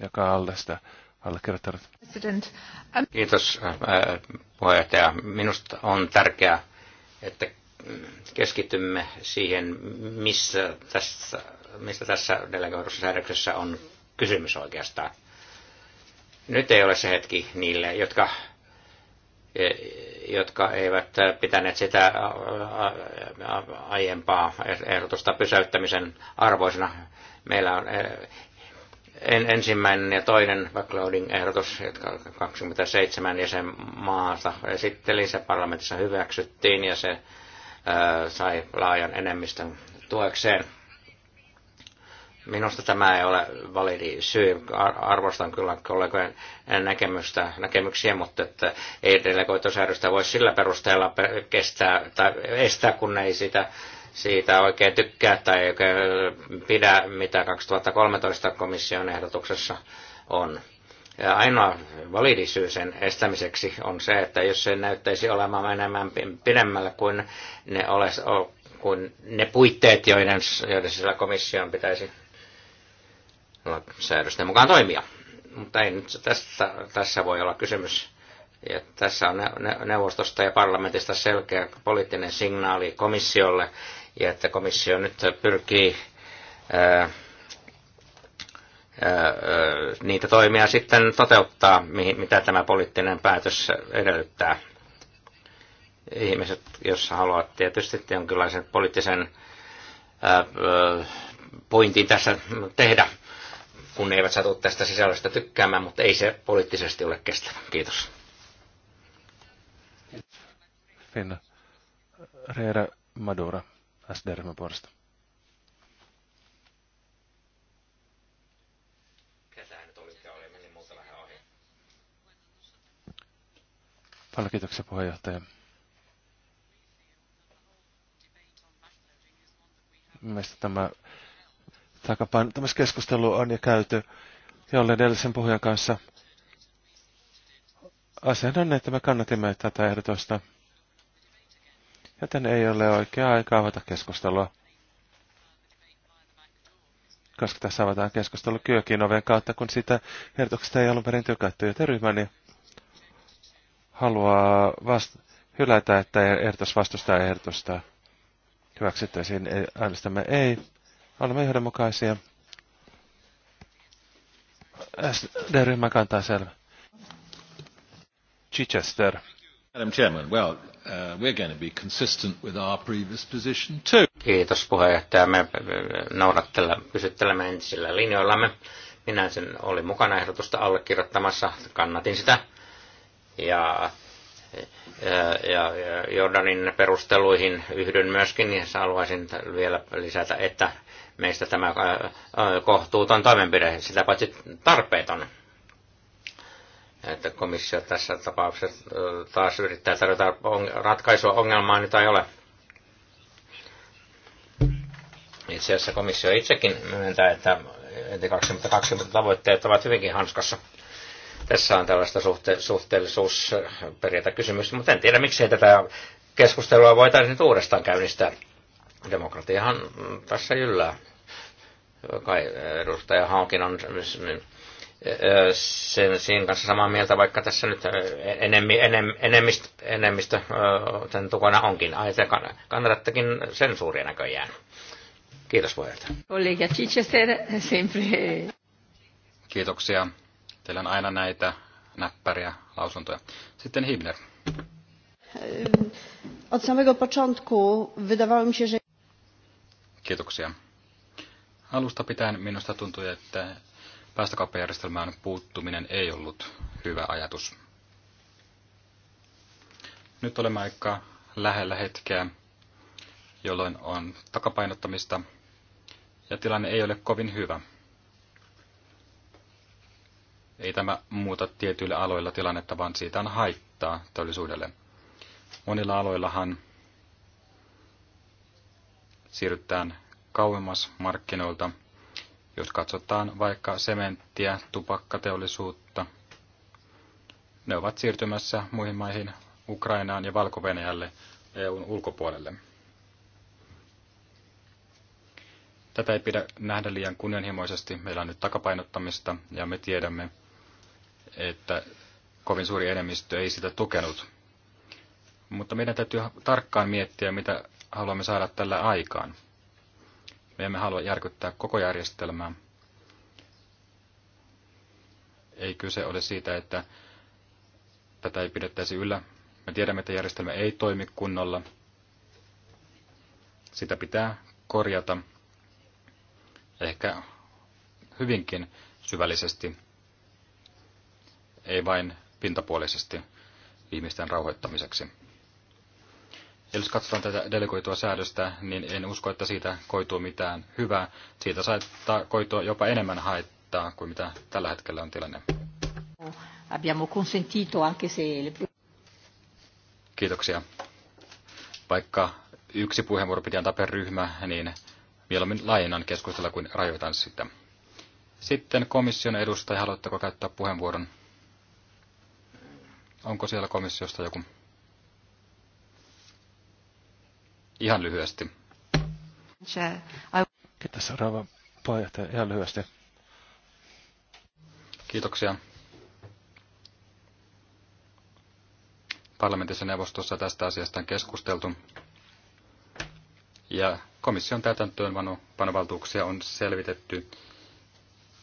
joka on Allesta allekirjoittanut. Um, Kiitos puheenjohtaja. Minusta on tärkeää, että keskitymme siihen, missä tässä, mistä tässä delegoidussa säädöksessä on kysymys oikeastaan. Nyt ei ole se hetki niille, jotka, e, jotka eivät pitäneet sitä aiempaa ehdotusta pysäyttämisen arvoisena. Meillä on en, ensimmäinen ja toinen backloading-ehdotus, jotka 27 jäsenmaata esitteli, se parlamentissa hyväksyttiin ja se ää, äh, sai laajan enemmistön tuekseen. Minusta tämä ei ole validi syy. Arvostan kyllä kollegojen näkemystä, näkemyksiä, mutta että ei delegoitusäädöstä voi sillä perusteella kestää tai estää, kun ei sitä siitä oikein tykkää tai oikein pidä, mitä 2013 komission ehdotuksessa on. Ja ainoa validisyys sen estämiseksi on se, että jos se näyttäisi olemaan enemmän pidemmälle kuin ne, oles, kuin ne puitteet, joiden, joiden sillä komission pitäisi säädösten mukaan toimia. Mutta ei nyt tästä, tässä voi olla kysymys. Ja tässä on neuvostosta ja parlamentista selkeä poliittinen signaali komissiolle ja että komissio nyt pyrkii ää, ää, niitä toimia sitten toteuttaa, mitä tämä poliittinen päätös edellyttää. Ihmiset, jos haluat tietysti jonkinlaisen poliittisen ää, pointin tässä tehdä, kun ne eivät satu tästä sisällöstä tykkäämään, mutta ei se poliittisesti ole kestävä. Kiitos. Finna. Reera Madura. SD-ryhmän puolesta. Paljon kiitoksia puheenjohtaja. Mielestäni tämä, tämä, tämä keskustelu on jo käyty jolle edellisen puhujan kanssa. Asian on, että me kannatimme tätä ehdotusta joten ei ole oikea aika avata keskustelua. Koska tässä avataan keskustelu kyökin oven kautta, kun sitä ehdotuksesta ei alun perin tykätty, joten ryhmäni haluaa vast- hylätä, että ehdotus vastustaa ehdotusta. Hyväksyttäisiin, äänestämme ei. Olemme johdonmukaisia. sd ryhmä kantaa selvä. Chichester. Madam Chairman, well, uh, we're going to be consistent with our previous position too. Kiitos puheenjohtaja. Me pysyttelemme entisillä linjoillamme. Minä sen olin mukana ehdotusta allekirjoittamassa, kannatin sitä. Ja, eh, ja, ja Jordanin perusteluihin yhdyn myöskin, ja niin haluaisin vielä lisätä, että meistä tämä eh, eh, kohtuuton toimenpide, sitä paitsi tarpeeton että komissio tässä tapauksessa taas yrittää tarjota ratkaisua ongelmaan, jota ei ole. Itse asiassa komissio itsekin myöntää, että enti 2020 tavoitteet ovat hyvinkin hanskassa. Tässä on tällaista suhte- kysymys, mutta en tiedä miksei tätä keskustelua voitaisiin nyt uudestaan käynnistää. Demokratiahan mm, tässä yllää. Kai edustaja Haukin on mm, sen, sen kanssa samaa mieltä, vaikka tässä nyt enemmi, enem, enemmistö, enemmistö sen tukona onkin. Ai, te sen sensuuria näköjään. Kiitos puheenjohtaja. Kollega Chichester, sempre. Kiitoksia. Teillä on aina näitä näppäriä lausuntoja. Sitten Hibner. Od samego początku wydawało mi się, że... Kiitoksia. Alusta pitäen minusta tuntui, että päästökauppajärjestelmään puuttuminen ei ollut hyvä ajatus. Nyt olemme aika lähellä hetkeä, jolloin on takapainottamista ja tilanne ei ole kovin hyvä. Ei tämä muuta tietyillä aloilla tilannetta, vaan siitä on haittaa teollisuudelle. Monilla aloillahan siirrytään kauemmas markkinoilta – jos katsotaan vaikka sementtiä, tupakkateollisuutta, ne ovat siirtymässä muihin maihin, Ukrainaan ja valko EUn ulkopuolelle. Tätä ei pidä nähdä liian kunnianhimoisesti. Meillä on nyt takapainottamista ja me tiedämme, että kovin suuri enemmistö ei sitä tukenut. Mutta meidän täytyy tarkkaan miettiä, mitä haluamme saada tällä aikaan. Me emme halua järkyttää koko järjestelmää. Ei kyse ole siitä, että tätä ei pidettäisi yllä. Me tiedämme, että järjestelmä ei toimi kunnolla. Sitä pitää korjata ehkä hyvinkin syvällisesti, ei vain pintapuolisesti ihmisten rauhoittamiseksi jos katsotaan tätä delegoitua säädöstä, niin en usko, että siitä koituu mitään hyvää. Siitä saattaa koitua jopa enemmän haittaa kuin mitä tällä hetkellä on tilanne. Kiitoksia. Vaikka yksi puheenvuoro pitää antaa per ryhmä, niin mieluummin laajennan keskustella kuin rajoitan sitä. Sitten komission edustaja, haluatteko käyttää puheenvuoron? Onko siellä komissiosta joku? Ihan lyhyesti. Kiitos seuraava puheenjohtaja. Ihan lyhyesti. Kiitoksia. Parlamentissa neuvostossa tästä asiasta on keskusteltu. Ja komission täytäntöönpanovaltuuksia on selvitetty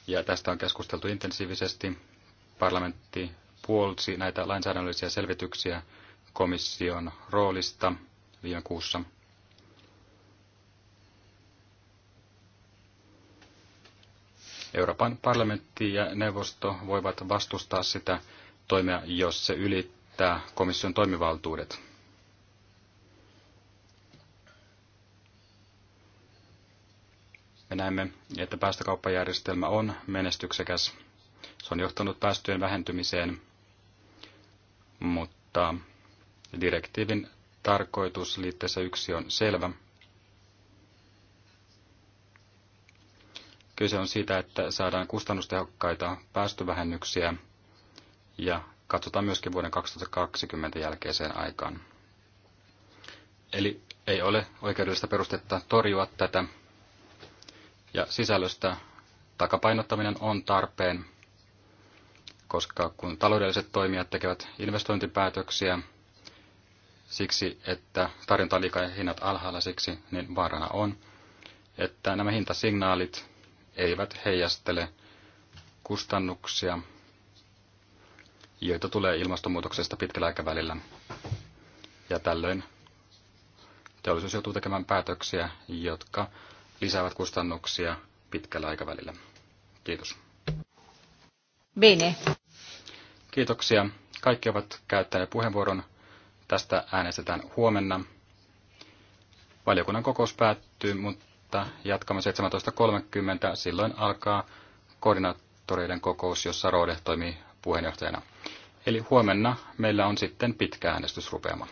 ja tästä on keskusteltu intensiivisesti. Parlamentti puolsi näitä lainsäädännöllisiä selvityksiä komission roolista viime kuussa. Euroopan parlamentti ja neuvosto voivat vastustaa sitä toimia, jos se ylittää komission toimivaltuudet. Me näemme, että päästökauppajärjestelmä on menestyksekäs. Se on johtanut päästöjen vähentymiseen, mutta direktiivin tarkoitus liitteessä yksi on selvä – Kyse on siitä, että saadaan kustannustehokkaita päästövähennyksiä ja katsotaan myöskin vuoden 2020 jälkeiseen aikaan. Eli ei ole oikeudellista perustetta torjua tätä. Ja sisällöstä takapainottaminen on tarpeen, koska kun taloudelliset toimijat tekevät investointipäätöksiä siksi, että tarjonta on liikaa ja hinnat alhaalla siksi, niin vaarana on, että nämä hintasignaalit eivät heijastele kustannuksia, joita tulee ilmastonmuutoksesta pitkällä aikavälillä. Ja tällöin teollisuus joutuu tekemään päätöksiä, jotka lisäävät kustannuksia pitkällä aikavälillä. Kiitos. Bene. Kiitoksia. Kaikki ovat käyttäneet puheenvuoron. Tästä äänestetään huomenna. Valiokunnan kokous päättyy, mutta mutta jatkamme 17.30. Silloin alkaa koordinaattoreiden kokous, jossa Rode toimii puheenjohtajana. Eli huomenna meillä on sitten pitkä äänestysrupeama.